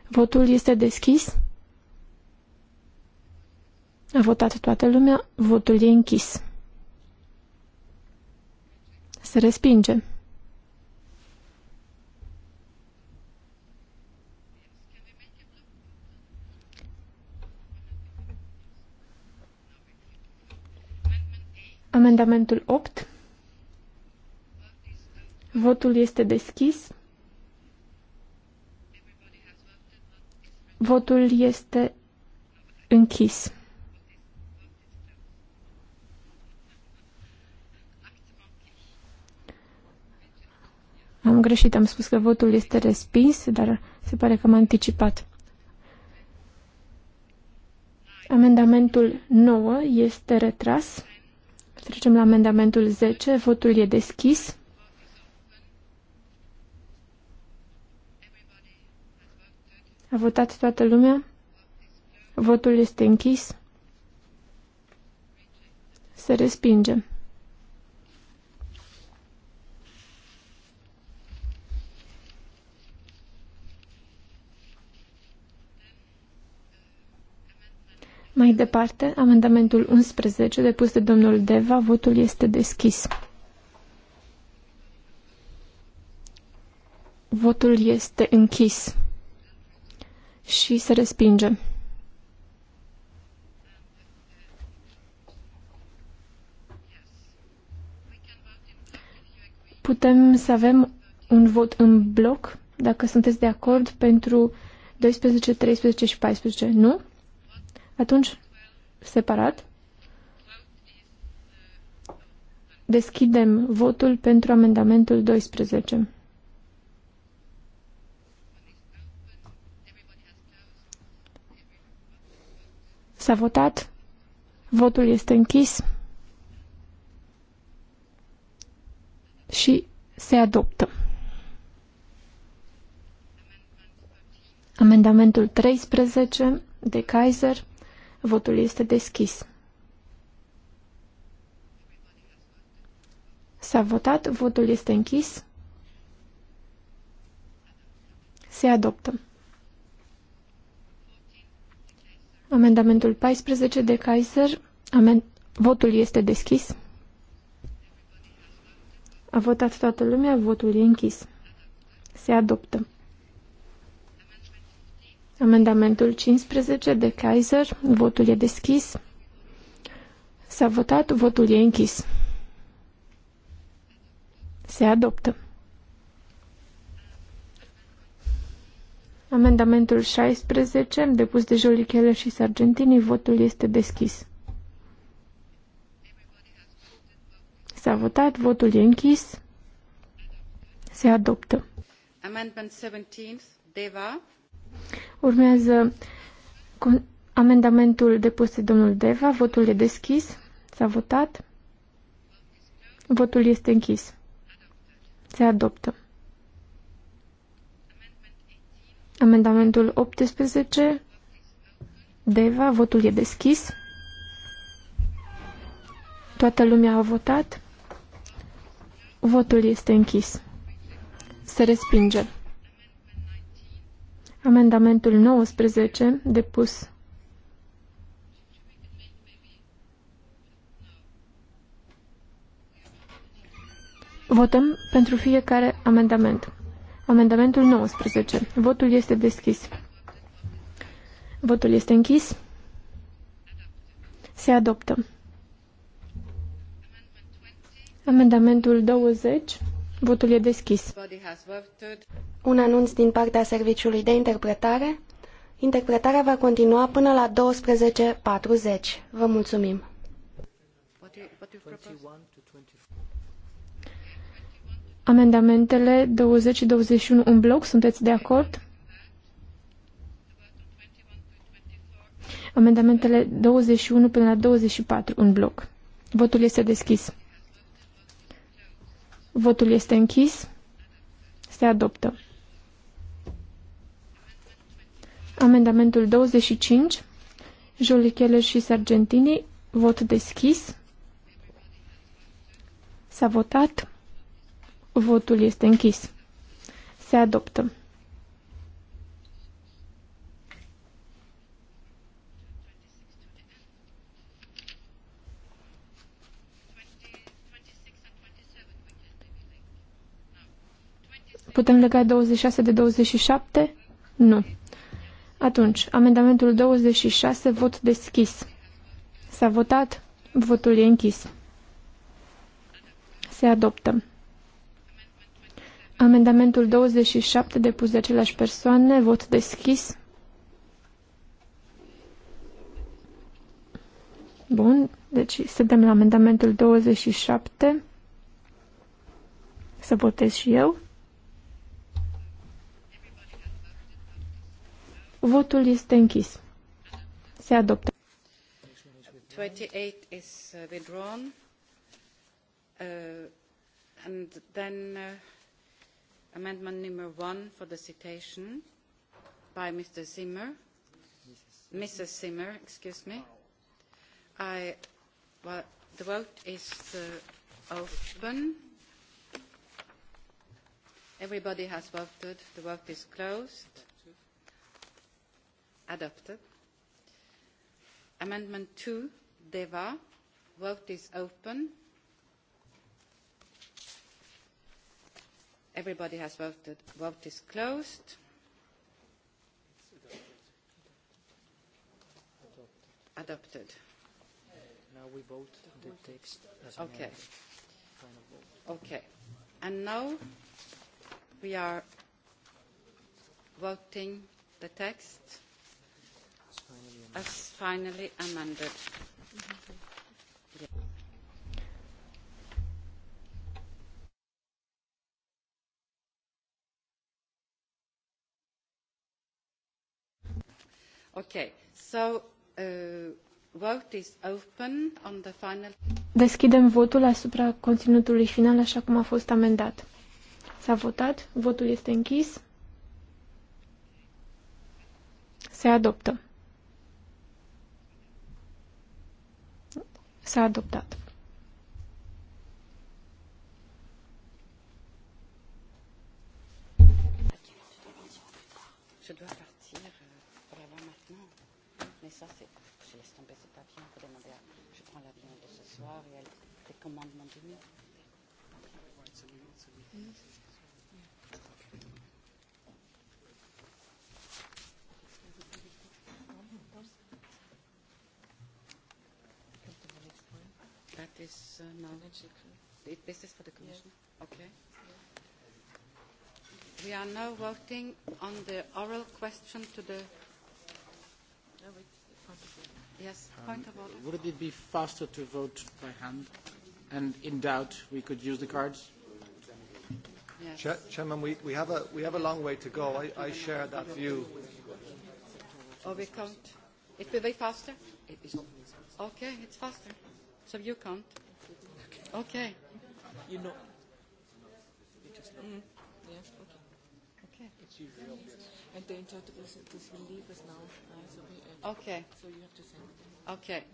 Votul este deschis. A votat toată lumea, votul e închis. Se respinge. Amendamentul 8. Votul este deschis. Votul este închis. Am greșit, am spus că votul este respins, dar se pare că m-am anticipat. Amendamentul 9 este retras. Trecem la amendamentul 10. Votul e deschis. A votat toată lumea? Votul este închis. Se respinge. Mai departe, amendamentul 11 depus de domnul Deva, votul este deschis. Votul este închis și se respinge. Putem să avem un vot în bloc, dacă sunteți de acord, pentru 12, 13 și 14, nu? Atunci, separat, deschidem votul pentru amendamentul 12. S-a votat. Votul este închis. Și se adoptă. Amendamentul 13 de Kaiser. Votul este deschis. S-a votat, votul este închis. Se adoptă. Amendamentul 14 de Kaiser. Amen... Votul este deschis. A votat toată lumea, votul e închis. Se adoptă. Amendamentul 15 de Kaiser. Votul e deschis. S-a votat, votul e închis. Se adoptă. Amendamentul 16, depus de Jolie Keller și Sargentini, votul este deschis. S-a votat, votul e închis. Se adoptă. Amendment 17, Deva. Urmează amendamentul depus de domnul Deva. Votul e deschis. S-a votat. Votul este închis. Se adoptă. Amendamentul 18. Deva. Votul e deschis. Toată lumea a votat. Votul este închis. Se respinge. Amendamentul 19 depus. Votăm pentru fiecare amendament. Amendamentul 19. Votul este deschis. Votul este închis. Se adoptă. Amendamentul 20. Votul e deschis. Un anunț din partea Serviciului de Interpretare. Interpretarea va continua până la 12.40. Vă mulțumim. Amendamentele 20 și 21 în bloc, sunteți de acord? Amendamentele 21 până la 24 în bloc. Votul este deschis. Votul este închis. Se adoptă. Amendamentul 25. Jolie Keller și Sargentini. Vot deschis. S-a votat. Votul este închis. Se adoptă. Putem lega 26 de 27? Nu. Atunci, amendamentul 26, vot deschis. S-a votat, votul e închis. Se adoptă. Amendamentul 27, depus de aceleași persoane, vot deschis. Bun, deci suntem la amendamentul 27. Să votez și eu. Votul este închis. Se adoptă. 28 is uh, withdrawn. Uh, and then uh, amendment number one for the citation by Mr. Zimmer. Mrs. Zimmer, excuse me. I, well, the vote is uh, open. Everybody has voted. The vote is closed Adopted. Amendment 2, DEVA. Vote is open. Everybody has voted. Vote is closed. Adopted. Now we vote the text as amended. Okay. Final vote. Okay. And now we are voting the text Deschidem votul asupra conținutului final așa cum a fost amendat. S-a votat, votul este închis. Se adoptă. S-a adoptat. Je dois partir euh, pour la maintenant. Mais ça, c'est... Je laisse tomber à... Je prends l'avion de ce soir et elle recommande mon dîner. Mm. this uh, now? It, this is for the Commission? Yes. Okay. We are now voting on the oral question to the... No, yes, um, point of order. Would it be faster to vote by hand? And in doubt, we could use the cards? Yes. Ch Chairman, we, we, have a, we have a long way to go. I, I share that view. Oh, we can't. It will be faster? It is. Okay, it's faster of you can't? Okay. okay. You know. You just know. Mm. Yes, And the interpreters will leave us now. okay. So you have to send them. Okay.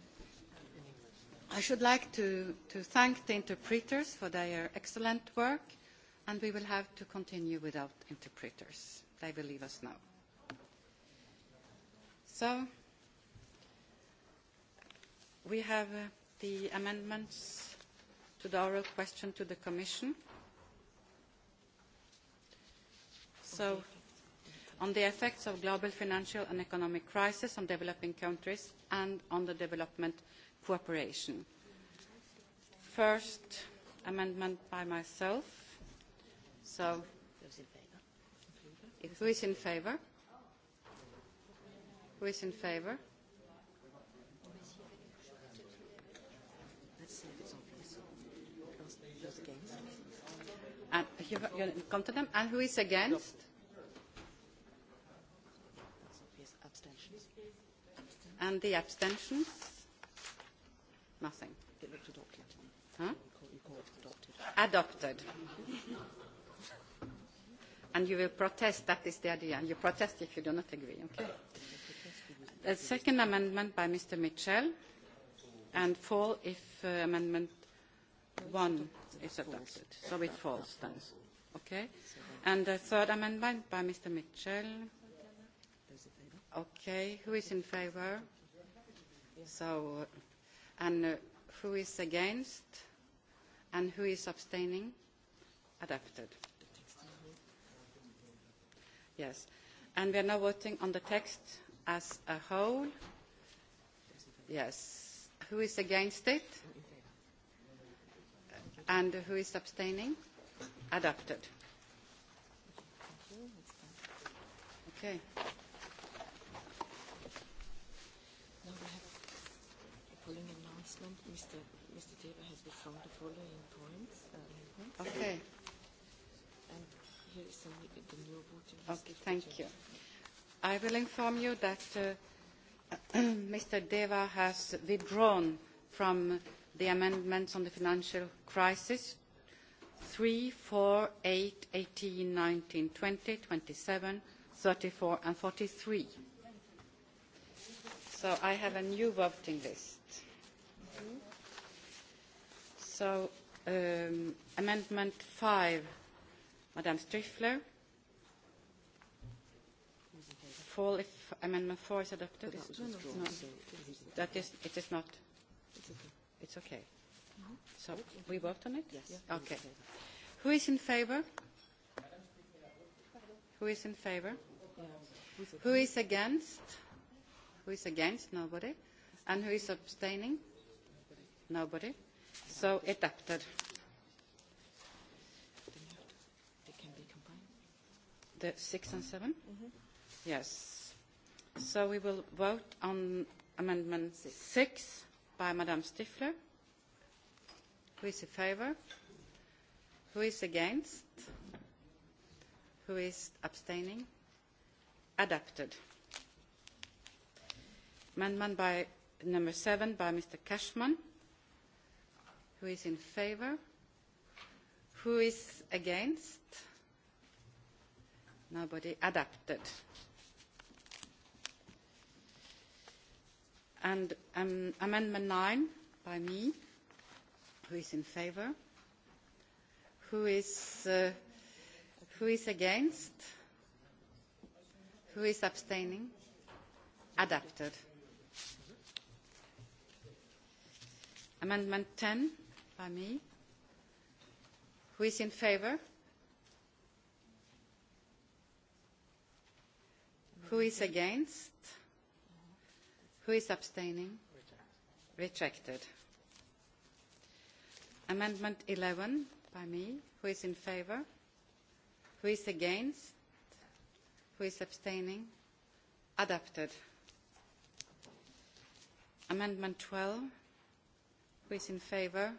I should like to, to thank the interpreters for their excellent work, and we will have to continue without interpreters. They will leave us now. So, we have... Uh, the amendments to the oral question to the Commission. So, on the effects of global financial and economic crisis on developing countries and on the development cooperation. First amendment by myself. So, who is in favour? Who is in favour? you, you come to them. And who is against? And the abstentions? Nothing. It looked adopted. Huh? You call it adopted. Adopted. and you will protest, that is the idea. You protest if you do not agree, okay? The second amendment by Mr. Mitchell and fall if uh, amendment one is adopted. So it falls then. Okay. And the third amendment by Mr. Mitchell. Okay. Who is in favor? So, uh, and uh, who is against? And who is abstaining? Adopted. Yes. And we are now voting on the text as a whole. Yes. Who is against it? And who is abstaining? adopted. Okay. Now we have a polling announcement. Mr. Mr. Taylor has withdrawn the following points. Uh, okay. And here is some, the new voting Okay, thank you. I will inform you that uh, Mr. Deva has withdrawn from the amendments on the financial crisis 3, 4, 8, 18, 19, 20, 27, 34 and 43. So I have a new voting list. So um, amendment 5, Madame Striffler. Fall if amendment 4 is adopted. that, is, it is not. It's okay. So we vote on it? Yes. Okay. Who is in favour? Who is in favour? Who is against? Who is against? Nobody. And who is abstaining? Nobody. So adopted. The six and seven? Mm-hmm. Yes. So we will vote on amendment six, six by Madame Stifler. Who is in favour? Who is against? Who is abstaining? Adopted. Amendment by number seven by Mr. Cashman. Who is in favour? Who is against? Nobody. Adopted. And um, amendment nine by me. Who is in favor? Who is, uh, who is against? Who is abstaining? Adapted. Amendment 10 by me. Who is in favor? Who is against? Who is abstaining? Rejected. Rejected. Amendment 11 by me. Who is in favour Who is against? Who is abstaining? Adopted. Amendment 12. Who is in favour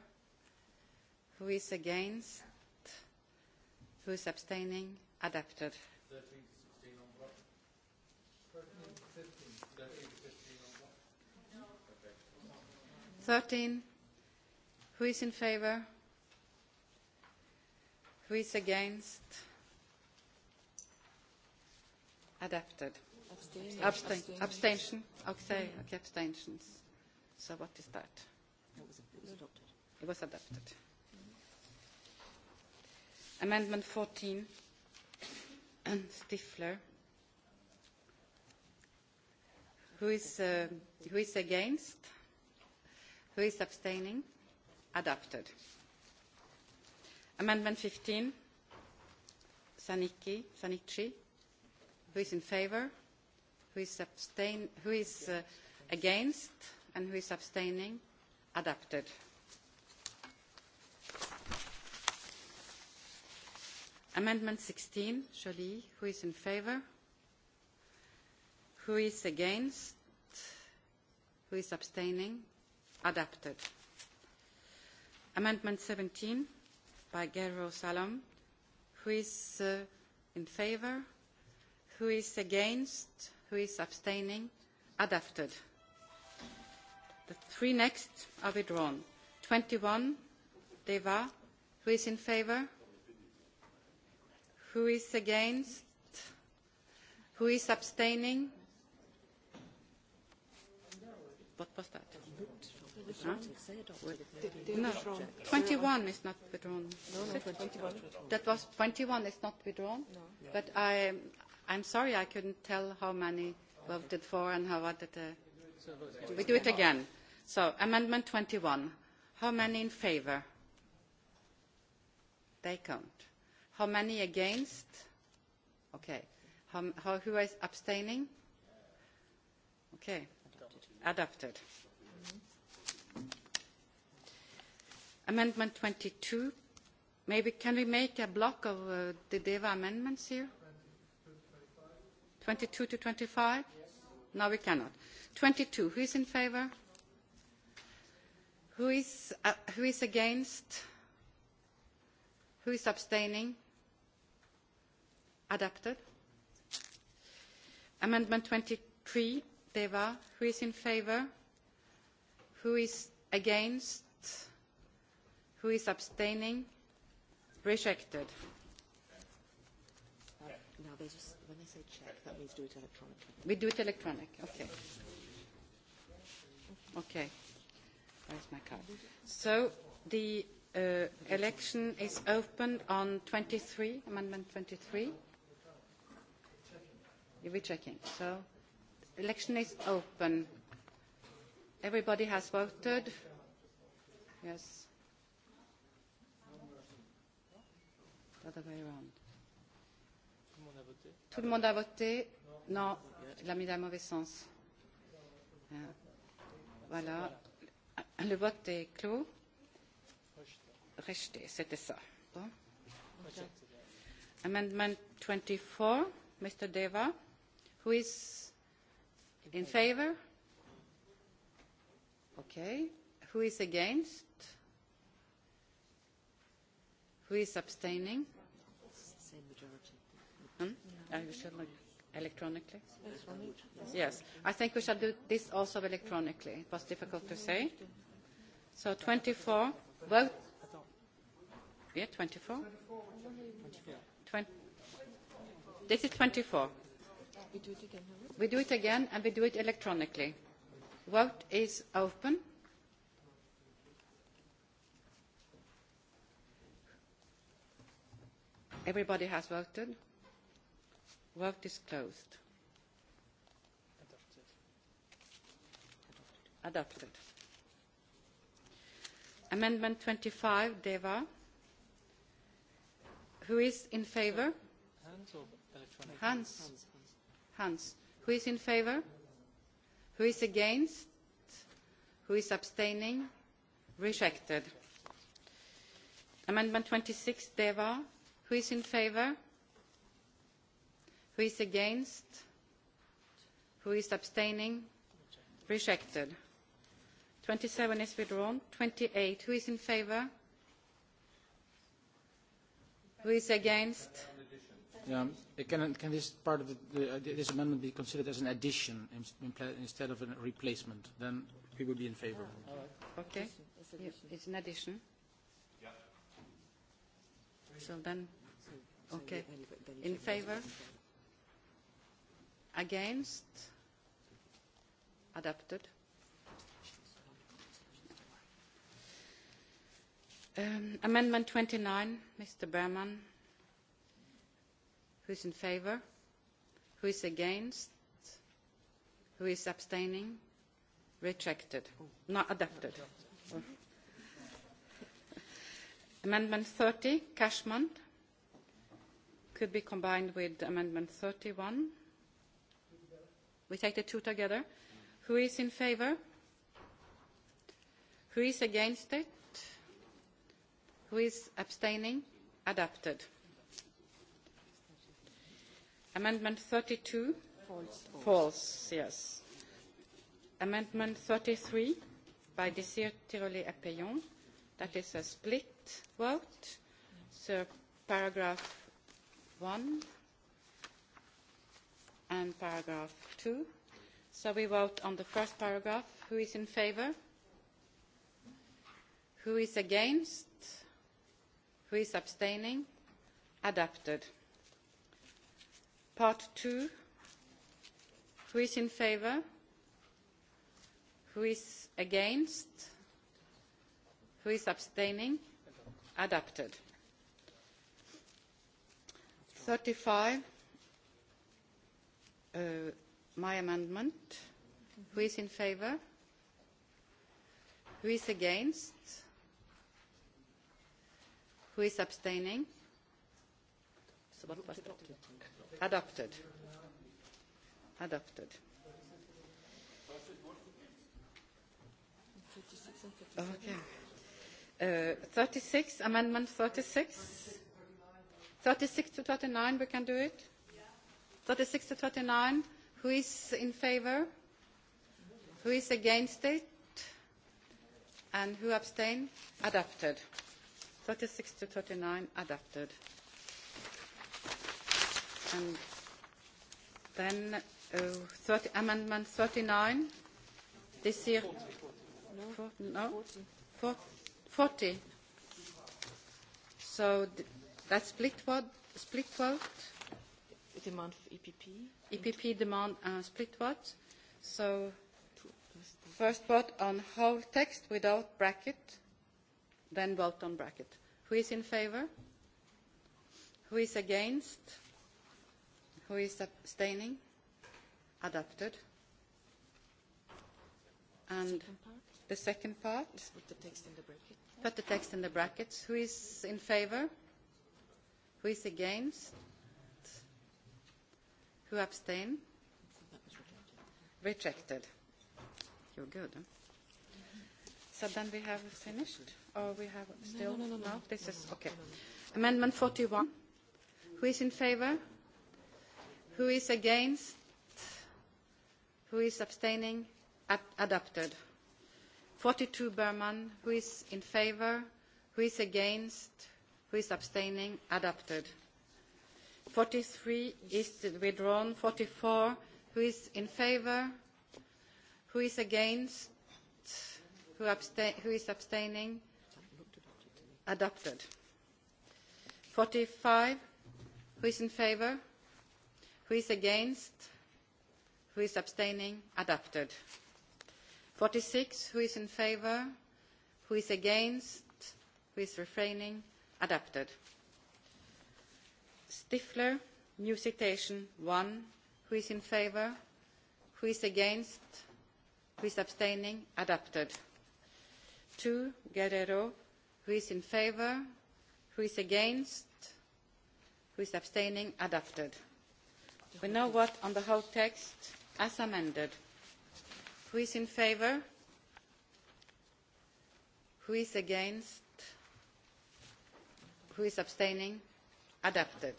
Who is against? Who is abstaining? Adopted. 13 13 15. 13 15 13 Who is in favour? Who is against? Adapted. Abstain. Abstain. Abstention. Okay. okay, abstentions. So what is that? It was, adopted. It was adopted. Mm-hmm. Amendment 14. Stifler. Who is, uh, who is against? Who is abstaining? adopted. Amendment 15, Saniki, Sanichi, who is in favour, who is, abstain, who is uh, against, and who is abstaining, adopted. Amendment 16, Jolie, who is in favour, who is against, who is abstaining, adopted. Amendment 17 by Gero Salom. Who is uh, in favour? Who is against? Who is abstaining? Adopted. The three next are withdrawn. 21, Deva. Who is in favour? Who is against? Who is abstaining? What was that? 21 is not withdrawn. No, no, 21. That was 21 is not withdrawn. No. But I, I'm sorry I couldn't tell how many voted for and how did Uh, we do it again. So amendment 21. How many in favour? They count. How many against? Okay. How, how, who is abstaining? Okay. Adopted. Adopted. Amendment 22. Maybe can we make a block of uh, the DEVA amendments here? 22 to 25? Yes. No, we cannot. 22. Who is in favor? Who is, uh, who is against? Who is abstaining? Adopted. Amendment 23, DEVA. Who is in favor? Who is against? who is abstaining rejected now they just when they say check that means do it electronically we do it electronic okay okay where's my card so the uh, election is open on 23 amendment 23 we're checking so election is open everybody has voted yes other way around. Tout le monde a voté Non, il a mis dans le mauvais sens. Euh, voilà. Le vote est clos. Rejeté, c'était ça. Bon. Amendment 24, Mr. Deva. Who is in favor? Okay. Who is against? Who is abstaining? Hmm? I electronically. Yes, I think we shall do this also electronically. It was difficult to say. So 24. Well, yeah, 24. 20. This is 24. We do it again, and we do it electronically. Vote is open. Everybody has voted. Vote is closed. Adopted. Amendment 25, Deva. Who is in favour? Hands or electronic? Hands. Who is in favour? Who is against? Who is abstaining? Rejected. Amendment 26, Deva who is in favour who is against who is abstaining rejected 27 is withdrawn 28. who is in favour who is against yeah, can, can this part of the, the, uh, this amendment be considered as an addition instead of a replacement? Then we would be in favour. Ah, right. Okay, it's an addition. Yeah. So then Okay. In favor? Against? Adopted. Um, amendment 29, Mr. Berman. Who is in favor? Who is against? Who is abstaining? Rejected. Oh. Not adopted. Amendment 30, Cashman could be combined with Amendment 31. We take the two together. Who is in favour? Who is against it? Who is abstaining? Adopted. Amendment 32? False. False, False yes. Amendment 33 by Desir Tiroli Epeyon. That is a split vote. So paragraph 1 and paragraph 2. So we vote on the first paragraph. Who is in favour? Who is against? Who is abstaining? Adopted. Part 2. Who is in favour? Who is against? Who is abstaining? Adopted. 35. uh, my amendment who is in favour who is against who is abstaining adopted adopted okay uh, 36 amendment 36 36 to 39, we can do it? Yeah. 36 to 39, who is in favor? Who is against it? And who abstain? Adopted. 36 to 39, adopted. And then uh, 30, amendment 39, this year. 40. No? 40. 40. 40. So... Th That split vote. Split vote. Demand of EPP. EPP demand a uh, split vote. So first vote on whole text without bracket, then vote on bracket. Who is in favour? Who is against? Who is abstaining? Adopted. And the second part. Put the text in the brackets. Put the text in the brackets. Who is in favour? Who is against? Who abstain? Rejected. You're good. Huh? So then we have finished, or we have still? No, no, no. no, no? This is okay. Amendment 41. Who is in favour? Who is against? Who is abstaining? Ad adopted. 42 Berman. Who is in favour? Who is against? who is abstaining adopted 43 is withdrawn 44 who is in favour? who is against who, who is abstaining adopted 45 who is in favour? who is against who is abstaining adopted 46 who is in favour? who is against who is refraining adopted. stifler new citation one who is in favour who is against who is abstaining adopted. two guerrero who is in favour who is against who is abstaining adopted. we now vote on the whole text as amended. who is in favour? who is against? who is abstaining adopted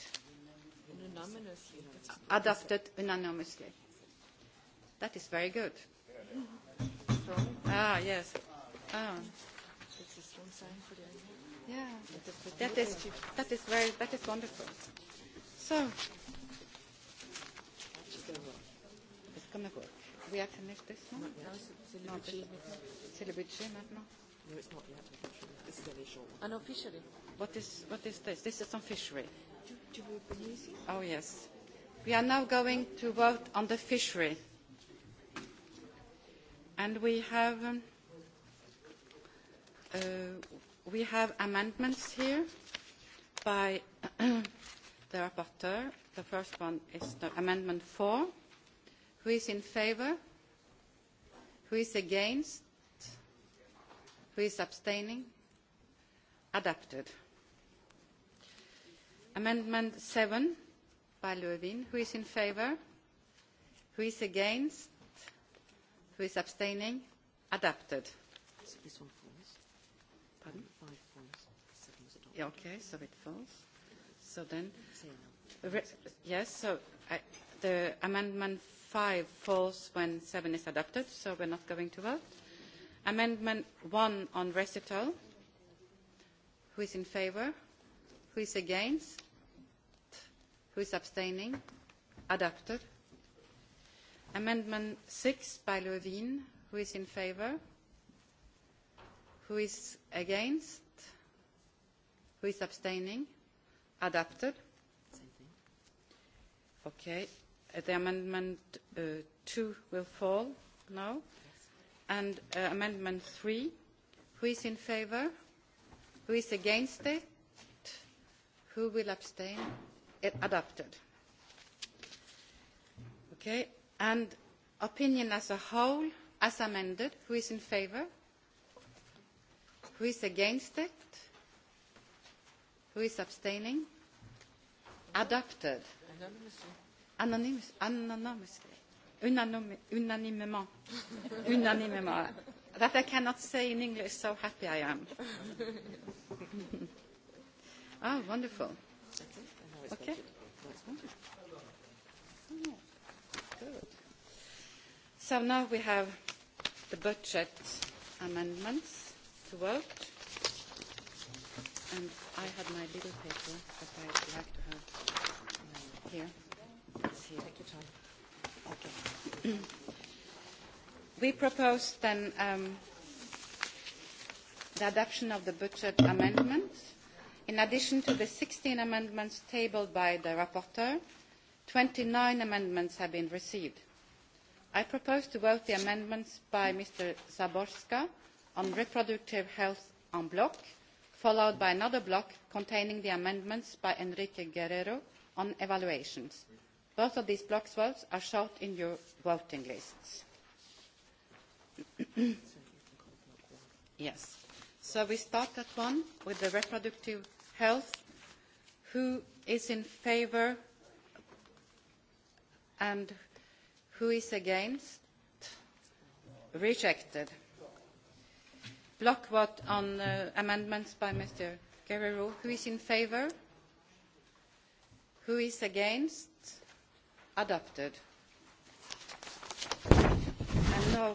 adopted unanimously that is very good ah yes ah. yeah that is that is very that is wonderful so it's gonna work we have to this one no, no, no it's not yet is the visual? What is, what is this? This is on fishery. Oh, yes. We are now going to vote on the fishery. And we have, um, uh, we have amendments here by the rapporteur. The first one is the Amendment four. Who is in favour? Who is against? Who is abstaining? adopted. amendment 7, by lvin who is in favour who is against who is abstaining adopted. This one falls. Pardon? Five falls. Seven was adopted. Yeah, okay, so it falls. So then, re, yes. So I, the amendment 5 falls when 7 is adopted. So we're not going to vote. Amendment 1 on recital who is in favour who is against who is abstaining adopted amendment six by levin who is in favour who is against who is abstaining adopted okay uh, the amendment uh, two will fall now and uh, amendment three who is in favour Who is against it? Who will abstain? Adopted. Okay. And opinion as a whole, as amended, who is in favor? Who is against it? Who is abstaining? Adopted. Anonymously. Anonymous, anonymously. Unanimement. Unanimement that I cannot say in English, so happy I am. oh, wonderful. Okay. Good. So now we have the budget amendments to vote. And I had my little paper that I would like to have here. Let's see. Take your time. Okay. We proposed then um, the adoption of the budget amendments. In addition to the 16 amendments tabled by the rapporteur, 29 amendments have been received. I propose to vote the amendments by Mr. Zaborska on reproductive health en bloc, followed by another block containing the amendments by Enrique Guerrero on evaluations. Both of these block votes are shown in your voting lists yes. So we start at one with the reproductive health. Who is in favour and who is against? Rejected. Block vote on uh, amendments by Mr. Guerrero. Who is in favour? Who is against? Adopted. And now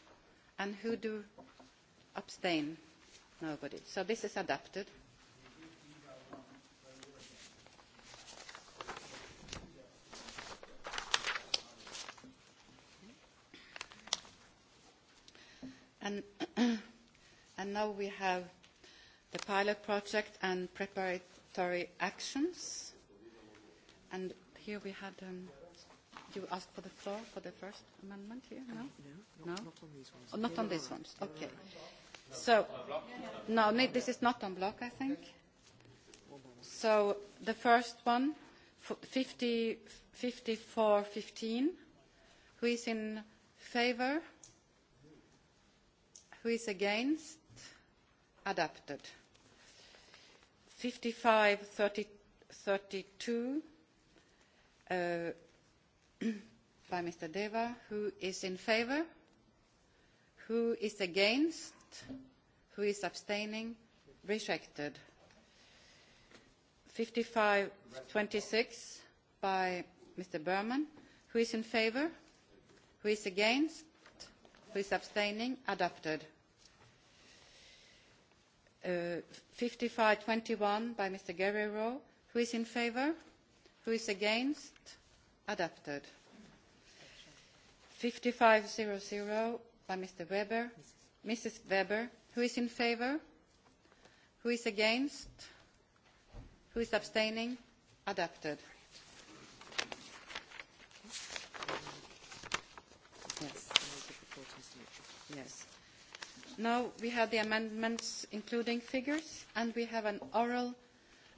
and who do abstain? nobody. so this is adopted. And, and now we have the pilot project and preparatory actions. And here we had um, you ask for the floor for the first amendment here? No? No? no? Not on these ones. Oh, not on these ones. Okay. So, no, this is not on block, I think. So the first one, 50, 54-15. Who is in favor? Who is against? Adapted. 55-32. Uh, by Mr. Deva. Who is in favour, Who is against? Who is abstaining? Rejected. 5526 by Mr. Berman. Who is in favour, Who is against? Who is abstaining? Adopted. Uh, 5521 by Mr. Guerrero. Who is in favour, Who is against? adopted. 5500 by Mr. Weber. Mrs. Weber, who is in favour? Who is against? Who is abstaining? Adopted. Yes. Yes. Now we have the amendments including figures and we have an oral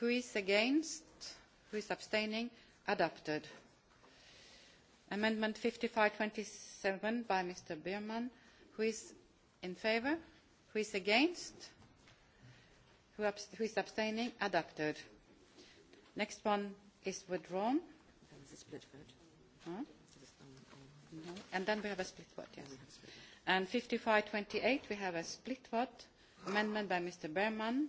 who is against who is abstaining adopted amendment fifty five twenty seven by mr biermann who is in favour who is against who, abst who is abstaining adopted next one is withdrawn a split vote. Huh? No. and then we have a split vote yes and fifty five twenty eight we have a split vote amendment by mr berman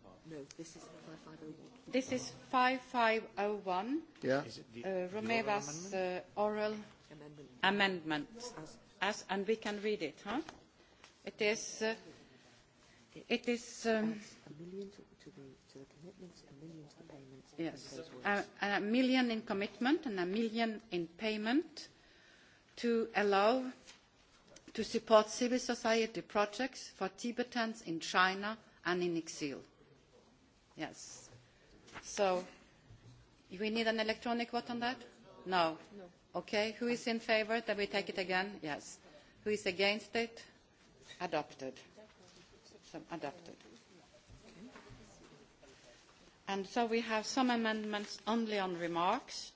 No, this is 5501. This is 5501. Yeah. Is it the, uh, Romeva's uh, oral amendment, amendment. As, as, and we can read it, huh? It is. Uh, it is. Um, a million Yes, a, a million in commitment and a million in payment to allow to support civil society projects for Tibetans in China and in exile. Yes. So, we need an electronic vote on that? No. no. Okay. Who is in favour that we take it again? Yes. Who is against it? Adopted. So, adopted. And so we have some amendments only on remarks.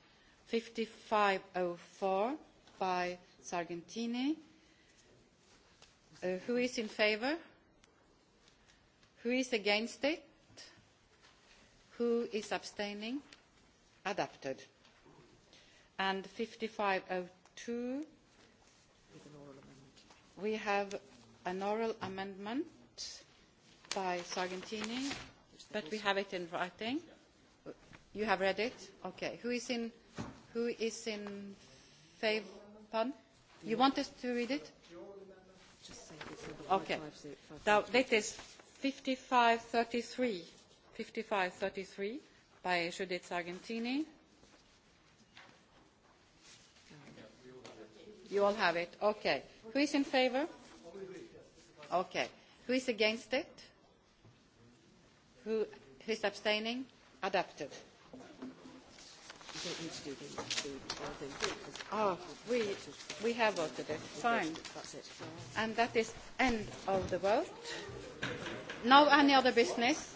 5504 by Sargentini. Uh, who is in favour? Who is against it? who is abstaining adopted and fifty five oh two we have an oral amendment by sargentini but we have it in writing you have read it okay who is in who is in favor pardon you want us to read it okay now this is fifty five thirty three 5533 by Judith Sargentini. You all have it. Okay. Who is in favor? Okay. Who is against it? Who, is abstaining? Adapted. Oh, we, we have voted it. Fine. And that is end of the vote. No any other business?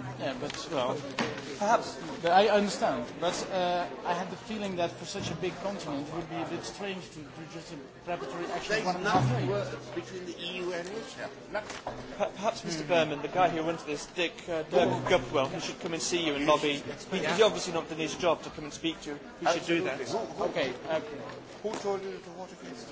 Yeah, but well, perhaps but I understand. But uh, I had the feeling that for such a big continent, it would be a bit strange to do just a preparatory action There's one and between the EU and Russia. No. Perhaps, Mr. Mm. Berman, the guy who runs this, Dick uh, oh. Gubwell, he should come and see you and lobby. He, he's obviously not done his job to come and speak to you. He Absolutely. should do that. Uh, who, who, okay. who told you to vote against?